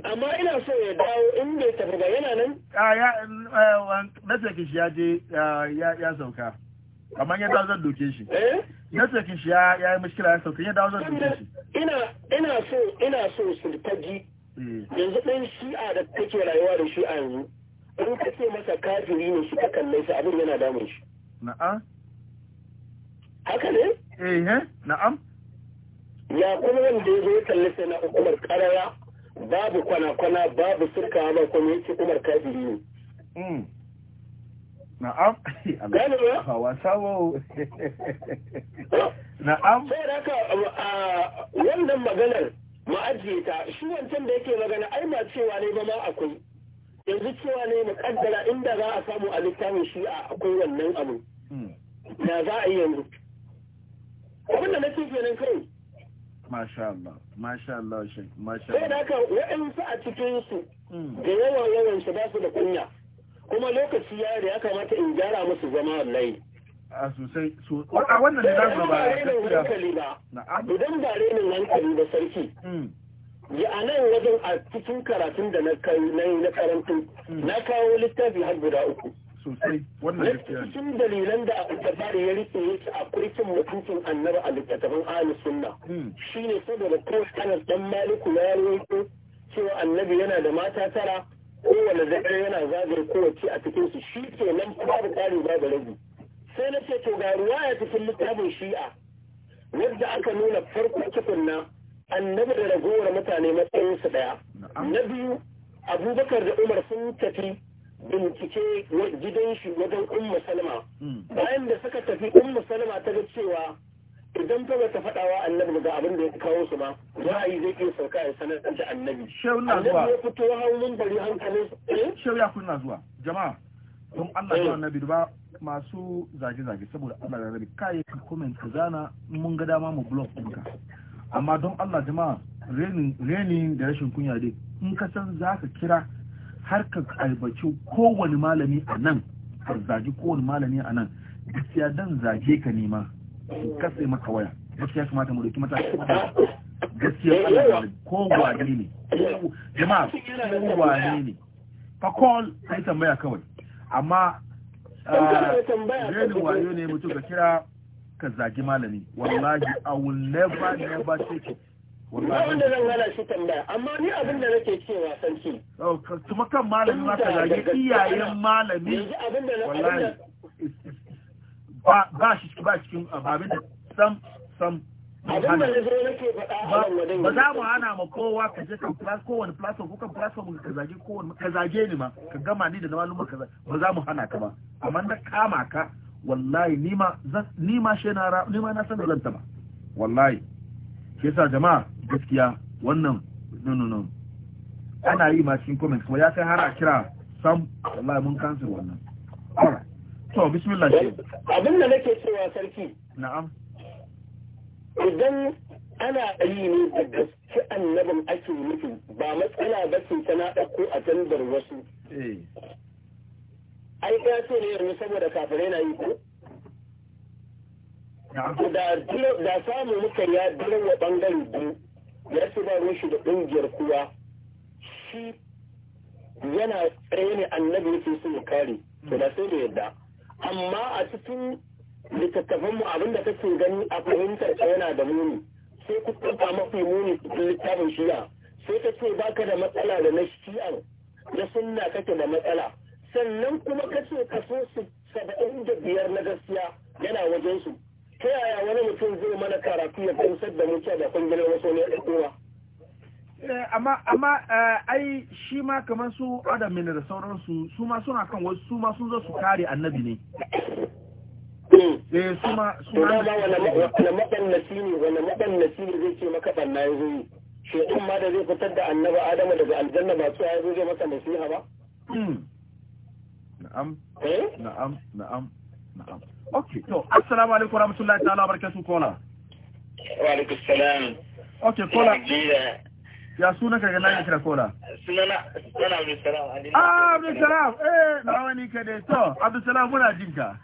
amma ina so ya dawo in bai tafi ba yana nan a ah, ya eh, na sake shi ya je ah, ya sauka amma ya dawo zan doke shi eh? na sakin shi ya yi mashkila ya sauke ya dawo zan doke shi ina so ina so sultaji eh. yanzu ɗan shi'a da take rayuwa da shi a yanzu in ka ce masa kafiri ne shi ka kalle shi abin yana damun shi na'am haka ne eh, eh na'am ya kuma wanda ya zo ya kalle sai na hukumar karara babu kwana-kwana babu sirka ba kuma ya ce umar kafiri ne hmm. na'am Allah wasa wawo na'am sai raka uh, wannan maganar ma'ajiyata ta shi wancan da yake magana ai ma cewa ne ba ma akwai yanzu cewa ne mu kaddara inda za a samu a littafin shi a akwai wannan abu na hmm. za a yi yanzu abin da ke kenan kai masha Allah masha Allah shi masha Allah sai hmm. da haka wa'ansu a cikin su da yawan yawan su ba su da kunya kuma lokaci ya da ya kamata in gyara musu zama wallahi a sosai a wannan ne zan ba hankali ba idan ba renin hankali da sarki hmm. ya a nan wajen a cikin karatun da na kai na karantu hmm. na kawo littafi har guda uku sosai wannan cikin dalilan da abu ya rike yake a kurkin mutuncin annaba a littattafan ahli sunna hmm. shine saboda ko sanar dan maliku ya rawaito cewa annabi yana da mata tara kowane zaɓe yana zagaye kowace a cikin su shi ke nan babu ƙari babu rabi sai na ce to ga ruwa ya cikin littafin shi'a wadda aka nuna farko cikin na annabi da ragowar mutane matsayinsu ɗaya na biyu abubakar da umar sun tafi bincike gidan shi wajen umma salama hmm. bayan da suka tafi umma salama ta ga cewa idan ba ta faɗa wa annabi ga abin da ya kawo su ma ra'ayi zai iya sauka ya sanar da annabi annabi ya fito hannun bari hankalin eh? shehu ya kunna zuwa jama'a don Allah ya eh. annabi ba masu zage-zage saboda Allah ya rabi kai ka comment ka zana mun ga dama mu blog ɗinka amma don Allah jama'a renin da rashin kunya dai in ka san za ka kira har ka aibaci kowane malami a nan ka zagi kowane malami a nan gaskiya dan zage ka nema katse maka waya gaskiya kamata mu doki mataki gaskiya ko wane ne jama'a ko wane ne fa ta yi tambaya kawai amma zai ah, wayo ne mutum ka kira ka zagi malami wallahi a will never never take it wallahi wanda zan gana shi tambaya amma ni abinda nake cewa sarki oh, kuma kan malami ma ka zagi iyayen malami wallahi ba shi ba cikin babin da sam sam ba za mu hana ma kowa ka je kan plus kowane kan plus platform ka zage kowane ka zage ni ma ka gama ni da malumma ka ba za mu hana ka ba amma na kama ka wallahi ni ma ni ma she na ra ni ma na san da zanta ba wallahi ke sa jama'a gaskiya wannan no no no ana yi ma cikin comments kuma ya kai har a kira sam wallahi mun cancel wannan alright to bismillah shi abin da nake cewa sarki na'am idan ana yi ne da gaske annabin ake nufi ba matsala ba ce tana ɗauko a tandar wasu eh. ai ya ce ne yanzu saboda kafare na yi ko da samu muka ya dilan wa bangare biyu ya ce ba shi da ƙungiyar kuwa shi yana tsaye ne annabi yake so ya kare to da sai da yadda amma a cikin littattafanmu da kake gani a fahimtar ka yana da muni sai ku kuka mafi muni cikin littafin shi'a sai ka ce baka da matsala da na shi'an na sunna kake da matsala sannan kuma ka ce kaso saba'in da biyar na gaskiya yana wajensu ta yaya wani mutum zai mana karatu ya gamsar da muke da kungiyar wasu ne ɗan Eh, amma amma eh, ai shi ma kamar su adam ne da sauransu su ma suna kan wasu su ma sun zo su kare annabi ne eh su ma su ma wala madannaci ne wala madannaci ne zai ce maka banna ya zo shekun ma da zai fitar da annaba adamu daga aljanna ba su ya zo zai masa nasiha ba hmm. na'am eh? na'am na'am na'am okay to assalamu alaikum warahmatullahi ta'ala barakatuh kola wa alaikum salam okay kola ya suna ka gana kira kola suna sunana Abdul Salam ah Abdul Salam eh na wani ka dai to Abdul Salam muna jin ka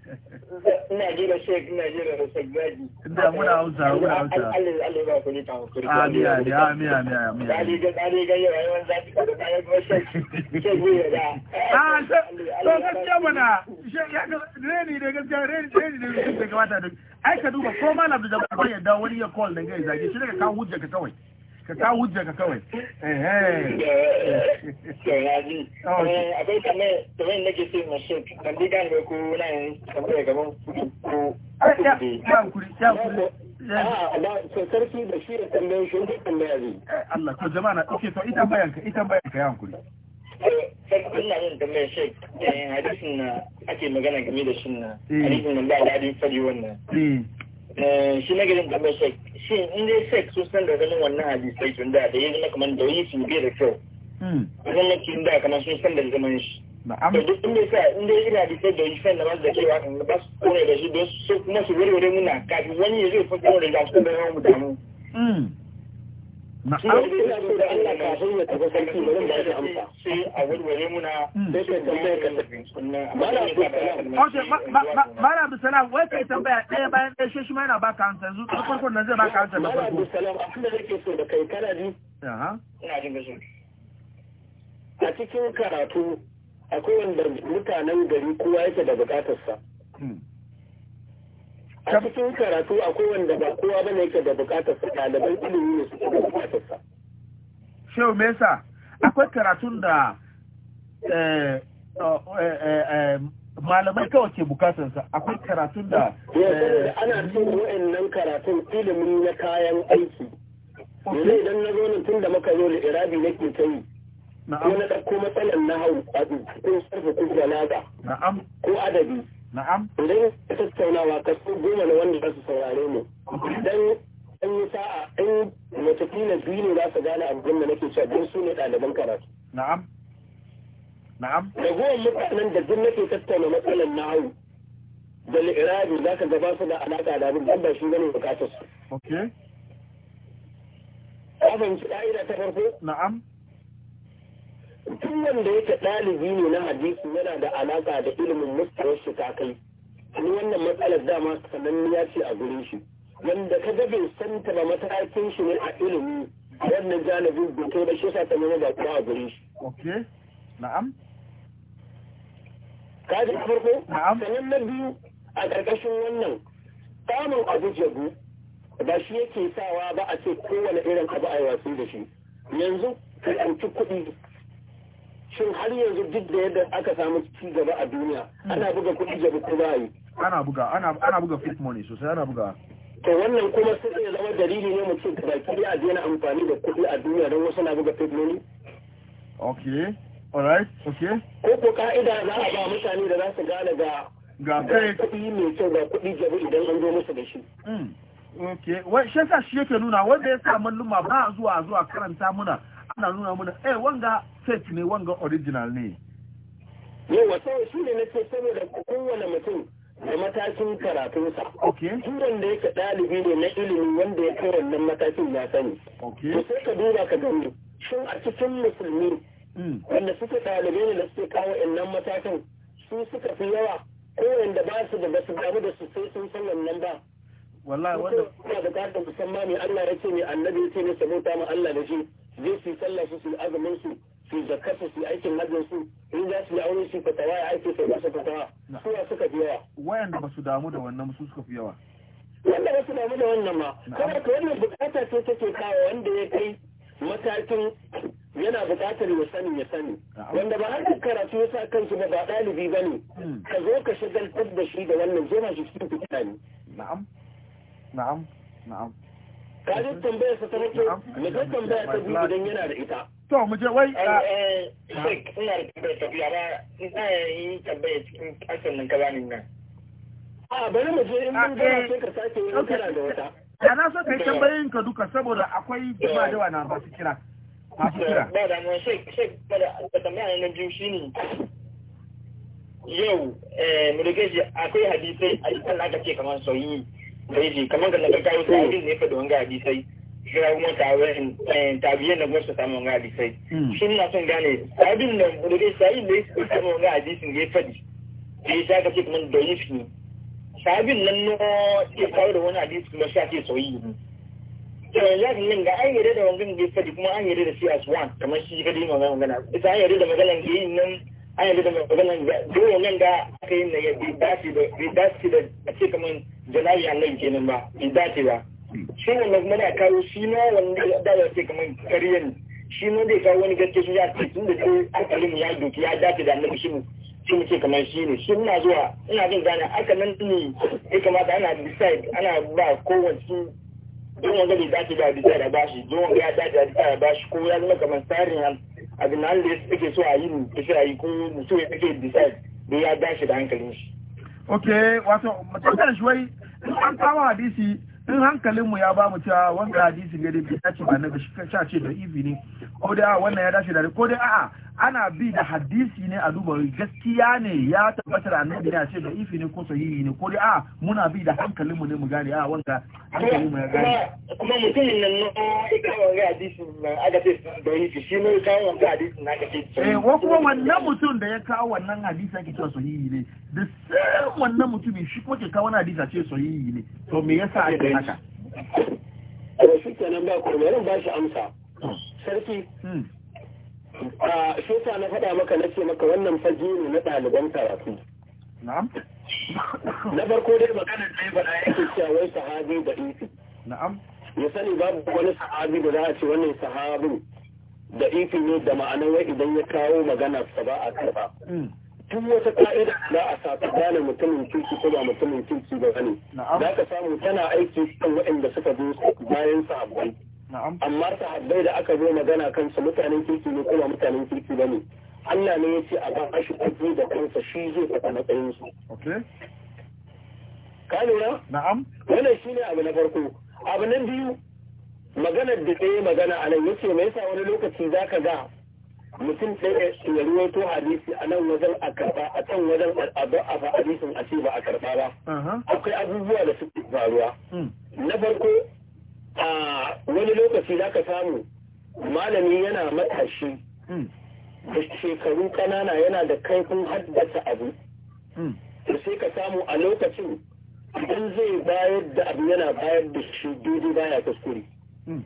ina jira shek ina jira da saggaji ina muna hausa muna hausa Allah Allah ba ku ni ta hakuri amin amin amin amin amin dali ga dali ga yau ai ayyuan zaki ka da kai ko shek ne da ah to gaskiya mana shek ya ga reni da gaskiya reni reni da gaskiya kamata duk ai ka duba ko malam da zaba ya dawo wani ya call da ga zage shi daga ka hujja ka kawai ka kawo hujja ka kawai akwai kamar kamar nake so na shek ban dai gane ko na yin kamar da gaban ko sarki da shi ya tambayin shi da tambaya zai Allah to jama'a na ɗauke to ita bayanka ita ka ya hankuri ina yin tambayar shek hadisin na ake magana game da shi na hadisin nan ba da hadin fari wannan Eh, shi na gidan kamar shek shi in dai shek sun san da ganin wannan hadisai tun da da ya zama kamar da yi sun bai da kyau hmm. a wannan makin da kamar sun san da zaman shi to duk inda sa in dai ina hadisai da yi san da masu da kewa kan ba su kone da shi don su kuma su warware muna kafin wani ya zai fasa wani da su kuma yawan mutane Allah kafin ya tafi sarki bari ba shi amsa. Sai a warware muna sai ka tambaya ka wai kai tambaya ɗaya bayan ɗaya shi shi ma yana baka amsa yanzu na farkon nan zai baka amsa na farko. Mala Abdulsalam, abin da nake so da kai kana ji. Ina jin gaso. A cikin karatu akwai wanda mutanen gari kowa yake da bukatarsa. Hmm. sun karatu kowane da ba kowa bane yake da bukatar sa ɗaliban ilimi ne suke da bukatar sa shehu me yasa akwai karatun da eh, eh, eh, malamai kawai ke bukatar sa akwai karatun da ana wa'in nan karatun ilimin na kayan aiki yanzu idan na zo nan tun da muka zo da irabi ke ta yi ko na ɗauko matsalar na hau a ko sarfa ko balaga ko adabi Na'am. Dan tattaunawa ka su goma na wanda za su saurare mu. Dan an yi sa'a in watakila biyu ne za su gane abin da nake cewa don su ne ɗaliban karatu. Na'am. Na'am. goma mutanen da duk nake tattauna matsalar na hau da li'irabi za ka gaba su da alaƙa da abin dan ba shi bane bukatar su. Ok. Ka fahimci ƙa'ida ta farko? Na'am. duk wanda yake ɗalibi ne na hadisi yana da alaƙa da ilimin mustawar shi ta kai ni wannan matsalar dama sananniya ce a gurin shi wanda ka ga bai san ta ba matakin shi ne a ilimi wannan janabi bai da shi sa nuna ba kuma a gurin shi okay na'am ka ji farko na'am sanin na biyu a ƙarƙashin wannan samun abu jabu ba shi yake sawa ba a ce kowane irin abu a yi watsi da shi yanzu ka ɗauki kuɗi shin har yanzu duk da yadda aka samu ci gaba a duniya ana hmm. buga kuɗi da ko ba yi ana buga ana buga fit money sosai ana buga to wannan kuma sai ya zama dalili ne mutum da baki a na amfani da kuɗi a duniya don wasu na buga fit money okay alright okay ko ko ka'ida za a ba mutane da za su gane ga ga kai kuɗi mai kyau ga kuɗi jabi idan an zo musu da shi hmm, okay wai shi yasa shi yake nuna wanda ya sa malluma ba zuwa zuwa karanta muna ana nuna muna eh wanga fake ne wanga original ne yawa sai shi ne nake saboda kowane mutum da matakin karatunsa wanda da yake ɗalibi ne na ilimi wanda ya kai wannan matakin na sani to sai ka duba ka gani shin a cikin musulmi hmm. wanda suke ɗalibi ne da suke kawo innan matakin su suka fi yawa ko wanda ba su da basu damu da su sai sun san wannan ba wallahi wanda da bukatar musamman ne Allah ya ce ne annabi ya ce ne sabota ma Allah da shi zai su sallah su su azumin su su zakasa su aikin hajjin su in za su yi aure su fatawa ya aiki sai ba su fatawa su ya suka fi yawa wayanda ba su damu da wannan su suka fi yawa wanda ba su damu da wannan ma kawai ka wannan bukata ce take kawo wanda ya kai matakin yana bukatar ya sani ya sani wanda ba haka karatu ya sa kansu ba ba ɗalibi ba ne hmm. ka zo ka shagaltar da shi da wannan zai ma shi cikin fitina ne na'am na'am na'am ka ji tambayar sa ta mutu mu ga tambaya ta biyu idan yana da ita to mu je wai eh ina da tambayar tafiya yi tambayar cikin asalin kazanin nan a wata na kai tambayoyin ka duka saboda akwai jama'a da wana masu kira masu kira ba da mu shek shek ba da tambaya yau eh akwai a aka ga na kira kuma eh, ta tabiye na gwamnati samu wanga hadisai hmm. shi na son gane sabin da rage sabin da ya samu wanga hadisin ya fadi da ya ka ce kuma da yifi sabin nan na ya kawo da wani hadisi kuma sha ce sauyi ya kan yin ga an yarda da wani ya fadi kuma an yarda da shi as one kamar shi kadai magana magana ita an yarda da maganan ya yi nan an yarda da maganan da wannan da aka yi na ya dace da ya dace da a ce kamar janabi annabi kenan ba bai dace ba shi ne mana kawo shi ma wanda ya ya ce kamar kariya ne shi ma zai kawo wani gaske shi ya ce tun da sai hankalin ya doki ya dace da annabi shi ne shi muke kamar shi ne shi muna zuwa ina jin gane aka nan ne ya kamata ana decide ana ba kowace don wanda bai dace da bisa da ba shi don wanda ya dace da bisa da ba shi ko ya zama kamar tsarin abin da ya suke so a yi ne ta shi ko mutum ya take decide don ya dace da hankalin shi. Ok, wato, mutum da shi wai, in an kawo hadisi in hankalinmu ya ba mu cewa wanga hadisin ya bai dace ba na shi ka ce da izini ko dai a wannan ya dace da ko dai a'a ana bi da hadisi ne a duba gaskiya ne ya tabbatar a ne a ce da ifi ne ko sahihi ne ko dai a muna bi da hankalinmu ne mu gane a wanka hankalinmu ya gane kuma mutumin nan na ita ga hadisi na aka ce da ifi shi ne kawo ga hadisi na aka ce eh ko kuma wannan mutum da ya kawo wannan hadisi ake cewa sahihi ne da sai wannan mutumin shi kuma ke kawo wannan hadisi a ce sahihi ne to me yasa ake haka to shi kenan ba kuma ba shi amsa hmm. sarki hmm. shi sa na faɗa maka na ce maka wannan fage ne na ɗaliban karatu na farko dai maganar dai ba yake cewa wai sahabi da ifi na'am ya sani babu wani sahabi da za a ce wannan sahabin da ifi ne da ma'ana wai idan ya kawo magana sa ba a karɓa mm. Tun wata ka'ida za a sa gane mutumin kirki ko ba mutumin kirki ba ne za ka samu tana aiki kan waɗanda suka zo bayan sahabbai amma sahabbai da aka zo magana kansa mutanen kirki ne kuma mutanen kirki ba ne Allah ne ya ce a ba shi aji da kansa shi zai faɗa matsayin su ka lura na'am wannan shine abu na farko abu na biyu maganar da ɗaya magana a nan yace me yasa wani lokaci zaka ga mutum ɗaya ya ruwaito hadisi a nan wajen a karɓa a can wajen a hadisin a ce ba a karɓa ba akwai abubuwa da suke faruwa hmm. na farko A wani lokaci za ka samu malami yana matashi hmm. da shekaru kanana yana da kaifin haddasa abu da hmm. sai ka samu a lokacin idan zai bayar da abu yana bayar da shi daidai baya kuskure hmm.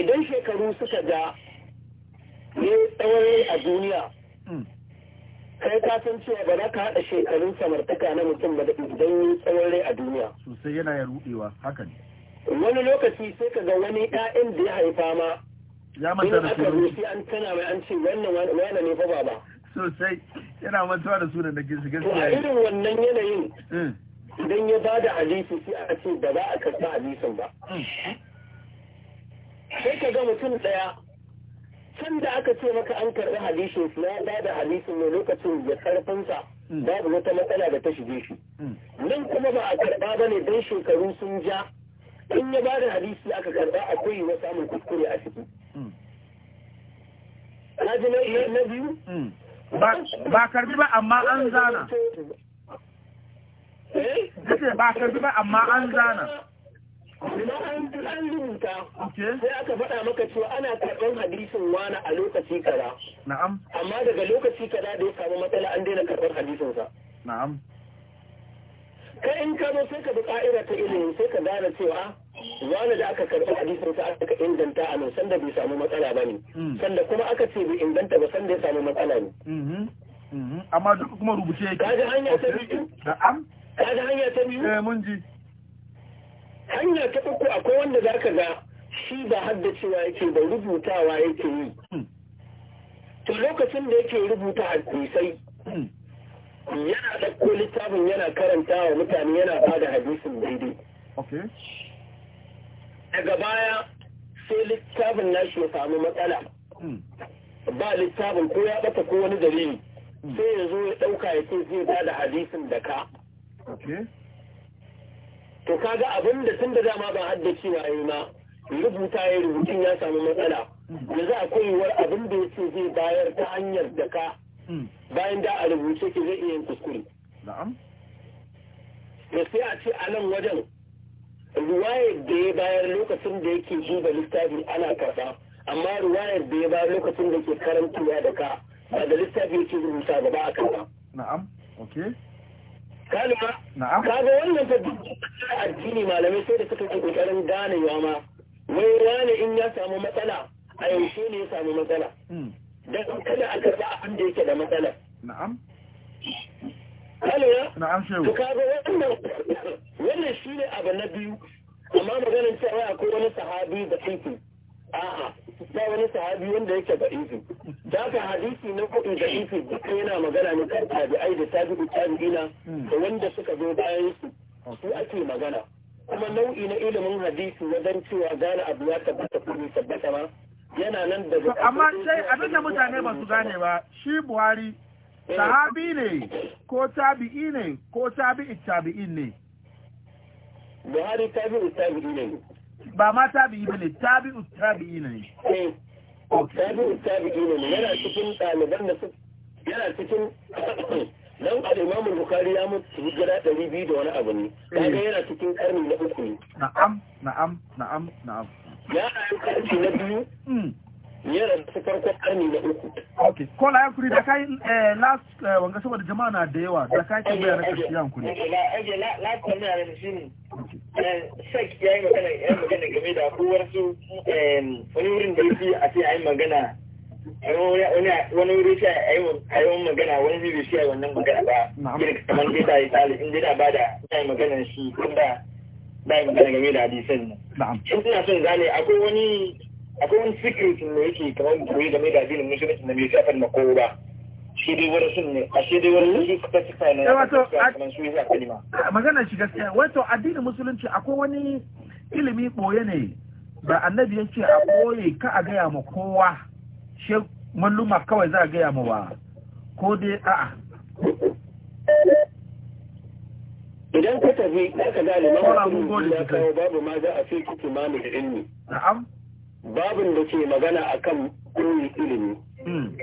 idan shekaru suka ga ya tsawon a duniya kai ka san cewa ba za ka haɗa shekarun samartaka na mutum ba da idan ya tsawon rai a duniya sosai yana ya haka ne wani lokaci sai ka ga wani ɗa'in da ya haifa ma ya manta da suna shi an tana mai an ce wannan wani ne fa baba sosai yana mantuwa da suna da gizi-gizi. to a irin wannan yanayin mm. idan ya ba da hadisi sai a ce ba za a karɓa hadisin ba mm. sai ka ga mutum ɗaya can da aka ce maka an karɓi hadisin su ya ba da hadisin ne lokacin ya karfinsa mm. babu wata matsala da ta shige shi nan kuma ba a karɓa ba ne don shekaru sun ja in ya bada hadisi aka karba akwai wa samun kuskure a ciki mm. na ji na biyu mm. ba karbi ba amma an zana eh? ba karbi ba amma an zana Idan an rubuta sai aka faɗa maka cewa ana karɓar hadisin wani a lokaci kara Amma daga lokaci kara da ya samu matsala an daina karɓar hadisinsa. Na'am. ka in ka zo sai ka bi ka'ira ta ilimi sai ka gane cewa wani da aka karɓi hadisin sa aka inganta a nan sanda bai samu matsala ba ne mm. sanda kuma aka ce bai inganta ba sanda ya samu matsala ne mm-hmm. Mm-hmm. amma duk kuma rubuce yake kaji hanya ta biyu kaji hanya ta biyu eh mun ji hanya ta uku akwai wanda zaka ga shi ba haddacewa yake ba rubutawa yake yi mm. to lokacin da yake rubuta hadisai mm. yana ɗauko littafin yana karanta wa mutane yana ba da hadisin daidai daga baya sai littafin nashi ya samu matsala hmm. ba littafin ko ya ɓata ko wani dalili hmm. sai ya zo ya ɗauka ya ce zai ba da hadisin da ka to kaga abin da tun da dama ba haddacewa yi ma rubuta ya rubutun ya samu matsala hmm. yanzu akwai yiwuwar abin da ya ce zai bayar ta hanyar da ka bayan da a rubuce ke zai iya yin kuskure na'am da sai a ce a nan wajen ruwayar da ya bayar lokacin da yake duba littafi ana karɓa amma ruwayar da ya bayar lokacin da ke karantuwa da ka ba da littafi yake rubuta gaba a karɓa na'am okay kalima kaga wannan ta addini malamai sai da suka yi kokarin ganewa ma wai wane in ya samu matsala a yaushe ne ya samu matsala hmm. don kada a karɓi abin da yake da matsala na'am Halo Na'am shehu. wannan wannan shine abu na biyu amma maganin cewa akwai wani sahabi da kinki a'a ba wani sahabi wanda yake da izu da ka hadisi na kuɗi da izu duka yana magana ne kan tabi'ai da tabi'u tabi'ina da hmm. wanda suka zo bayan su su ake magana kuma nau'i na ilimin hadisi wajen cewa gane abu ya tabbata kuma tabbata ma. yana nan daga amma sai abin da mutane ba su gane ba shi buhari eh. sahabi ne ko tabi'i ne ko tabi'i tabi'in ne buhari tabi'i tabi'i ne ba ma tabi'i ba ne Tabi'i, tabi'i ne eh. tabi'u tabi'i ne yana cikin ɗaliban da su yana cikin dan al-imamu bukhari ya mutu hijira ɗari biyu da wani abu ne kaga eh. yana cikin karni na uku ne na'am na'am na'am na'am ya rayu karni na biyu hmm. ya rasu farko karni na uku ok kola ya kuri da kai eh, last eh, wanga saboda jama'a na da yawa da kai kan bayar da shi yan kuri aje la la kan na da shi ne eh, shek ya yi magana ya magana game da kowar su wani wurin da yake a ce ai magana wani wuri sai a yi magana wani zai shi a wannan magana ba kamar dai da ya tsali in dai da ba da ya yi shi kuma ba yi magana game da hadisan nan na'am in kuna son gane akwai wani akwai wani secret da yake kamar koyi game da addinin musulunci na bai shafar na ba shi dai wani sun ne a shi dai wani su suka suka ne wato magana shi gaskiya wato addinin musulunci akwai wani ilimi boye ne da annabi ya ce a boye ka a gaya ma kowa shi malluma kawai za a gaya ma ba ko dai a'a idan ka tafi ka gane mamakon ya kawo babu ma za a fi kiki mamu da ilmi babin da ke magana akan koyi ilimi hmm.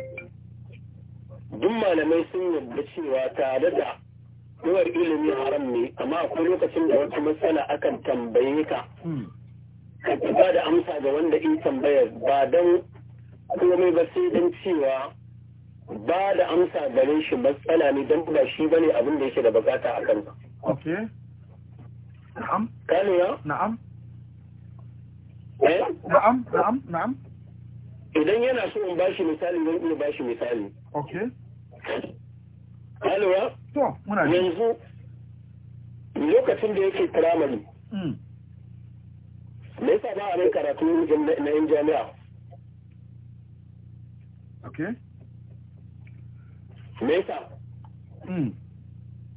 duk malamai sun yarda cewa tare da yawar ilimi haram ne amma akwai lokacin da wata matsala akan tambaye ka hmm. ka ba da amsa ga wanda in tambayar ba don komai ba sai don cewa ba da amsa gare shi matsala ne don ba shi bane abin da yake da bukata a kansa. Okay. Eh? Na'am. Na'am. Na'am, Idan yana so in bashi misali zan iya bashi misali. Okay. Yanzu lokacin da yake firamare. Mm. Me ba a nan karatu na yan jami'a? Okay.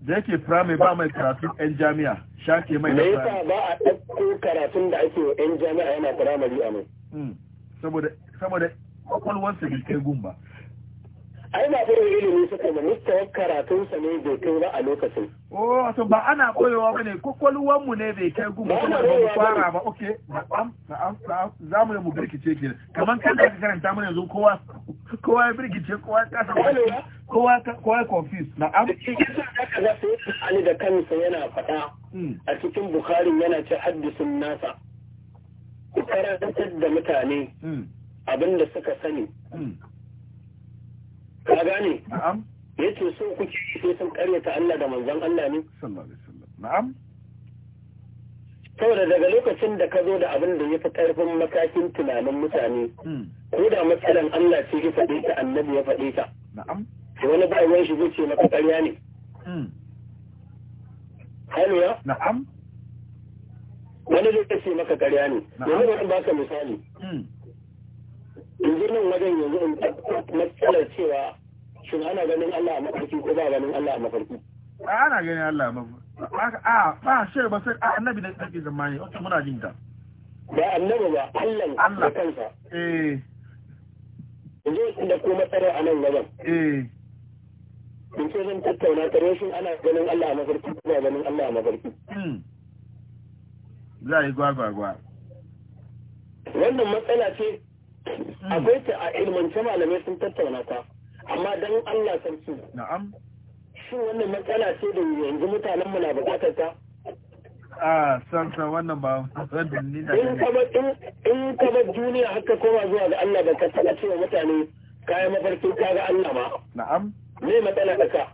da yake firamare ba mai karatun 'yan jami'a shafe mai da yasa ba a ɗauko karatun da ake wa 'yan jami'a yana firamare a mai hmm. saboda kwakwalwarsa bai kai gun ba ai ba fara ilimi suka ba karatun sa ne bai kai ba a lokacin oh to ba ana koyowa ba ne kwakwalwarmu ne bai kai gumba. ba kuma ba mu fara ba ok na'am na'am na'am za mu yi mu birkice ke kamar kan da aka karanta mana yanzu kowa kowa ya birkice kowa ya kasa kowa kowa confused na am yasa aka ga sai Ali da kansa yana faɗa hmm. a cikin Bukhari yana ce haddisun nasa ku karantar da mutane hmm. abin da suka sani hmm. ka gane na'am yace so kuke sai sun karyata Allah da manzon Allah ne sallallahu alaihi wasallam na'am saboda daga lokacin da ka zo da abin da ya fi karfin makakin tunanin mutane ko da matsalan Allah ce ya faɗe ta annabi ya faɗe ta na'am wani ba ruwan shi zuci ce maka ƙarya ne hmm. hannu ya na'am wani zai ce maka ƙarya ne yanzu wani ka misali hmm. yanzu nan wajen yanzu in matsalar cewa shi ana ganin Allah a mafarki ko ba ganin Allah a mafarki ana ganin Allah a mafarki a ba shi ba sai annabi na kake zamani wata muna jin ta ba annabi ba Allah da kansa eh yanzu da kuma matsalar a nan gaban eh in ce zan tattauna ta rashin ana ganin Allah a mafarki a ganin Allah a mafarki. Hmm. Za a yi gwagwagwa. Wannan matsala ce hmm. akwai ta a ilmance malamai sun tattauna ta amma don Allah sarki. Na'am. Shin wannan matsala ce da yanzu mutanen mu na bukatar ta? a sarsa wannan ba wannan ni da in ka ba duniya haka koma zuwa ga Allah da ka tsala cewa mutane kayan mafarkin ka ga Allah ma. Na'am. me matsala da ka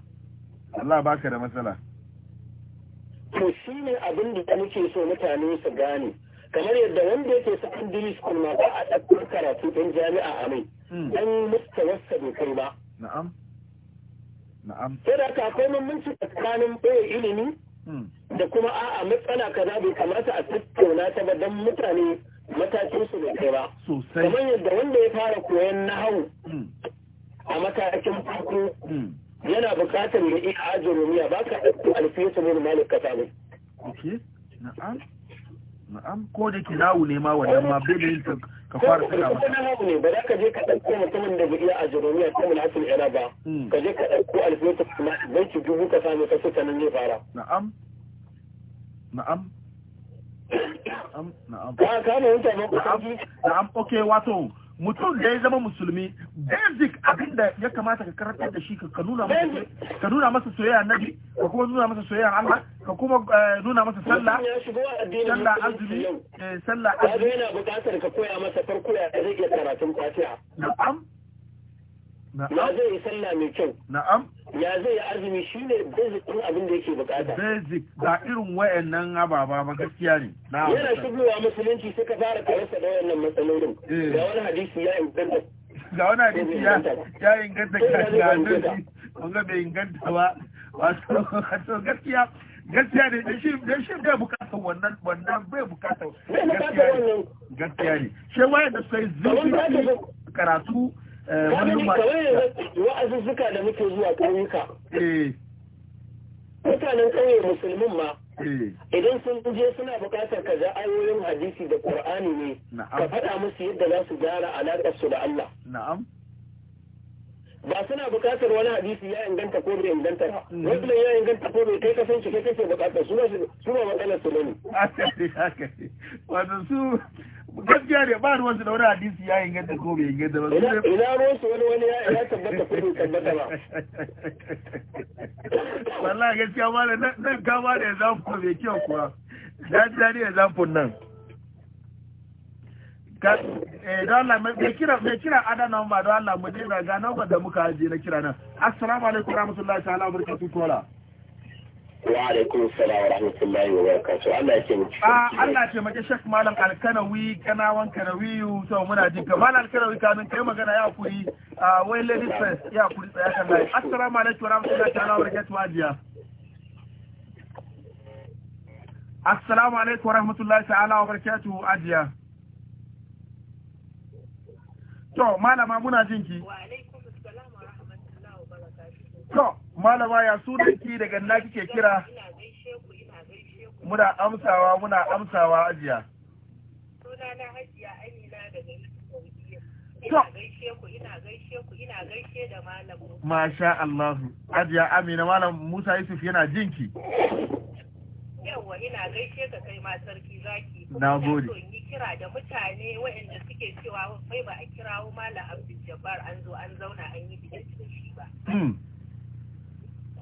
Allah baka da matsala to shi ne abin da muke so mutane su gane kamar yadda wanda yake diri su ma ba a ɗaukar karatu ɗin jami'a a mai dan hmm. wasa bai kai ba na'am na'am sai da ka akwai mummunci tsakanin ɓoye ilimi hmm. da kuma a'a matsala kaza bai kamata a tattauna ta ba dan mutane matakin bai kai ba kamar yadda wanda ya fara koyon nahawu hmm. a matakin farko hmm. yana bukatar ya iya ajin rumiya ba ka ɗauki alfiya ne na malik kasa ne. Ok, na'am. Na'am, ko da ke na'u ne ma wannan ma bai da yin ka fara saka masa. Ko da na'u ne ba za ka je ka ɗauko mutumin da bai iya ajin rumiya ko mun hasil yana ba. Hmm. Ka je ka ɗauko alfiya kuma bai ki dubu ka samu ka suka nan ne fara. Na'am. Na'am. Na'am. mutum da ya zama musulmi basic abin da ya kamata ka karantar da shi ka nuna masa ka nuna masa soyayya nabi ka kuma nuna masa soyayya Allah ka kuma eh, nuna masa sallah sallah azumi eh, sallah azumi yana buƙatar ka koya masa farko ya zai iya karatun fatiha na'am na'am zai yi sallah mai kyau na'am ya zai azumi shi ne basic ɗin abin da yake bukata. Basic ba irin wayannan ababa ba gaskiya ne. Yana shigowa musulunci suka fara karasa da wayannan matsalolin. Eh. Ga wani hadisi ya inganta. Ga wani hadisi ya inganta ga annabi wanga bai inganta ba. Wato gaskiya gaskiya ne da shi da shi bai bukata wannan wannan bai bukata gaskiya ne gaskiya ne shi wayan da sai zuciya karatu malluma wa'azi suka da muke zuwa ƙauyuka eh. mutanen ƙauye musulmin ma eh. idan sun je suna buƙatar kaza ayoyin hadisi da ƙur'ani ne ka faɗa musu yadda za su gyara alaƙar su da Allah na'am ba suna buƙatar wani hadisi ya inganta ko bai inganta ba mm. wannan ya inganta ko bai kai kasance shi kai kake buƙatar su ba matsalar su ne wato su gaskiya ne ba ruwan su da wani hadisi ya inganta ko bai inganta ba ina ruwan su wani wani ya tabbata kudu tabbata ba wallah gaskiya ma da nan kama da example mai kyau kuwa na ji daɗi example nan eh, don Allah mai kira mai kira ada nan ba don Allah mu dena ga nan da muka aje na kira nan assalamu alaikum warahmatullahi ta'ala barakatuh kola wa alaikum salam wa rahmatullahi wa barakatuh Allah ya ce mu ah Allah ya ce maka shek malam alkanawi kanawan kanawiyu to muna jin ka malam alkanawi kanin kai magana ya kuri ah, wai lady first ya kuri tsaya kan layi assalamu alaikum wa rahmatullahi wa barakatuh ajiya assalamu alaikum wa rahmatullahi ta'ala wa ajiya to malama muna jin ki wa alaikum assalam wa rahmatullahi wa to malama ya sunanki daga na kike kira muna amsawa muna amsawa ajiya ina gaishe ku ina gaishe da malam masha Allah ajiya amina malam Musa Yusuf yana jinki yawwa ina gaishe ka kai ma sarki zaki na gode yi kira da mutane waɗanda suke cewa wai ba a kirawo malam Abdul Jabbar an zo an zauna an yi bidiyo shi ba hmm.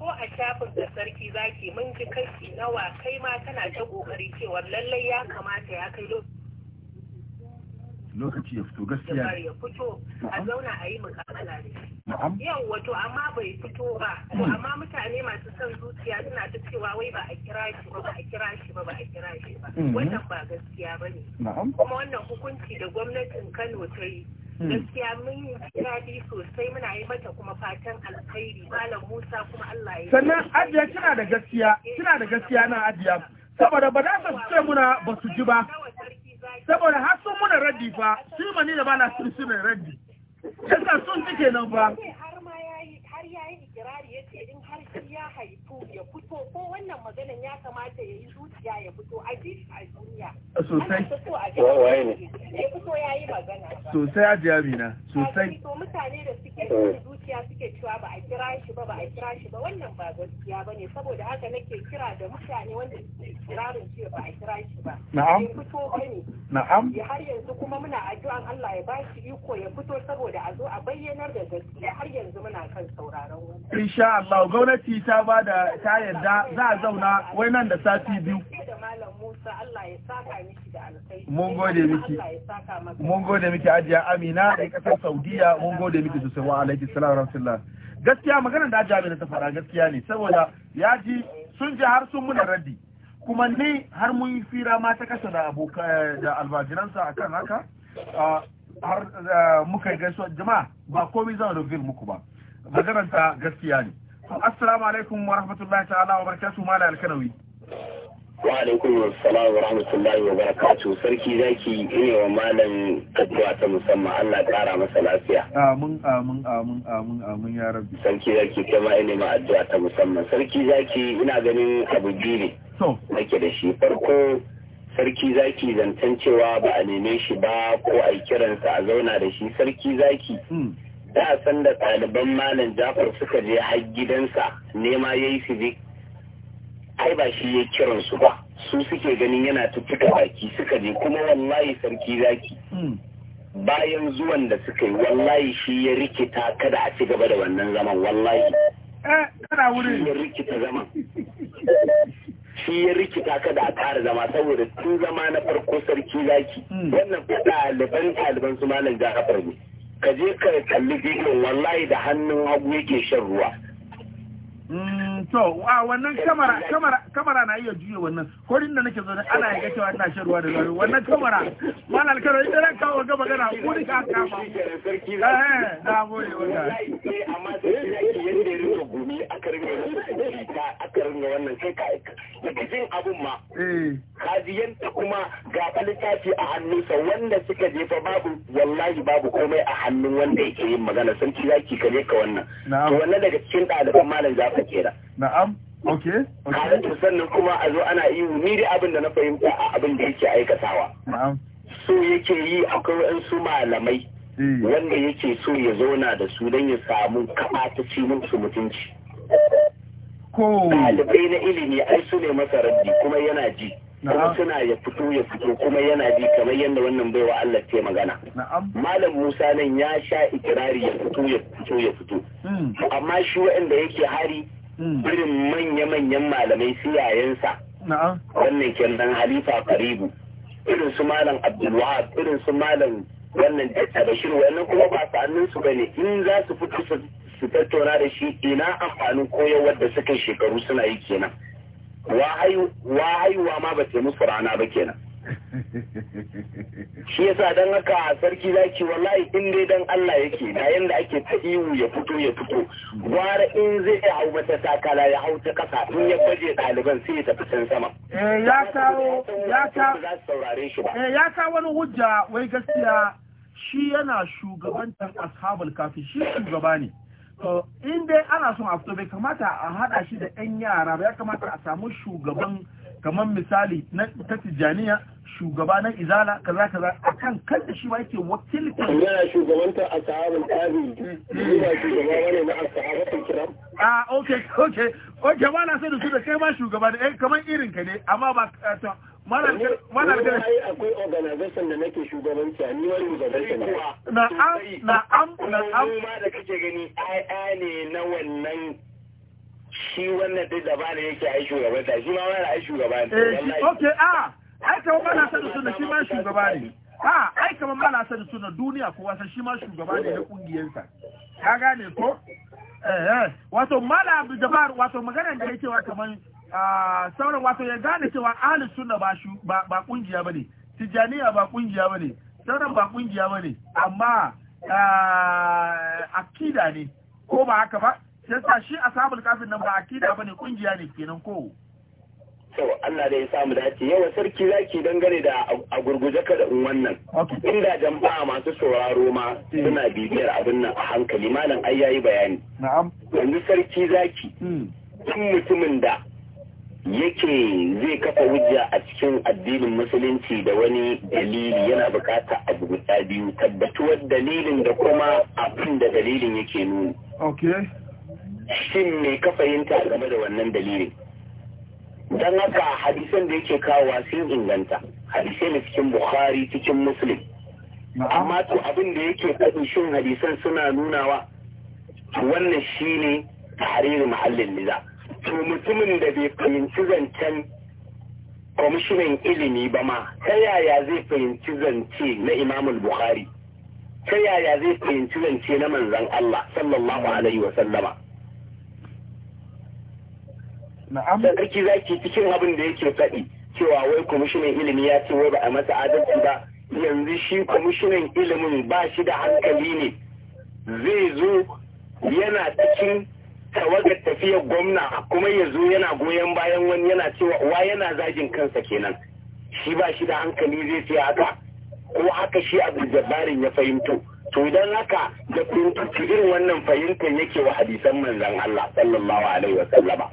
ko a shafin da sarki zaki mun ji kashi nawa kai ma tana ta kokari cewa lallai ya kamata ya kai lokaci ya fito gaskiya ya fito a zauna a yi mukamala ne yau wato amma bai fito ba hmm. amma mutane masu son zuciya suna ta cewa wai ba a kira shi ba ba a kira shi ba ba a kira shi ba hmm. wannan ba gaskiya ba ne kuma wannan hukunci da gwamnatin Kano ta yi Hmm. gaskiya mun daɗi sosai muna yi mata kuma fatan alkhairi malam musa kuma allah ya sannan adiya kina da gaskiya kina da gaskiya na adiya saboda ba za su ce muna ba su ji ba saboda har sun muna raddi fa su mani da ba na sun su raddi yasa sun ji kenan fa har ma yayi har yayi ikirari yace in sai ya haifu ya fito ko wannan maganin ya kamata ya yi zuciya ya fito a ji a duniya sosai ya fito ya yi magana sosai a jami'a sosai Sosai. S gaskiya suke cewa ba a kira shi ba ba a kira shi ba wannan ba gaskiya ba ne saboda haka nake kira da mutane wanda suke kirarin cewa ba a kira shi ba na'am Ya fito bane na'am ya har yanzu kuma muna addu'an Allah ya bashi iko ya fito saboda a zo a bayyanar da gaskiya har yanzu muna kan sauraron wannan insha Allah gwamnati ta ba da ta yarda za a zauna wai nan da sati biyu da malam Musa Allah ya saka miki da alkhairi mun gode miki mun gode miki ajiya Amina da kasar Saudiya mun gode miki sosai wa alaihi salam alaikum gaskiya maganar da ta fara gaskiya ne saboda ya ji sun ji har sun muna raddi kuma ni har mun yi fira ma ta kasa da aboka da albajiransa akan haka har muka gaisuwa jama'a ba komai zan rufin muku ba maganar ta gaskiya ne assalamu alaikum warahmatullahi ta'ala wa barakatuhu mala alkanawi wa alaikum salam wa rahmatullahi wa barakatu sarki zaki ne wa malam addu'a ta musamman Allah kara masa lafiya amin amin amin amin amin ya rabbi sarki zaki kai ma ne ma addu'a ta musamman sarki zaki ina ganin abu biyu ne nake da shi farko sarki zaki zantan cewa ba a neme shi ba ko a kiransa a zauna da shi sarki zaki hmm. da san da ɗaliban malam Jafar suka je har gidansa nema yayi su ai ba shi ya kiran su ba su suke ganin yana tafi da baki suka je kuma wallahi sarki zaki hmm. bayan zuwan da suka yi wallahi shi ya rikita kada a ci gaba da wannan zaman wallahi eh, shi ya rikita zaman shi ya rikita kada a ƙara zama saboda tun zama na farko sarki zaki hmm. wannan ɗaliban taliban su malam jahafar ne ka je ka kalli bidiyon wallahi da hannun hagu yake shan ruwa to a wannan kamara kamara kamara na iya juye wannan ko din da nake zaune ana yaga cewa ina shan ruwa da zaune wannan kamara malal karo idan ran kawo ga magana ko ni ka kama eh da gode wannan amma sai yadda ya rinka gumi aka rinka ta aka rinka wannan sai ka da jin abun ma kaji ta kuma ga balitaci a hannunsa wanda suka jefa babu wallahi babu komai a hannun wanda yake yin magana san k'i zaki ka ka wannan to wannan daga cikin ɗaliban malam zafi Ka kera. na'am ok. sannan kuma a zo ana ihu ni dai abinda na fahimta a abin da yake aikatawa na'am so yake yi akwai wasu malamai eh. wanda yake so ya zauna da su don ya samu kafa ta ci musu mutunci ko ɗalibai na ilimi ai su ne masa rabbi kuma yana ji kuma suna ya fito ya fito kuma yana bi kamar yadda wannan baiwa Allah ce magana malam Musa nan ya sha ikirari ya fito ya fito ya fito hmm. amma shi waɗanda yake hari birin hmm. manya-manyan malamai siyayensa wannan kenan halifa karibu irin su malam abdulwahab irin su malam wannan bashir wannan kuma ba su hannun su bane in za su fito su tattauna da shi ina amfanin koyarwar da suka shekaru suna yi kenan wa haihuwa ma ba ce musu rana ba kenan shi yasa don haka sarki zaki wallahi in dai dan Allah yake na yanda ake ta ihu ya fito ya fito gwara in zai hau mata takala ya hau ta kasa in ya baje ɗaliban sai ya tafi can sama eh, ya kawo eh, ya kawo wani hujja wai gaskiya shi yana shugabantar ashabul kafi shi shugaba ne in dai ana son a fito bai kamata a hada shi da yan yara ba ya kamata a samu shugaban kamar misali na ta tijjaniya shugaba na izala kaza kaza akan kan da shi ba yake wakilta yana shugabanta a sahabin tabi ba shugaba bane na sahabatul kiram ah okay okay okay ba na sai da su da kai ba shugaba ne eh, kamar irin ka ne amma ba eh, malar ai akwai organization da nake shugabanci a ni wani organization na an. na am na am ma da kake gani ai ne na wannan shi wannan duk da bane yake ai shugabanta shi ma wani ai shugaba ne eh okay a ai ta wannan sai sun shi ma shugaba ne a ai kamar mana sani suna duniya ko wasa shi ma shugaba ne na kungiyarsa ka gane ko eh, eh, wato mala abdul jabbar wato maganar da ya wa kamar Ah, sauran wato ya gane cewa ahlus sunna ba shu ba kungiya bane tijaniya ba kungiya bane sauran ba kungiya bane amma ah, akida ne ko ba haka ba sai sa shi ashabul kafin nan ba akida bane kungiya ne kenan ko so Allah da ya samu dace yawa sarki zaki dangane da a gurguje kada in wannan inda jama'a masu sauraro ma hmm. suna bibiyar abin nan a hankali malam ai yayi bayani na'am yanzu sarki zaki tun hmm. mutumin da yake zai kafa hujja a cikin addinin musulunci da wani dalili yana bukata a guda biyu tabbatuwar dalilin da kuma abin da dalilin yake nuni. Okay. Shin me ka fahimta game da wannan dalilin? Don haka hadisan da yake kawowa sun inganta, hadisai ne cikin Bukhari cikin Muslim. Amma to abin da yake faɗi shin hadisan suna nunawa wannan shine tarihin mahallin nizam to mutumin da bai fahimci zancen kwamishinan ilimi ba ma ta yaya zai fahimci zance na imamul bukhari ta yaya zai fahimci zance na manzan Allah sallallahu alaihi wa sallama sarki zaki cikin abin da yake faɗi cewa wai kwamishinan ilimi ya ce wai ba a masa adalci ba yanzu shi kwamishinan ilimin ba shi da hankali ne zai zo yana cikin tawagar tafiyar gwamna kuma ya zo yana goyon bayan wani yana cewa wa yana zagin kansa kenan shi ba shi da hankali zai ce haka ko haka shi abu jabarin ya fahimto to idan haka da kuntu irin wannan fahimtar yake wa hadisan manzan Allah sallallahu alaihi wa sallama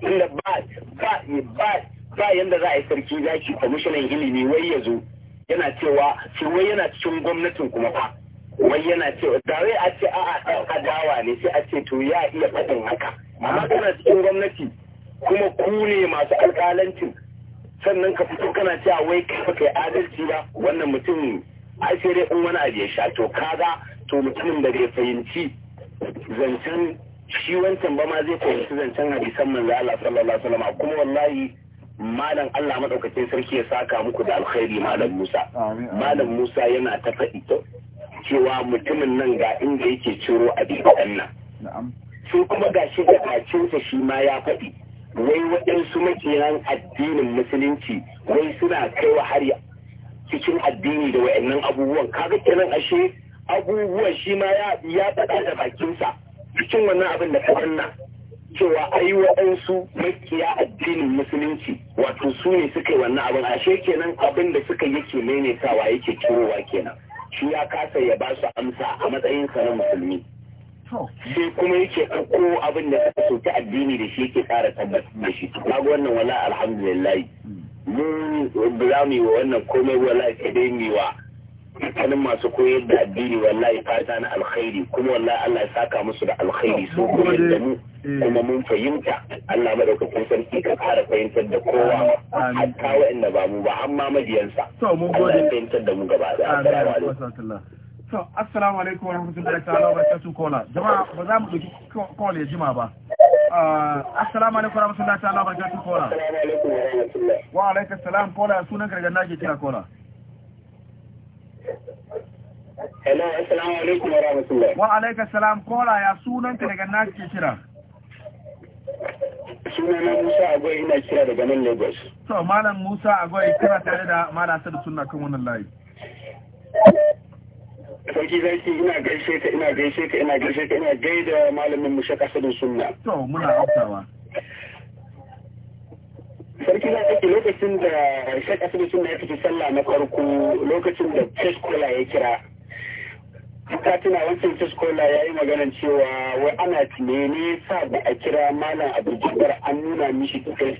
inda ba ba ba ba yanda za a yi sarki zaki kwamishinan ilimi wai ya zo yana cewa shi yana cikin gwamnatin kuma fa wai yana cewa da wai a ce a'a dan adawa ne sai a ce to ya iya faɗin haka amma kana cikin gwamnati kuma ku ne masu alƙalancin sannan ka fito kana cewa wai kai kai adalci ba wannan mutum a sai dai in wani abu ya sha to kaga to mutumin da zai fahimci zancen shi wancan ba ma zai fahimci zancen hadisan manzo Allah sallallahu alaihi wasallam kuma wallahi malam Allah madaukakin sarki ya saka muku da alkhairi malam Musa malam Musa yana ta faɗi cewa mutumin nan ga inda yake ciro a bidan nan su kuma ga shi da bakinsa shi ma ya faɗi wai waɗansu makiyan addinin musulunci wai suna kaiwa ya? cikin addini da wa'annan abubuwan kaga kenan ashe abubuwan shi ma ya faɗa da bakinsa cikin wannan abin da ka nan cewa ai waɗansu makiya addinin musulunci wato su ne suka yi wannan abin ashe kenan abin da suka yake maimaitawa yake cirowa kenan shi ya kasa ya ba su amsa a matsayinsa na musulmi sai kuma yake ɗauko abin da suka sauke addini da shi yake ƙara tabbatar da shi kaga wannan wala alhamdulillah mm. Mun ba yi wa wannan komai wala sai dai mu dukkanin masu koyar da addini wallahi fata na alkhairi kuma wallahi Allah ya saka musu da alkhairi su koyar da mu kuma mun fahimta Allah madaukakin sarki ka kara fahimtar da kowa hatta wa'anda ba mu ba amma majiyansa Allah ya fahimtar da mu gaba da assalamu alaikum to assalamu alaikum warahmatullahi ta'ala barakatuh kola jama'a ba za mu dauki kola ya jima ba ah, assalamu alaikum warahmatullahi ta'ala barakatuh kola wa alaikum salam kola sunan garganda ke kira kola Hello, assalamu alaikum wa rahmatullahi. Wa alaika salam kola ya sunanka daga na ke kira. Sunana Musa Agoyi ina kira daga nan Lagos. So, malam Musa Agoyi kira tare da malam da Sunna kan wannan layi. Sarki zaki ina gaishe ka ina gaishe ka ina gaishe ka ina gaida malamin mu Shaka Asad Sunna. To muna haftawa. sarki za a take lokacin da shek asibitin da ya fi sallah na farko lokacin da teskola ya kira ka tuna wancan teskola ya yi maganar cewa wai ana tunani sa da a kira malam abu an nuna mishi duka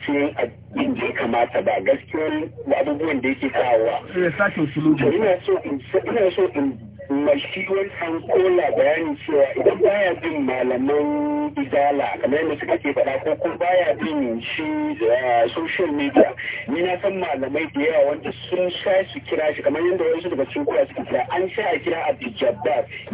cikin abin da ya kamata ba gaskiyar abubuwan da yake kawowa. Eh, ina so in mashi wancan kola bayani cewa idan baya bin malaman izala kamar yadda suka ke faɗa ko ko baya bin shi eh, social media ni na san malamai da yawa wanda sun sha su kira shi kamar yadda wasu daga cikin kola suka kira an sha a kira abdul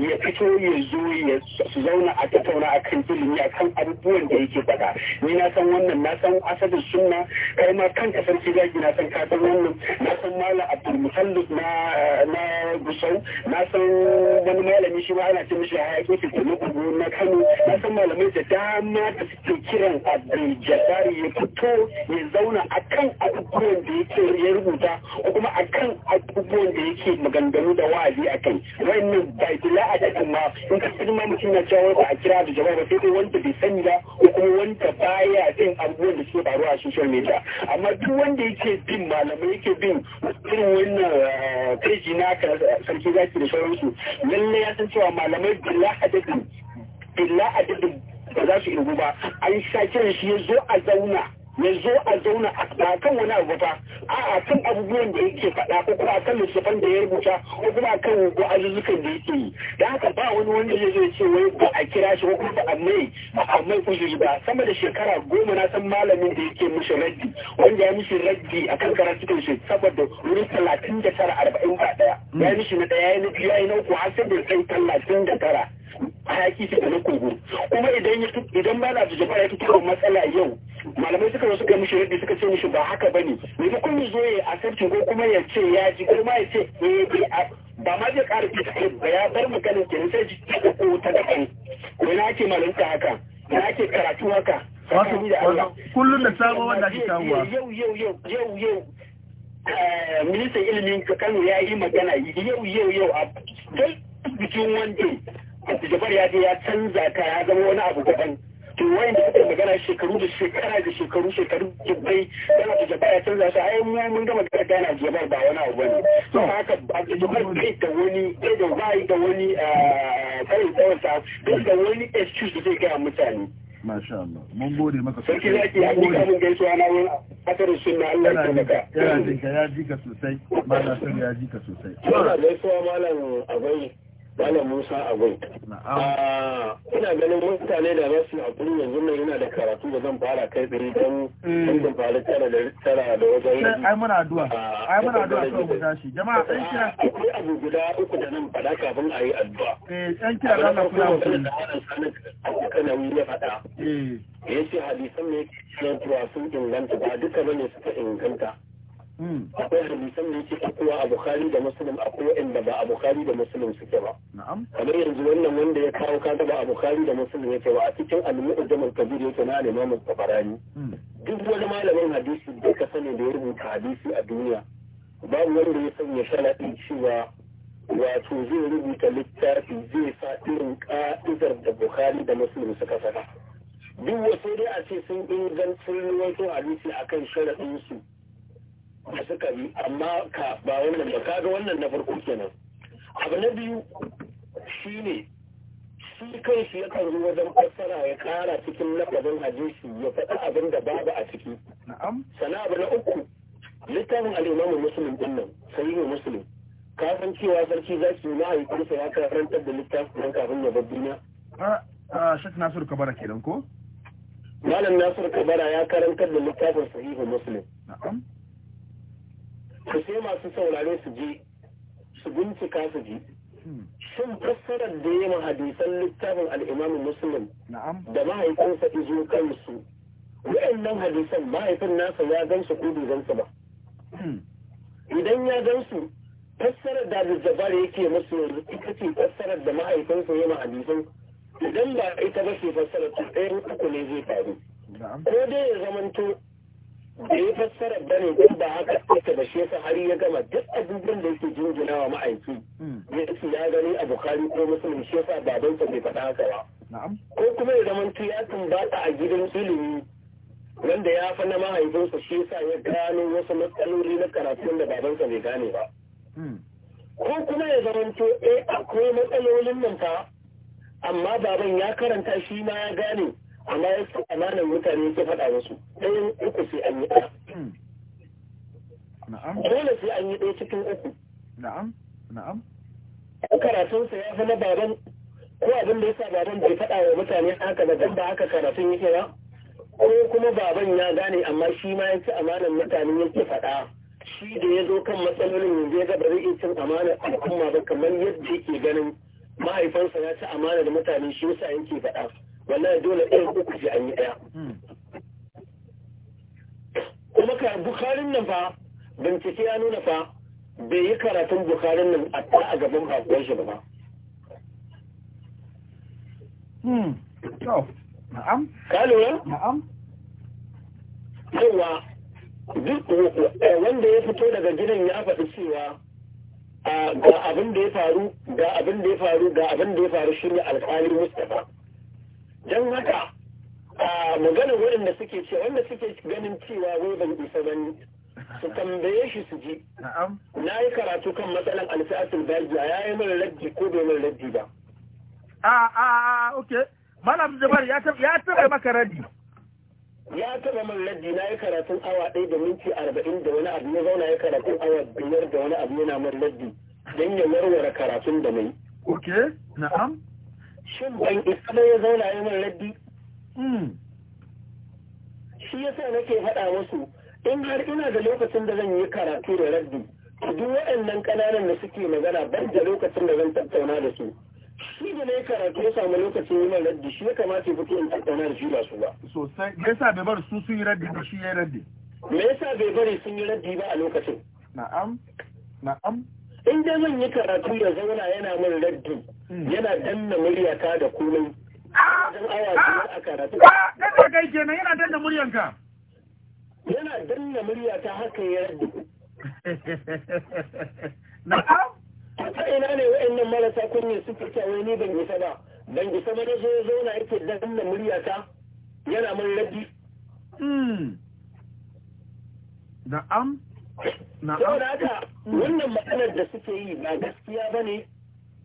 ya fito ya zo ya su zauna a tattauna a kan ilimi kan abubuwan da yake faɗa ni na san wannan na san asalin sunna kai ma kanka sarki zaki na san ka wannan na san malam abdul eh, na gusau na san wani malami shi ma ana ce mishi a yaƙi su kuma kudu na kano na san malamai da dama da suke kiran abdul jabari ya fito ya zauna akan abubuwan da yake ya rubuta ko kuma kan abubuwan da yake maganganu da wa'azi a kai wannan ba bila a dakin ma in ka san ma mutum na cewa ba a kira da jama'a ba sai dai wanda bai sani ba ko kuma wanda baya jin abubuwan da suke faruwa a social media amma duk wanda yake bin malamai yake bin irin wannan kai eh, na sarki zaki da sauran su lalle ya san cewa malamai billa adadin billa adadin ba za su irgu ba an sha kiran shi ya zo a zauna ya zo a zauna a kan wani abu ba a a kan abubuwan da yake faɗa ko kuma a kan lissafan da ya rubuta ko kuma a kan wa'azuzzukan da yake yi da haka ba wani wanda ya zai ce wai ba a kira shi ko kuma a mai a mai uzuri ba sama da shekara goma na san malamin da yake mishi raddi wanda ya mishi raddi a kan karatukan shi saboda wuri talatin da tara arba'in ba ɗaya ya mishi na ɗaya ya yi na uku har sai da kai talatin da tara hayaki ta ganin kogo kuma idan idan ba na jujjubar ya kira matsala yau malamai suka zo suka mishi rudi suka ce mishi ba haka bane ne ba kun zo ya asarci ko kuma ya ce ya ji ko ma ya ce eh ba ma zai ƙara fiske ba ya bar maganin kenan sai ji ta ko ta daban ko na ke malamta haka na ke karatu haka wato kullum da sabo wanda ake kawowa yau yau yau yau yau eh, ministan ilimin Kano ya yi magana yau yau yau a bikin wanda Jabar ya je ya canza ka ya zama wani abu daban. To wayan da suka magana shekaru da shekara da shekaru shekaru dubbai dan Abdul Jabbar ya canza shi ai mu mun gama gana Abdul Jabbar ba wani abu bane. To haka Abdul Jabbar bai da wani bai da bai da wani kai ah, tsawon sa bai da wani excuse da kai mutane. Masha Allah. Mun gode maka sosai. Sarki zaki ya ji kamun gaisuwa na wani akarin sunna Allah ya tabbata. Yana jinka ya ji ka sosai. Malam ya ji ka sosai. Yana gaisuwa malam Abai. Bala Musa Abin. Ah, ina ganin mutane da za su haƙuri yanzu nan yana da karatu da zan fara kai tsaye don sun mm. fara tara da tara da wajen ah, Ai muna addu'a. Ai muna addu'a kan mu tashi. Jama'a ɗan kira. Ah, akwai abu guda uku da nan faɗa kafin a yi addu'a. Eh ɗan kira da Allah kula mutum. Akwai kana wuri ya faɗa. Eh. Ya ce hadisan ne ya tura sun inganta ba duka bane suka inganta. akwai hadisan da yake fitowa a bukhari da muslim akwai wa'anda ba a bukari da muslim suke ba kamar yanzu wannan wanda ya kawo kaga ba a bukari da muslim yake ba a cikin al-mu'jam kabir yake na al-imam tabarani hmm. duk wani malamin hadisi da ka sani da ya rubuta hadisi a duniya babu wanda ya sanya sharaɗi cewa wato zai rubuta littafi zai sa irin ka'idar da bukhari da muslim suka saka duk wasu dai a ce sun ingancin ruwaito hadisi akan sharaɗinsu su da suka yi amma ka ba wannan ba kaga wannan na farko kenan abu na biyu shine shi kai shi ya kan wajen fassara ya kara cikin lafazin hadisi ya faɗi abin da babu a ciki sana abu na uku littafin al'imamu musulun din nan yi musulun ka san cewa sarki za yi na haifinsa ya karantar da littafin nan kafin ya bar duniya Shek Nasiru Kabara kenan ko? Malam Nasiru Kabara ya karantar da littafin sahihu Muslim. Na'am. to sai masu saurare su je su bincika su ji hmm. shin fassarar da ya hadisan littafin al'imamin musulun da mahaifinsa izo kansu wa'annan hadisan mahaifin nasa ya gansu ko bai gansu ba hmm. idan ya gansu fassarar da jabbar yake musu yanzu ita ce fassarar da mahaifinsa ya ma hadisan idan ba ita ba ke fassarar ta ɗaya uku ne zai faru ko dai ya zamanto da ya fassara bane ko ba haka take ba shi yasa har ya gama duk abubuwan da yake jinjina wa ma'aiki hmm. ya ya gani a bukari ko musulun shi yasa babansa bai faɗa haka ba ko kuma ya zama ya tumbata a gidan ilimi wanda ya fa na mahaifinsa shi yasa ya gano wasu matsaloli na karatu da babansa bai gane ba hmm. ko kuma ya zama to eh akwai matsalolin nan fa amma baban ya karanta shi ma ya gane amma yake amanan mutane ke faɗa musu ɗayan uku sai an yi ɗaya hmm. na'am dole sai an yi ɗaya cikin uku na'am na'am ko karatunsa ya zama baban ko abin da yasa baban bai faɗa wa mutane haka da dabba haka karatun yake ba ko kuma baban ya gane amma shi ma ya ci amanan mutane yake faɗa shi da ya zo kan matsalolin yanzu ya gaba zai cin amanar al'umma ba kamar yadda yake ganin mahaifansa ya ci amanar mutane shi yasa yake faɗa wallahi dole ɗaya uku ce an yi ɗaya kuma ka bukarin nan fa bincike ya nuna fa bai yi karatun bukarin nan a ta a gaban bakuwar shi ba hmm. na'am ka lura na'am duk eh, wanda ya fito daga gidan ya faɗi cewa ah, ga abin da ya faru ga abin da ya faru ga abin da ya faru shi ne alƙalin mustapha don haka a magana waɗanda suke ce wanda suke ganin cewa wai ban isa bane su tambaye shi su ji na yi karatu kan matsalan alfi'atul bajiya ya yi mara raddi ko bai mara raddi ba a a a ok malam zubar ya taɓa maka raddi ya taɓa mara raddi na yi karatun awa ɗaya da minti arba'in da wani abu ya zauna ya karatun awa biyar da wani abu yana mara raddi don ya warware karatun da mai ok na'am shin ban isa ba ya zauna yi min raddi hmm. shi sa nake faɗa musu in har ina da lokacin da zan yi karatu da raddi duk waɗannan ƙananan da suke magana ban da lokacin da zan tattauna da su shi da na yi karatu ya samu lokacin yi min raddi shi ya kamata ya fito in tattauna da shi ba su ba. sosai me yasa bai bar su sun yi raddi ba shi ya yi rabbi. me yasa bai bari sun yi raddi ba a lokacin. na'am na'am. in dai zan yi karatu da zauna yana min raddi yana danna muryata da komai wajen awa biyu a karatu yana danna muryanka yana danna muryata haka ya na'am ta ina ne wa'annan marasa kunya su fita wai ni ban isa ba ban isa ba na zo zauna yake danna muryata yana mun rabbi. Hmm. na'am na'am saboda haka wannan matsalar da suke yi ba gaskiya bane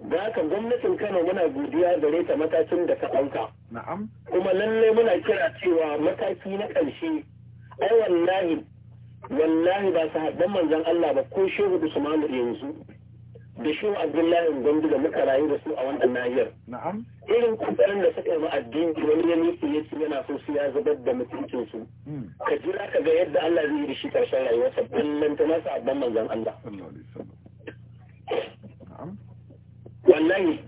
da haka gwamnatin kano muna godiya gare ta matakin da ka ɗauka. Kuma lallai muna kira cewa mataki na ƙarshe ai wallahi wallahi ba su haɗin manzan Allah ba ko shehu Usmanu yanzu da shehu Abdullahi gandu da muka rayu da su a wannan nahiyar. Irin kokarin da suka yi addini wani ya nufi ya ce yana so su ya zubar da mutuncinsu. Hmm. Ka jira ka ga yadda Allah zai yi da shi ƙarshen rayuwarsa ballan ta su haɗin manzan Allah. wallahi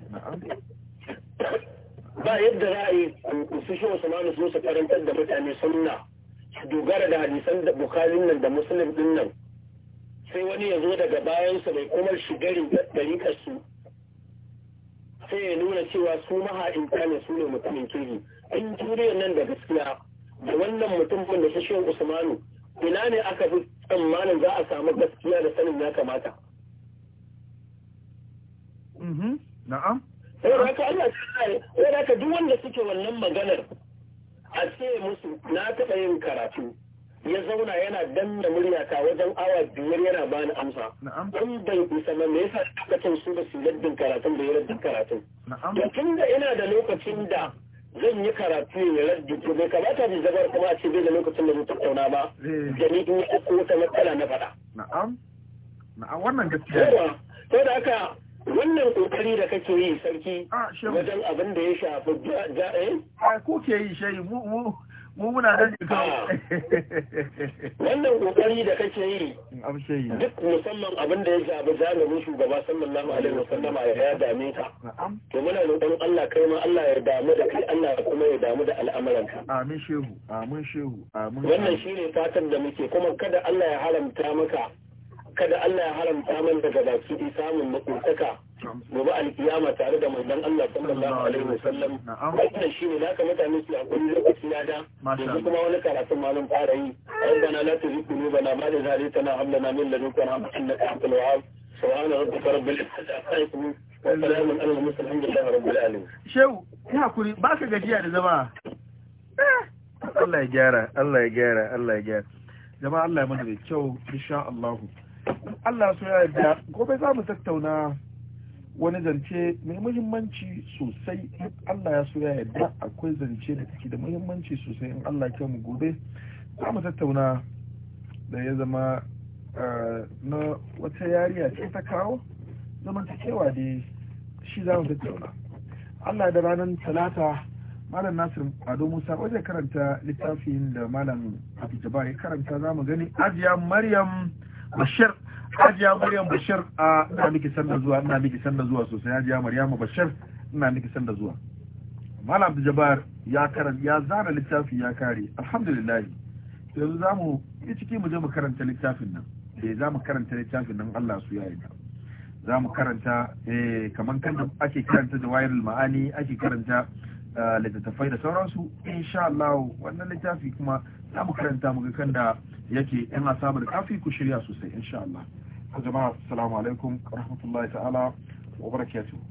ba yadda za a yi su shi usmanu su su karantar da mutane sunna dogara da hadisan da bukarin nan da musulun din nan sai wani ya zo daga bayansa mai kuma shigarin ɗariƙar sai ya nuna cewa su in ne su ne mutumin kirgi in turiyar nan da gaskiya da wannan mutumin da su shi usmanu ina ne aka fi tsammanin za a samu gaskiya da sanin ya kamata. Mhm. na'am sai raka Allah sai ka duk wanda suke wannan maganar a ce musu na taɓa yin karatu ya zauna yana danna ta wajen awa biyar yana ba ni amsa in bai kusa ba me yasa lokacin su ba su laddin karatun da ya laddin karatun da tun da ina da lokacin da zan yi karatu ya laddi to bai kamata bi zabar kuma a ce bai da lokacin da zai tattauna ba eh. da ni in ko wata matsala na faɗa na'am na'am wannan gaskiya ko da haka wannan kokari da kake yi sarki wajen abin da ya shafi ja'e? Eh? a ko ke yi shayi mu muna da da ah. wannan kokari da kake yi duk musamman abin da ya shafi jami'in shugaba sallallahu alaihi wasallam ya dame ka to muna roƙon Allah kai ma Allah ya damu da kai Allah kuma ya damu da al'amuran ka amin shehu amin shehu amin wannan shine fatan da muke kuma kada Allah ya haramta maka kada Allah ya haramta man daga baki da samun mu ba alkiyama tare da manzon Allah sallallahu alaihi wasallam wannan shine da ka mutane su a kullu lokaci na da yanzu kuma wani karatun malam fara yi rabbana la tuzigh qulubana ba'da idh hadaytana hab lana min ladunka rahmatan innaka antal wahhab subhana rabbika rabbil izzati amma yasifun wa salamun ala al-mursalin alhamdulillahi rabbil alamin shehu ya hakuri baka gajiya da zama Allah ya gyara Allah ya gyara Allah ya gyara jama'a Allah ya mana da kyau insha Allah Allah so ya yarda gobe za mu tattauna wani zance mai muhimmanci sosai in Allah ya so ya yarda akwai zance da take da muhimmanci sosai in Allah ya mu gobe za mu tattauna da ya zama eh, na wata yariya ce ta kawo zamantakewa da shi za mu tattauna Allah da ranar talata malam nasir ado musa waje karanta littafin da malam abu ya karanta za mu gani ajiya maryam bashir hajiya maryam bashir a ina miki sanda zuwa ina miki sanda zuwa sosai hajiya maryam bashir ina miki sanda zuwa malam abdul jabbar ya karan ya zana littafi ya kare alhamdulillah yanzu zamu yi ciki mu je mu karanta littafin nan eh zamu karanta littafin nan Allah su ya za zamu karanta eh kaman kan da ake karanta da wayar ma'ani ake karanta eh, littattafai da sauransu insha Allah wannan littafi kuma za mu karanta mu kan da yake yan da kafi ku shirya sosai insha Allah jama'a assalamu alaikum rahmatullahi ta'ala wa barakatuh